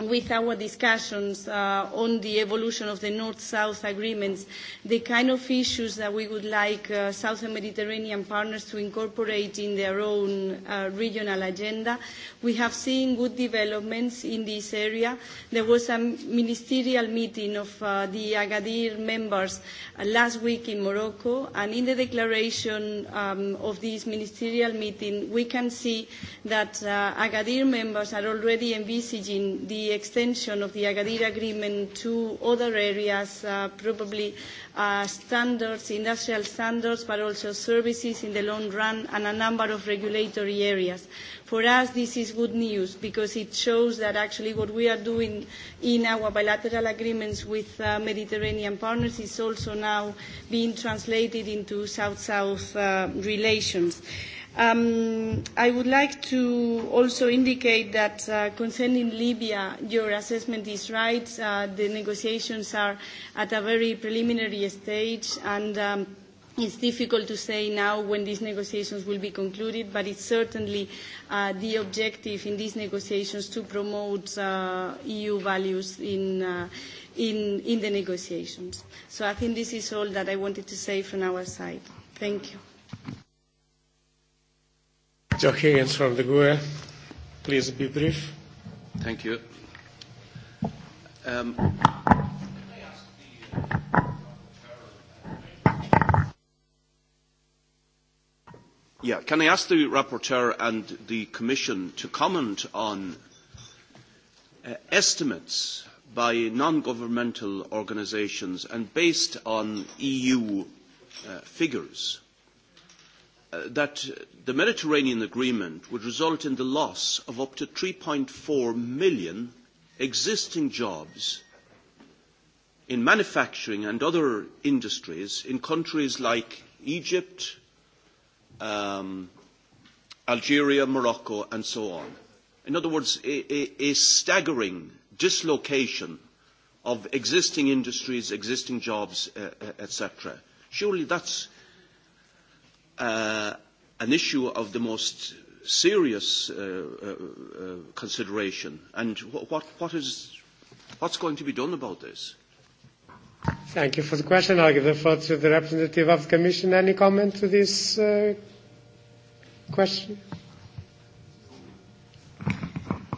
with our discussions uh, on the evolution of the North-South agreements, the kind of issues that we would like uh, Southern Mediterranean partners to incorporate in their own uh, regional agenda. We have seen good developments in this area. There was a ministerial meeting of uh, the Agadir members uh, last week in Morocco, and in the declaration um, of this ministerial meeting, we can see that uh, Agadir members are already envisaging the the extension of the Agadir Agreement to other areas, uh, probably uh, standards, industrial standards, but also services in the long run and a number of regulatory areas. For us, this is good news because it shows that actually what we are doing in our bilateral agreements with uh, Mediterranean partners is also now being translated into South-South uh, relations. Uh, Um, I would like to also indicate that uh, concerning Libya, your assessment is right. Uh, the negotiations are at a very preliminary stage, and um, it's difficult to say now when these negotiations will be concluded, but it's certainly uh, the objective in these negotiations to promote uh, EU values in, uh, in, in the negotiations. So I think this is all that I wanted to say from our side. Thank you. Joe Higgins from the GUE. Please be brief. Thank you. Um, yeah, can I ask the rapporteur and the Commission to comment on uh, estimates by non-governmental organisations and based on EU uh, figures? Uh, that the Mediterranean Agreement would result in the loss of up to 3.4 million existing jobs in manufacturing and other industries in countries like Egypt, um, Algeria, Morocco, and so on. In other words, a, a, a staggering dislocation of existing industries, existing jobs, uh, uh etc. Surely that's uh, an issue of the most serious uh, uh, uh consideration. And what, what is, what's going to be done about this? Thank you for the question. I'll give the floor to the representative of the Commission. Any comment to this uh, question?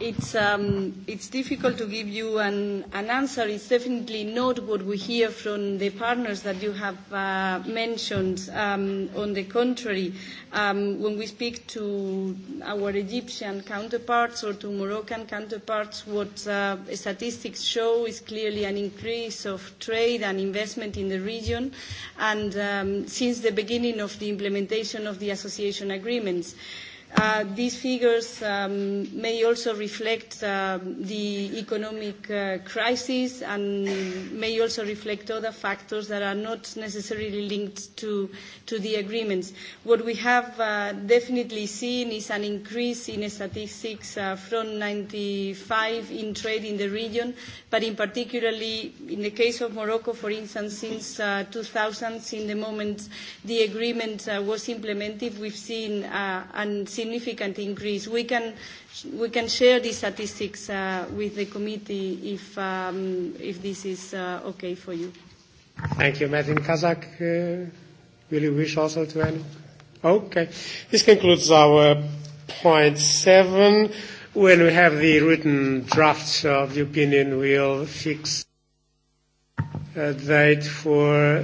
it's, um, it's difficult to give you an, an answer. It's definitely not what we hear from the partners that you have uh, mentioned. Um, on the contrary, um, when we speak to our Egyptian counterparts or to Moroccan counterparts, what uh, statistics show is clearly an increase of trade and investment in the region and um, since the beginning of the implementation of the association agreements. Uh, these figures um, may also reflect uh, the economic uh, crisis and may also reflect other factors that are not necessarily linked to, to the agreements. What we have uh, definitely seen is an increase in statistics uh, from 95 in trade in the region, but in particularly in the case of Morocco, for instance, since 2000, in the moment the agreement was implemented, we've seen and significant increase. We can, we can share these statistics uh, with the committee if, um, if this is uh, okay for you. Thank you. Martin Kazak, uh, will you wish also to end? Okay. This concludes our point seven. When we have the written drafts of the opinion, we'll fix uh, date for uh,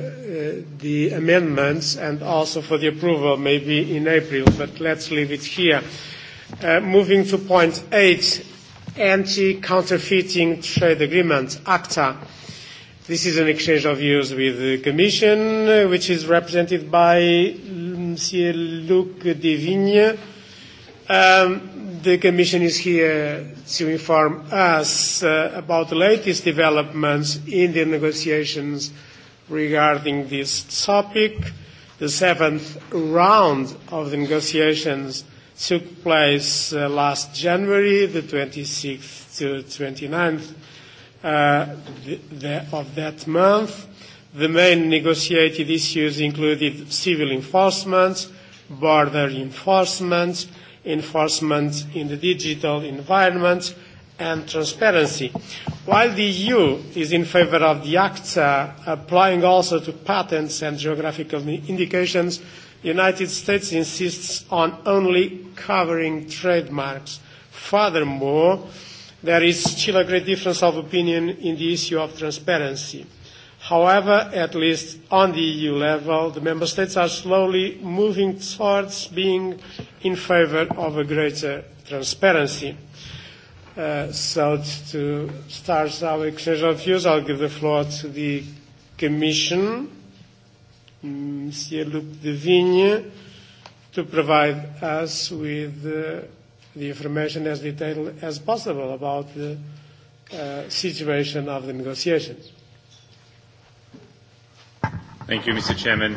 the amendments and also for the approval, maybe in April, but let's leave it here. Uh, moving to point eight, anti-counterfeiting trade agreement, ACTA. This is an exchange of views with the Commission, uh, which is represented by um, Monsieur Luc Devigne. Um, The Commission is here to inform us uh, about the latest developments in the negotiations regarding this topic. The seventh round of the negotiations took place uh, last January, the 26th to 29th uh, the, the, of that month. The main negotiated issues included civil enforcement, border enforcement, enforcement in the digital environment, and transparency. While the EU is in favour of the ACTA uh, applying also to patents and geographical indications, the United States insists on only covering trademarks. Furthermore, there is still a great difference of opinion in the issue of transparency. However, at least on the EU level, the member states are slowly moving towards being in favour of a greater transparency. Uh, so to start our exchange of views, I'll give the floor to the Commission, Monsieur Luc de Vigne, to provide us with uh, the information as detailed as possible about the uh, situation of the negotiations. Thank you, Mr. Chairman.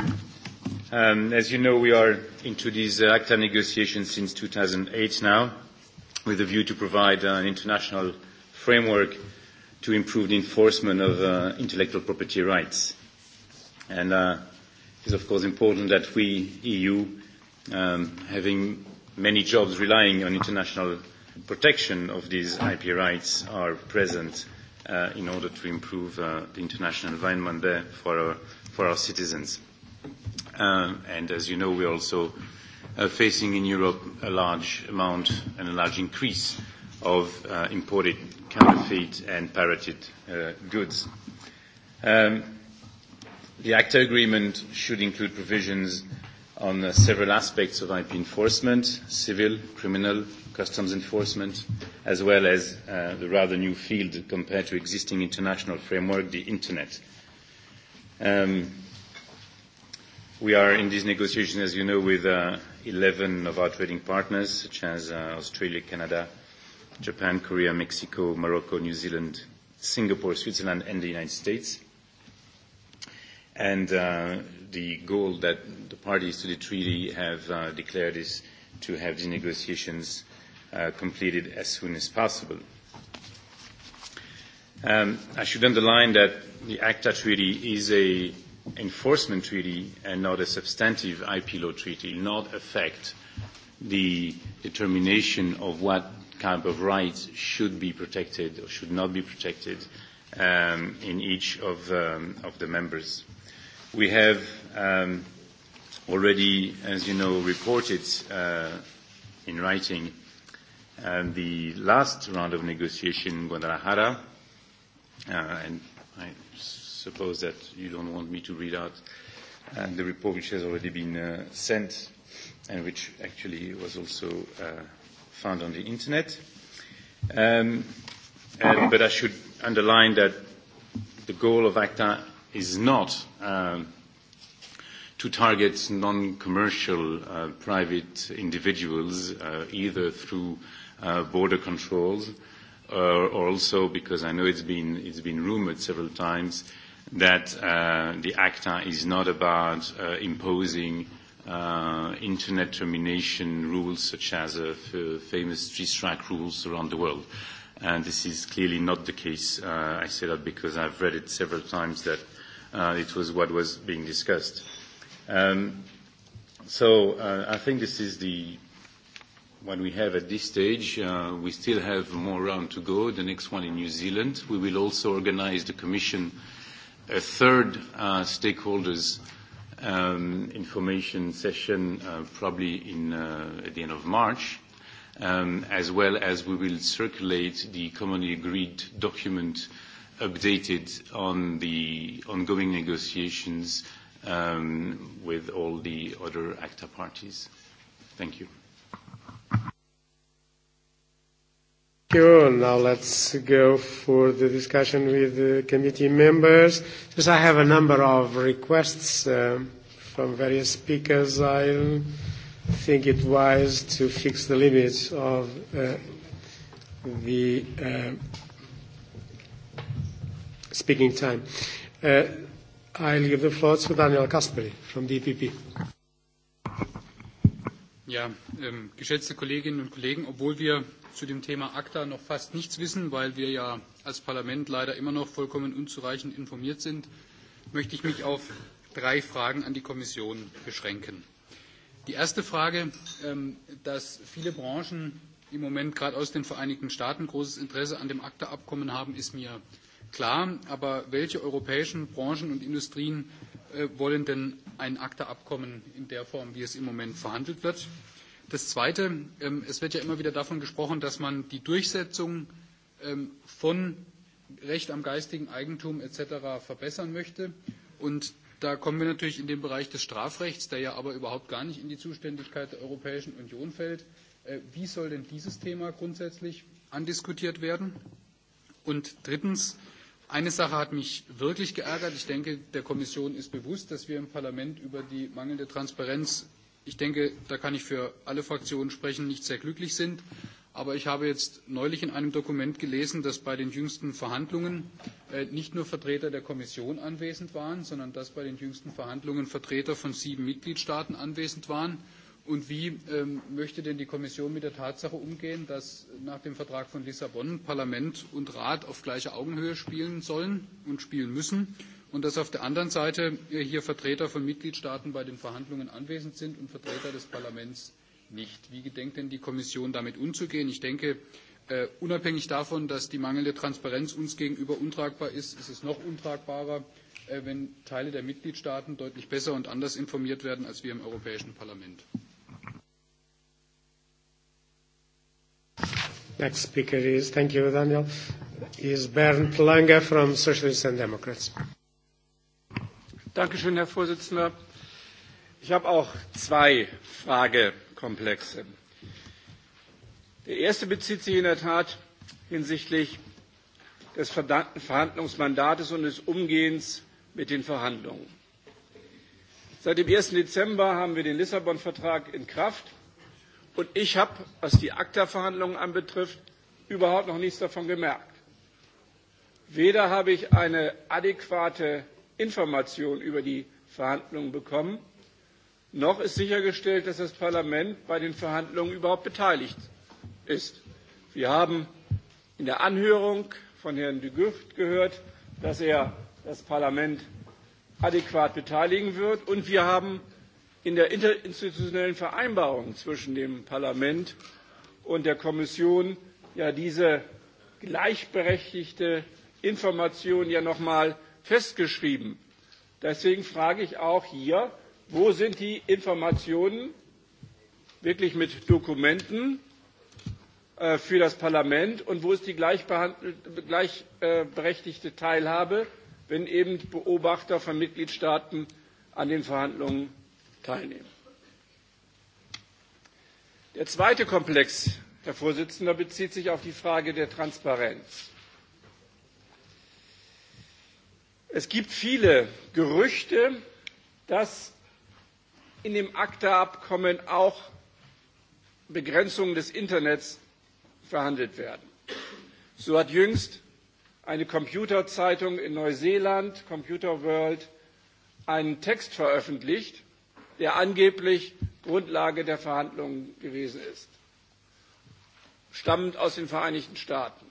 Um, as you know, we are into these uh, ACTA negotiations since 2008 now, with a view to provide uh, an international framework to improve the enforcement of uh, intellectual property rights. And uh, it is, of course, important that we, EU, um, having many jobs relying on international protection of these IP rights, are present uh, in order to improve uh, the international environment there for our for our citizens. Um, and as you know, we're also uh, facing in Europe a large amount and a large increase of uh, imported counterfeit and pirated uh, goods. Um, the ACTA agreement should include provisions on uh, several aspects of IP enforcement, civil, criminal, customs enforcement, as well as uh, the rather new field compared to existing international framework, the Internet Um, we are in these negotiations, as you know, with uh, 11 of our trading partners, such as uh, Australia, Canada, Japan, Korea, Mexico, Morocco, New Zealand, Singapore, Switzerland, and the United States. And uh, the goal that the parties to the treaty have uh, declared is to have the negotiations uh, completed as soon as possible. Um, I should underline that the ACTA Treaty is a enforcement treaty and not a substantive IP law treaty, not affect the determination of what kind of rights should be protected or should not be protected um, in each of, um, of the members. We have um, already, as you know, reported uh, in writing um, the last round of negotiation in Guadalajara Uh, and I suppose that you don't want me to read out uh, the report which has already been uh, sent and which actually was also uh, found on the internet. Um, uh, but I should underline that the goal of ACTA is not um, to target non-commercial uh, private individuals, uh, either through uh, border controls or uh, also because I know it's been, it's been rumored several times that uh, the ACTA is not about uh, imposing uh, internet termination rules such as uh, f- famous G-Strike rules around the world. And this is clearly not the case. Uh, I say that because I've read it several times that uh, it was what was being discussed. Um, so uh, I think this is the what we have at this stage. Uh, we still have more round to go, the next one in New Zealand. We will also organize the Commission a third uh, stakeholders um, information session, uh, probably in, uh, at the end of March, um, as well as we will circulate the commonly agreed document updated on the ongoing negotiations um, with all the other ACTA parties. Thank you. you. Now let's go for the discussion with the committee members. Since I have a number of requests uh, from various speakers, I think it wise to fix the limits of uh, the uh, speaking time. Uh, I'll give the floor to Daniel Kasperi from DPP. Ja, ähm, geschätzte Kolleginnen und Kollegen, obwohl wir zu dem Thema ACTA noch fast nichts wissen, weil wir ja als Parlament leider immer noch vollkommen unzureichend informiert sind, möchte ich mich auf drei Fragen an die Kommission beschränken. Die erste Frage, ähm, dass viele Branchen im Moment gerade aus den Vereinigten Staaten großes Interesse an dem ACTA-Abkommen haben, ist mir klar. Aber welche europäischen Branchen und Industrien äh, wollen denn ein ACTA-Abkommen in der Form, wie es im Moment verhandelt wird? Das Zweite, ähm, es wird ja immer wieder davon gesprochen, dass man die Durchsetzung ähm, von Recht am geistigen Eigentum etc. verbessern möchte. Und da kommen wir natürlich in den Bereich des Strafrechts, der ja aber überhaupt gar nicht in die Zuständigkeit der Europäischen Union fällt. Äh, wie soll denn dieses Thema grundsätzlich andiskutiert werden? Und drittens, Eine Sache hat mich wirklich geärgert. Ich denke, der Kommission ist bewusst, dass wir im Parlament über die mangelnde Transparenz ich denke, da kann ich für alle Fraktionen sprechen, nicht sehr glücklich sind. Aber ich habe jetzt neulich in einem Dokument gelesen, dass bei den jüngsten Verhandlungen äh, nicht nur Vertreter der Kommission anwesend waren, sondern dass bei den jüngsten Verhandlungen Vertreter von sieben Mitgliedstaaten anwesend waren. Und wie ähm, möchte denn die Kommission mit der Tatsache umgehen, dass nach dem Vertrag von Lissabon Parlament und Rat auf gleicher Augenhöhe spielen sollen und spielen müssen und dass auf der anderen Seite äh, hier Vertreter von Mitgliedstaaten bei den Verhandlungen anwesend sind und Vertreter des Parlaments nicht. Wie gedenkt denn die Kommission damit umzugehen? Ich denke, äh, unabhängig davon, dass die mangelnde Transparenz uns gegenüber untragbar ist, ist es noch untragbarer, äh, wenn Teile der Mitgliedstaaten deutlich besser und anders informiert werden als wir im Europäischen Parlament. Next speaker is, thank you Daniel, is Bernd Lange from Socialists and Democrats. Herr präsident! Ich habe auch zwei Fragekomplexe. Der erste bezieht sich in der Tat hinsichtlich des verhandlungsmandats und des Umgehens mit den Verhandlungen. Seit dem eins Dezember haben wir den Lissabon-Vertrag in Kraft. Und ich habe, was die ACTA-Verhandlungen anbetrifft, überhaupt noch nichts davon gemerkt. Weder habe ich eine adäquate Informationen über die Verhandlungen bekommen. Noch ist sichergestellt, dass das Parlament bei den Verhandlungen überhaupt beteiligt ist. Wir haben in der Anhörung von Herrn de Gucht gehört, dass er das Parlament adäquat beteiligen wird. Und wir haben in der interinstitutionellen Vereinbarung zwischen dem Parlament und der Kommission ja diese gleichberechtigte Information ja nochmal festgeschrieben. Deswegen frage ich auch hier, wo sind die Informationen wirklich mit Dokumenten äh, für das Parlament und wo ist die gleichberechtigte äh, Teilhabe, wenn eben Beobachter von Mitgliedstaaten an den Verhandlungen teilnehmen? Der zweite Komplex, Herr Vorsitzender, bezieht sich auf die Frage der Transparenz. Es gibt viele Gerüchte, dass in dem ACTA-Abkommen auch Begrenzungen des Internets verhandelt werden. So hat jüngst eine Computerzeitung in Neuseeland, Computer World, einen Text veröffentlicht, der angeblich Grundlage der Verhandlungen gewesen ist, stammend aus den Vereinigten Staaten.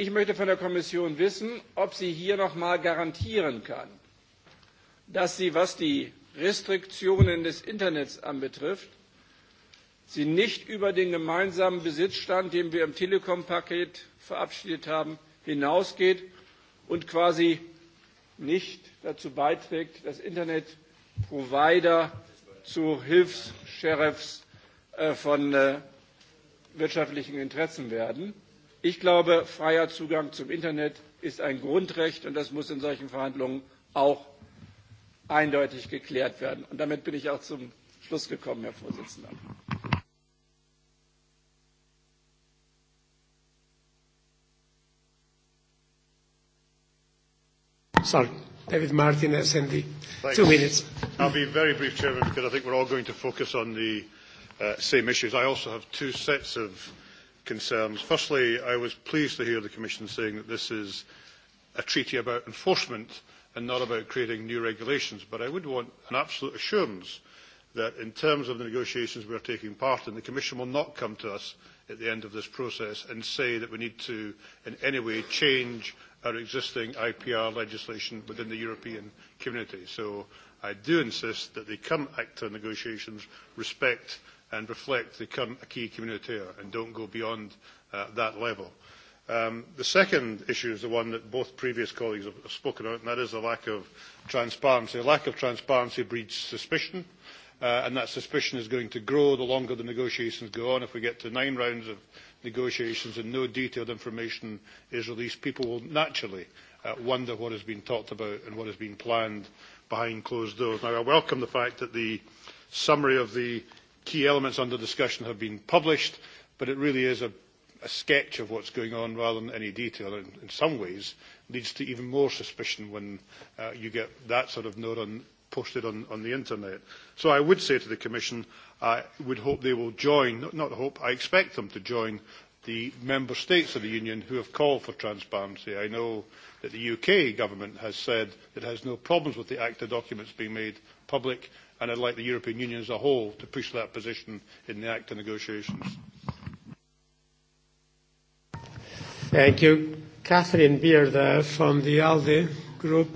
Ich möchte von der Kommission wissen, ob sie hier noch einmal garantieren kann, dass sie, was die Restriktionen des Internets anbetrifft, sie nicht über den gemeinsamen Besitzstand, den wir im Telekom-Paket verabschiedet haben, hinausgeht und quasi nicht dazu beiträgt, dass internet provider zu Hilfs-Sheriffs äh, von äh, wirtschaftlichen Interessen werden. Ich glaube, freier Zugang zum Internet ist ein Grundrecht und das muss in solchen Verhandlungen auch eindeutig geklärt werden. Und damit bin ich auch zum Schluss gekommen, Herr Vorsitzender. Sorry. David Martin, SND. Thanks. Two minutes. I'll be very brief, Chairman, because I think we're all going to focus on the uh, same issues. I also have two sets of concerns. Firstly, I was pleased to hear the Commission saying that this is a treaty about enforcement and not about creating new regulations, but I would want an absolute assurance that in terms of the negotiations we are taking part in, the Commission will not come to us at the end of this process and say that we need to in any way change our existing IPR legislation within the European community. So I do insist that the current ACTA negotiations respect and reflect the current acquis communautaire and don't go beyond uh, that level. Um, the second issue is the one that both previous colleagues have spoken about, and that is the lack of transparency. A lack of transparency breeds suspicion, uh, and that suspicion is going to grow the longer the negotiations go on. If we get to nine rounds of negotiations and no detailed information is released, people will naturally uh, wonder what has been talked about and what has been planned behind closed doors. Now, I welcome the fact that the summary of the key elements under discussion have been published, but it really is a, a sketch of what's going on rather than any detail. And in some ways, leads to even more suspicion when uh, you get that sort of note on, posted on, on the internet. So I would say to the Commission, I would hope they will join, not, not hope, I expect them to join the member states of the union who have called for transparency. I know that the UK government has said it has no problems with the ACTA documents being made public and I'd like the European Union as a whole to push that position in the ACTA negotiations. Thank you. Catherine Beard from the ALDE group.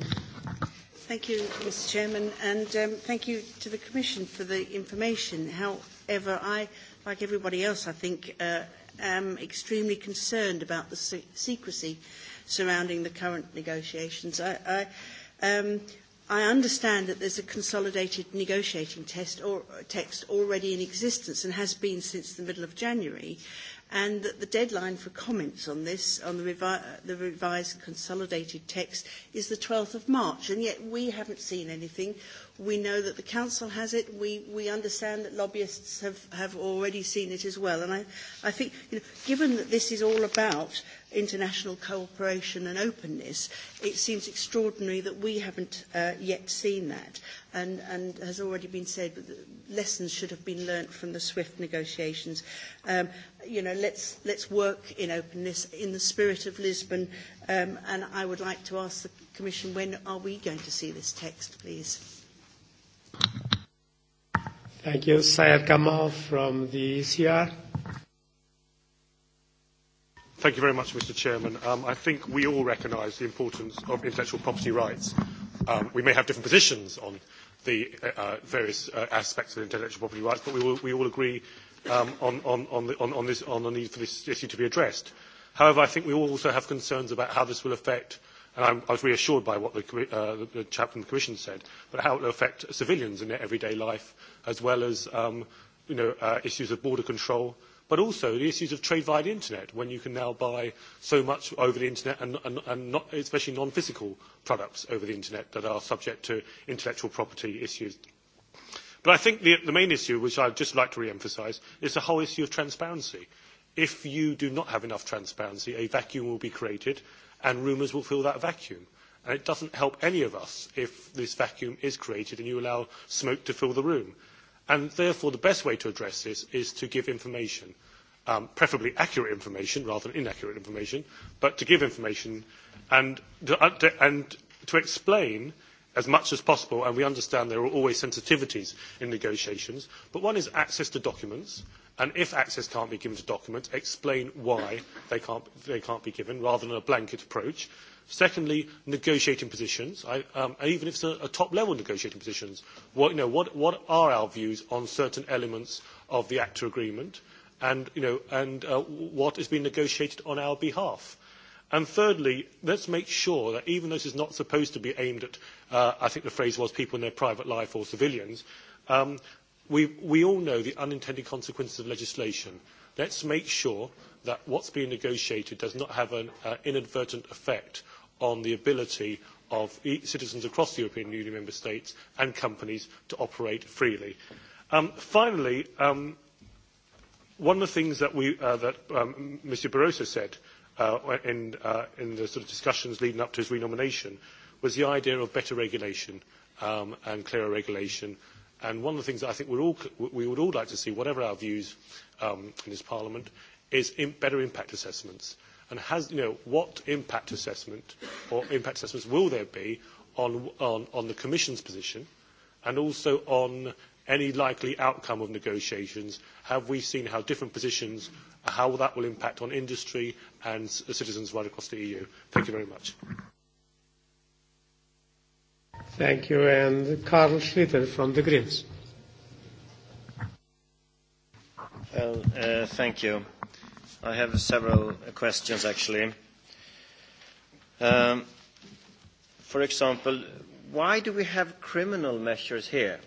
Thank you, Mr Chairman, and um, thank you to the Commission for the information. However, I, like everybody else, I think, uh, am extremely concerned about the se secrecy surrounding the current negotiations. I, I, um, I understand that there's a consolidated negotiating test or text already in existence and has been since the middle of January, and that the deadline for comments on this, on the, revi the revised consolidated text, is the 12th of March, and yet we haven't seen anything We know that the Council has it. We, we understand that lobbyists have, have already seen it as well. And I, I think, you know, given that this is all about international cooperation and openness, it seems extraordinary that we haven't uh, yet seen that. And, and has already been said, but lessons should have been learnt from the SWIFT negotiations. Um, you know, let's, let's work in openness in the spirit of Lisbon. Um, and I would like to ask the Commission, when are we going to see this text, please? Thank you. Syed Kamal from the ECR. Thank you very much, Mr. Chairman. Um, I think we all recognise the importance of intellectual property rights. Um, we may have different positions on the uh, uh, various uh, aspects of intellectual property rights, but we, will, we all agree um, on, on, on, the, on, on, this, on the need for this issue to be addressed. However, I think we all also have concerns about how this will affect And I'm, I was reassured by what the, uh, the chap from the Commission said, but how it will affect civilians in their everyday life, as well as um, you know, uh, issues of border control, but also the issues of trade via the internet, when you can now buy so much over the internet and, and, and not, especially non-physical products over the internet that are subject to intellectual property issues. But I think the, the main issue, which I'd just like to re-emphasise, is the whole issue of transparency. If you do not have enough transparency, a vacuum will be created and rumours will fill that vacuum. And it doesn't help any of us if this vacuum is created and you allow smoke to fill the room. And therefore, the best way to address this is to give information, um, preferably accurate information rather than inaccurate information, but to give information and to, uh, and to explain as much as possible. And we understand there are always sensitivities in negotiations, but one is access to documents And if access can't be given to documents, explain why they can't, they can't be given rather than a blanket approach. Secondly, negotiating positions, I, um, even if it's a, a top-level negotiating positions. What, you know, what, what are our views on certain elements of the ACTA agreement and, you know, and uh, what is being negotiated on our behalf? And thirdly, let's make sure that even though this is not supposed to be aimed at, uh, I think the phrase was, people in their private life or civilians, um, we, we all know the unintended consequences of legislation. Let's make sure that what's being negotiated does not have an uh, inadvertent effect on the ability of citizens across the European Union member states and companies to operate freely. Um, finally, um, one of the things that, we, uh, that um, Mr Barroso said uh, in, uh, in the sort of discussions leading up to his renomination was the idea of better regulation um, and clearer regulation And one of the things that I think we're all, we would all like to see, whatever our views um, in this Parliament, is in better impact assessments. And has, you know, what impact assessment or impact assessments will there be on, on, on the Commission's position and also on any likely outcome of negotiations? Have we seen how different positions, how that will impact on industry and citizens right across the EU? Thank you very much. Thank you. And Carl Schlitter from the Greens. Well, uh, thank you. I have several questions, actually. Um, for example, why do we have criminal measures here?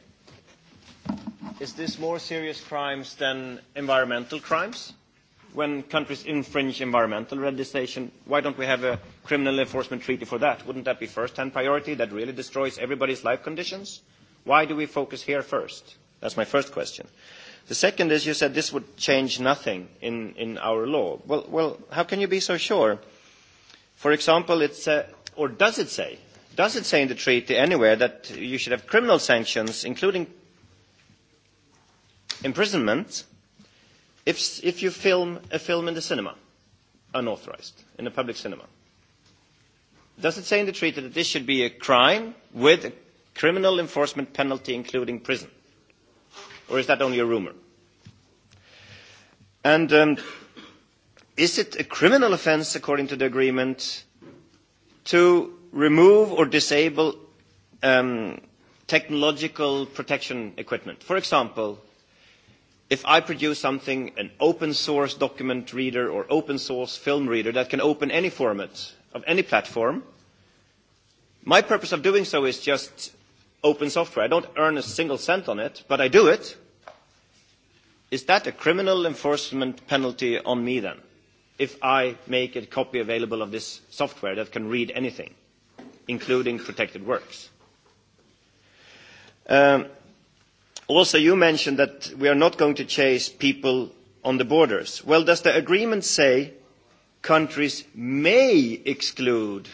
Is this more serious crimes than environmental crimes? Uh, when countries infringe environmental legislation, why don't we have a criminal enforcement treaty for that? Wouldn't that be first-hand priority that really destroys everybody's life conditions? Why do we focus here first? That's my first question. The second is you said this would change nothing in, in our law. Well, well, how can you be so sure? For example, it's, uh, or does it say, does it say in the treaty anywhere that you should have criminal sanctions, including imprisonment, If, if you film a film in the cinema, unauthorized, in a public cinema, does it say in the treaty that this should be a crime with a criminal enforcement penalty including prison? Or is that only a rumor? And um, is it a criminal offense, according to the agreement, to remove or disable um, technological protection equipment? For example, if I produce something, an open source document reader or open source film reader that can open any format of any platform, my purpose of doing so is just open software. I don't earn a single cent on it, but I do it. Is that a criminal enforcement penalty on me then? If I make a copy available of this software that can read anything, including protected works. Um, Also, you mentioned that we are not going to chase people on the borders. Well, does the agreement say countries may exclude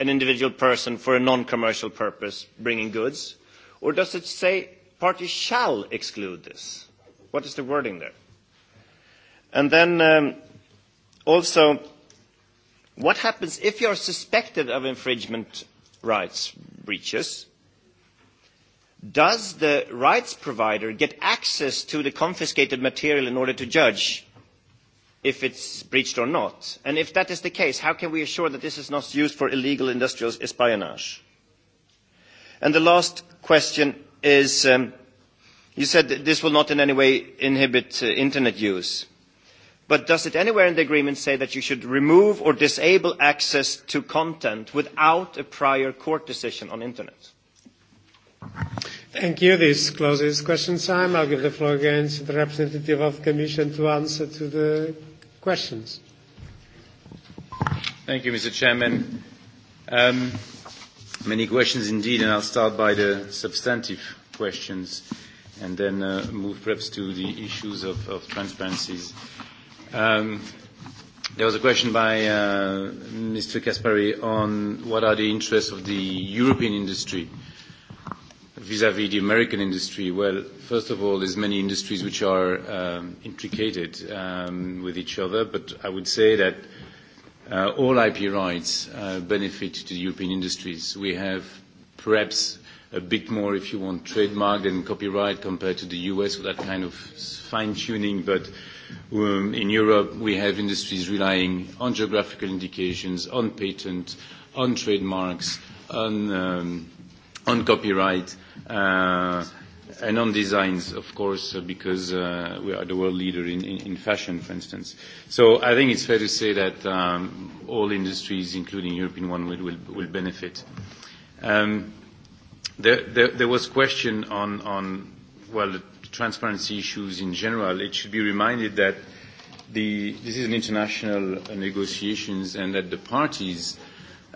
an individual person for a non-commercial purpose bringing goods? Or does it say parties shall exclude this? What is the wording there? And then um, also, what happens if you are suspected of infringement rights breaches? does the rights provider get access to the confiscated material in order to judge if it's breached or not? And if that is the case, how can we assure that this is not used for illegal industrial espionage? And the last question is, um, you said that this will not in any way inhibit uh, internet use. But does it anywhere in the agreement say that you should remove or disable access to content without a prior court decision on internet? Thank you. This closes question time. I'll give the floor again to the representative of the Commission to answer to the questions. Thank you, Mr. Chairman. Um, many questions indeed, and I'll start by the substantive questions and then uh, move perhaps to the issues of, of transparencies. Um, there was a question by uh, Mr. Caspary on what are the interests of the European industry uh, vis-à-vis -vis the American industry? Well, first of all, there's many industries which are um, intricated um, with each other, but I would say that uh, all IP rights uh, benefit to the European industries. We have perhaps a bit more, if you want, trademark and copyright compared to the US with that kind of fine-tuning, but um, in Europe we have industries relying on geographical indications, on patent, on trademarks, on, um, on copyright, Uh, and on designs, of course, uh, because uh, we are the world leader in, in, in fashion, for instance. So I think it's fair to say that um, all industries, including European one, will, will, will benefit. Um, there, there, there was question on, on well, the transparency issues in general. It should be reminded that the, this is an international negotiations and that the parties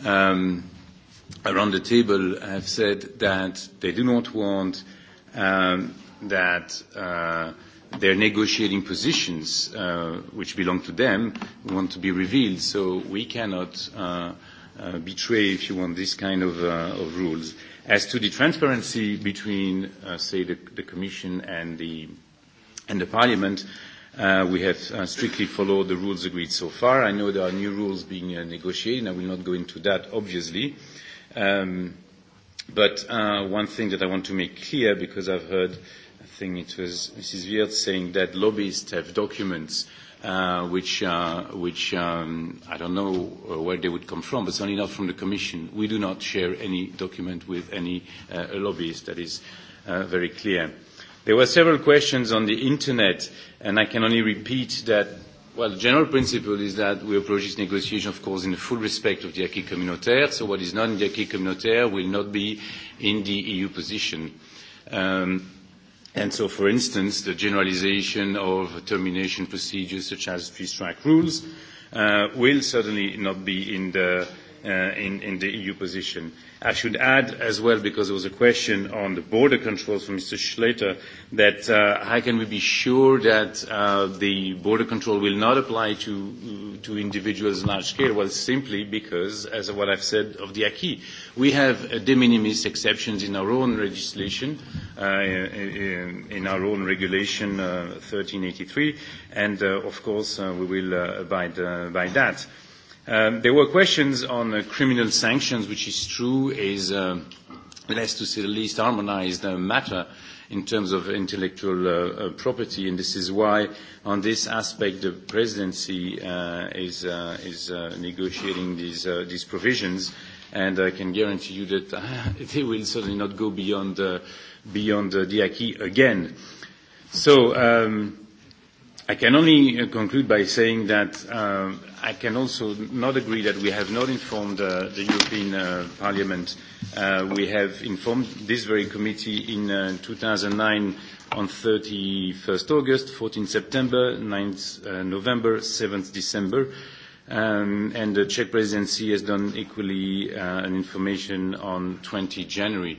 um, around the table have said that they do not want um, that uh, their negotiating positions, uh, which belong to them, want to be revealed. So we cannot uh, uh, betray, if you want, this kind of, uh, of rules. As to the transparency between, uh, say, the, the Commission and the, and the Parliament, uh, we have uh, strictly followed the rules agreed so far. I know there are new rules being uh, negotiated, and I will not go into that, obviously. Uh, Um, but uh, one thing that I want to make clear, because I've heard, I think it was Mrs. Wirt saying that lobbyists have documents uh, which, uh, which um, I don't know uh, where they would come from, but certainly not from the Commission. We do not share any document with any uh, lobbyist. That is uh, very clear. There were several questions on the Internet, and I can only repeat that Well, the general principle is that we approach this negotiation, of course, in the full respect of the acquis communautaire. So what is not in the acquis communautaire will not be in the EU position. Um, and so, for instance, the generalization of termination procedures such as three-strike rules uh, will certainly not be in the Uh, in, in the EU position. I should add as well, because there was a question on the border controls from Mr. Schlatter, that uh, how can we be sure that uh, the border control will not apply to, to individuals in large scale? Well, simply because, as what I've said of the acquis, we have uh, de minimis exceptions in our own legislation, uh, in, in our own regulation uh, 1383, and uh, of course uh, we will uh, abide uh, by that. Um, there were questions on uh, criminal sanctions, which is true, is uh, less to say the least harmonized uh, matter in terms of intellectual uh, uh, property, and this is why on this aspect the presidency uh, is, uh, is uh, negotiating these, uh, these provisions, and I can guarantee you that uh, they will certainly not go beyond, uh, beyond uh, the acquis again. So um, I can only uh, conclude by saying that uh, I can also not agree that we have not informed uh, the European uh, Parliament. Uh, we have informed this very committee in uh, 2009 on 31st August, 14 September, 9th uh, November, 7th December. Um, and the Czech presidency has done equally an information on 20 January.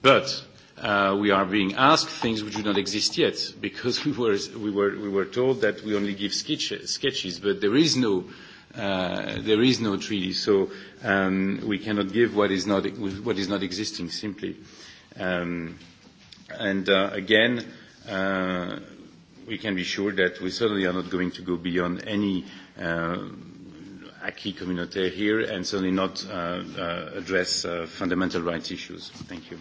But uh, we are being asked things which do not exist yet because we were, we were, we were told that we only give sketch, sketches, but there is no, uh, there is no treaty, so um, we cannot give what is not, what is not existing simply. Um, and uh, again, uh, we can be sure that we certainly are not going to go beyond any uh, acquis communautaire here and certainly not uh, uh, address uh, fundamental rights issues. Thank you.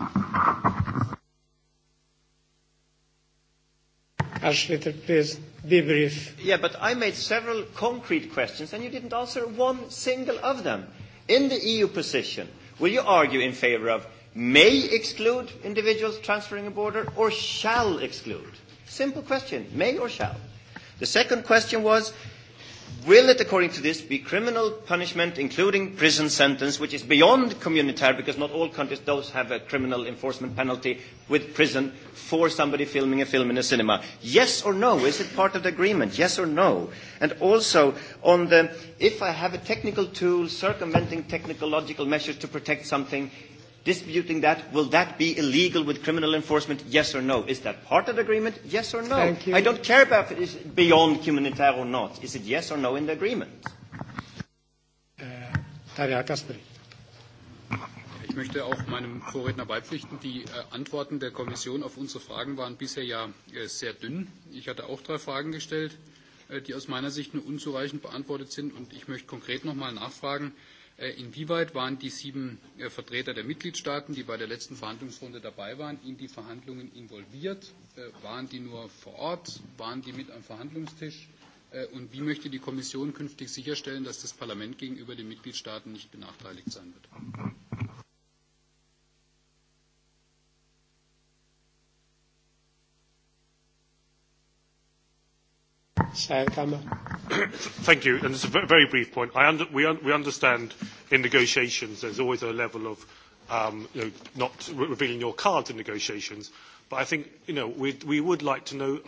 Ashley, please be brief. Yeah, but I made several concrete questions and you didn't answer one single of them. In the EU position, will you argue in favor of may exclude individuals transferring a border or shall exclude? Simple question, may or shall. The second question was, will it, according to this, be criminal punishment, including prison sentence, which is beyond communitar because not all countries does have a criminal enforcement penalty with prison for somebody filming a film in a cinema? Yes or no? Is it part of the agreement? Yes or no? And also, on the, if I have a technical tool circumventing technological measures to protect something, disputing that, will that be illegal with criminal enforcement? Yes or no? Is that part of the agreement? Yes or no? Thank you. I don't care about it is beyond humanitarian or not. Is it yes or no in the agreement? Uh, Kasperi. Ich möchte auch meinem Vorredner beipflichten. Die äh, Antworten der Kommission auf unsere Fragen waren bisher ja äh, sehr dünn. Ich hatte auch drei Fragen gestellt, die aus meiner Sicht nur unzureichend beantwortet sind. Und ich möchte konkret nochmal nachfragen, Äh, inwieweit waren die sieben äh, Vertreter der Mitgliedstaaten, die bei der letzten Verhandlungsrunde dabei waren, in die Verhandlungen involviert? Äh, waren die nur vor Ort? Waren die mit am Verhandlungstisch? Und wie möchte die Kommission künftig sicherstellen, dass das Parlament gegenüber den Mitgliedstaaten nicht benachteiligt sein wird? Thank you. And it's a very brief point. I under, we, un, we understand in negotiations there's always a level of um, you know, not re revealing your cards in negotiations. But I think you know, we, we would like to know,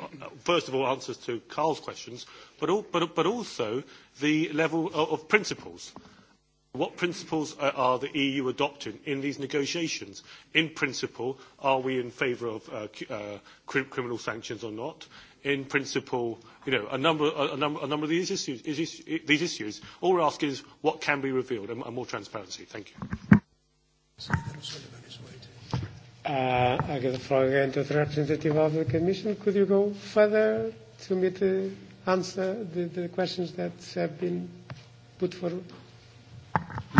first of all, answers to Carl's questions, but, all, but, but also the level of, of principles. What principles are, are the EU adopting in these negotiations? In principle, are we in favour of uh, uh, criminal sanctions or not? in principle, you know, a number, a, number, a number of these issues, issues, these issues. All we're asking is what can be revealed and, and more transparency. Thank you. Uh, I give the floor again to the representative of the Commission. Could you go further to me to answer the, the questions that have been put forward?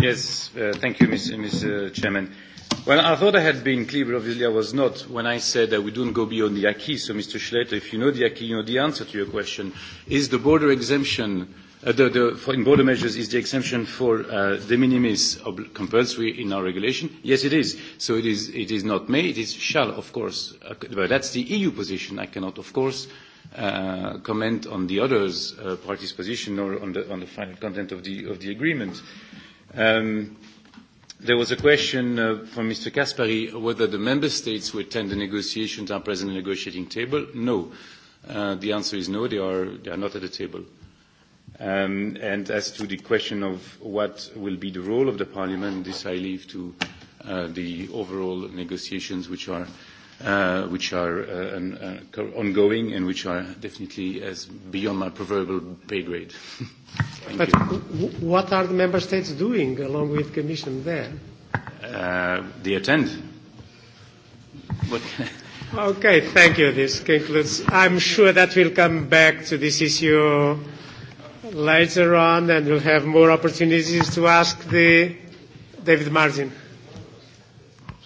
Yes, uh, thank you, Mr. Mr. Chairman. Uh, Well, I thought I had been clear, obviously I was not, when I said that we don't go beyond the acquis. So, Mr. Schletter, if you know the acquis, you know the answer to your question. Is the border exemption, uh, the, the, for in border measures, is the exemption for uh, de minimis compulsory in our regulation? Yes, it is. So it is, it is not may, it is shall, of course. Uh, but that's the EU position. I cannot, of course, uh, comment on the other uh, party's position or on the, on the final content of the, of the agreement. Um, There was a question uh, from Mr. Caspary whether the member states who attend the negotiations are present at the negotiating table. No. Uh, the answer is no, they are, they are not at the table. Um, and as to the question of what will be the role of the parliament, this I leave to uh, the overall negotiations which are uh, which are uh, an, uh, ongoing and which are definitely as beyond my proverbial pay grade. Thank but you. what are the member states doing along with Commission there? Uh, they attend. What? okay, thank you. This concludes. I'm sure that we'll come back to this issue later on, and we'll have more opportunities to ask the David Martin.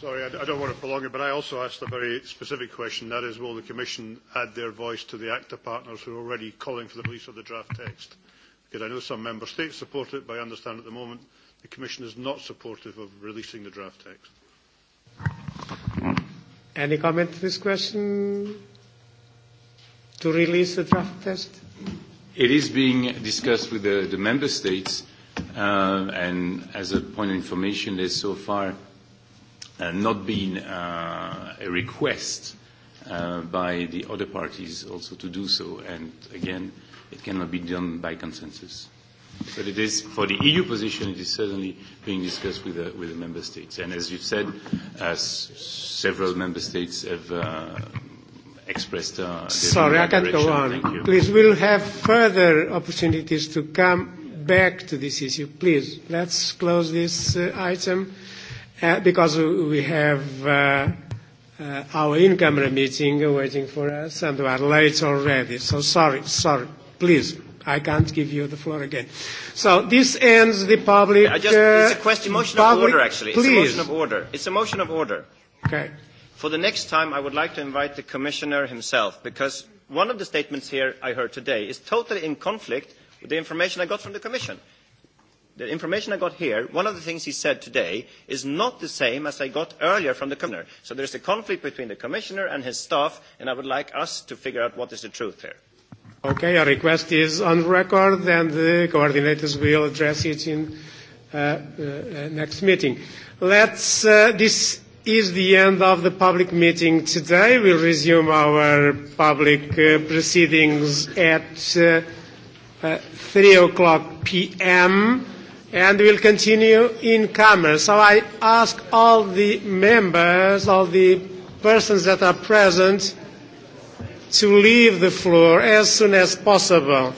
Sorry, I don't want to prolong it, but I also asked a very specific question. That is, will the Commission add their voice to the ACTA partners who are already calling for the release of the draft text? Because I know some Member States support it, but I understand at the moment the Commission is not supportive of releasing the draft text. Any comment to this question? To release the draft text? It is being discussed with the, the Member States, uh, and as a point of information, there's so far Uh, not been uh, a request uh, by the other parties also to do so. And again, it cannot be done by consensus. But it is, for the EU position, it is certainly being discussed with the, with the member states. And as you've said, uh, several member states have uh, expressed uh, their Sorry, I can't go on. Please, we'll have further opportunities to come back to this issue. Please, let's close this uh, item. Uh, because we have uh, uh, our in-camera meeting waiting for us, and we are late already. So sorry, sorry. Please, I can't give you the floor again. So this ends the public. I just, uh, it's a question, motion public, of order, actually. Please. It's a motion of order. It's a motion of order. Okay. For the next time, I would like to invite the commissioner himself, because one of the statements here I heard today is totally in conflict with the information I got from the commission the information I got here, one of the things he said today is not the same as I got earlier from the Commissioner. So there's a conflict between the Commissioner and his staff, and I would like us to figure out what is the truth here. Okay, your request is on record, and the coordinators will address it in uh, uh, uh, next meeting. Let's, uh, this is the end of the public meeting today. We'll resume our public uh, proceedings at uh, uh, 3 o'clock p.m and will continue in camera. So I ask all the members, all the persons that are present, to leave the floor as soon as possible.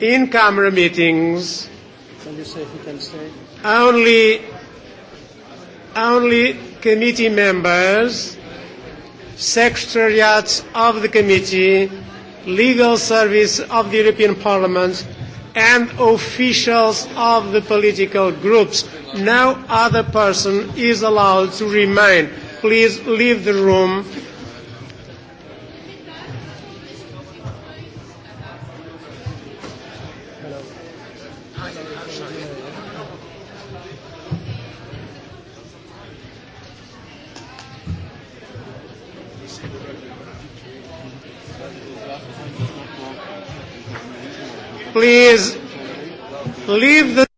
In camera meetings, can you say you can stay? Only, only committee members, secretariat of the committee, legal service of the European Parliament and officials of the political groups. No other person is allowed to remain. Please leave the room please leave the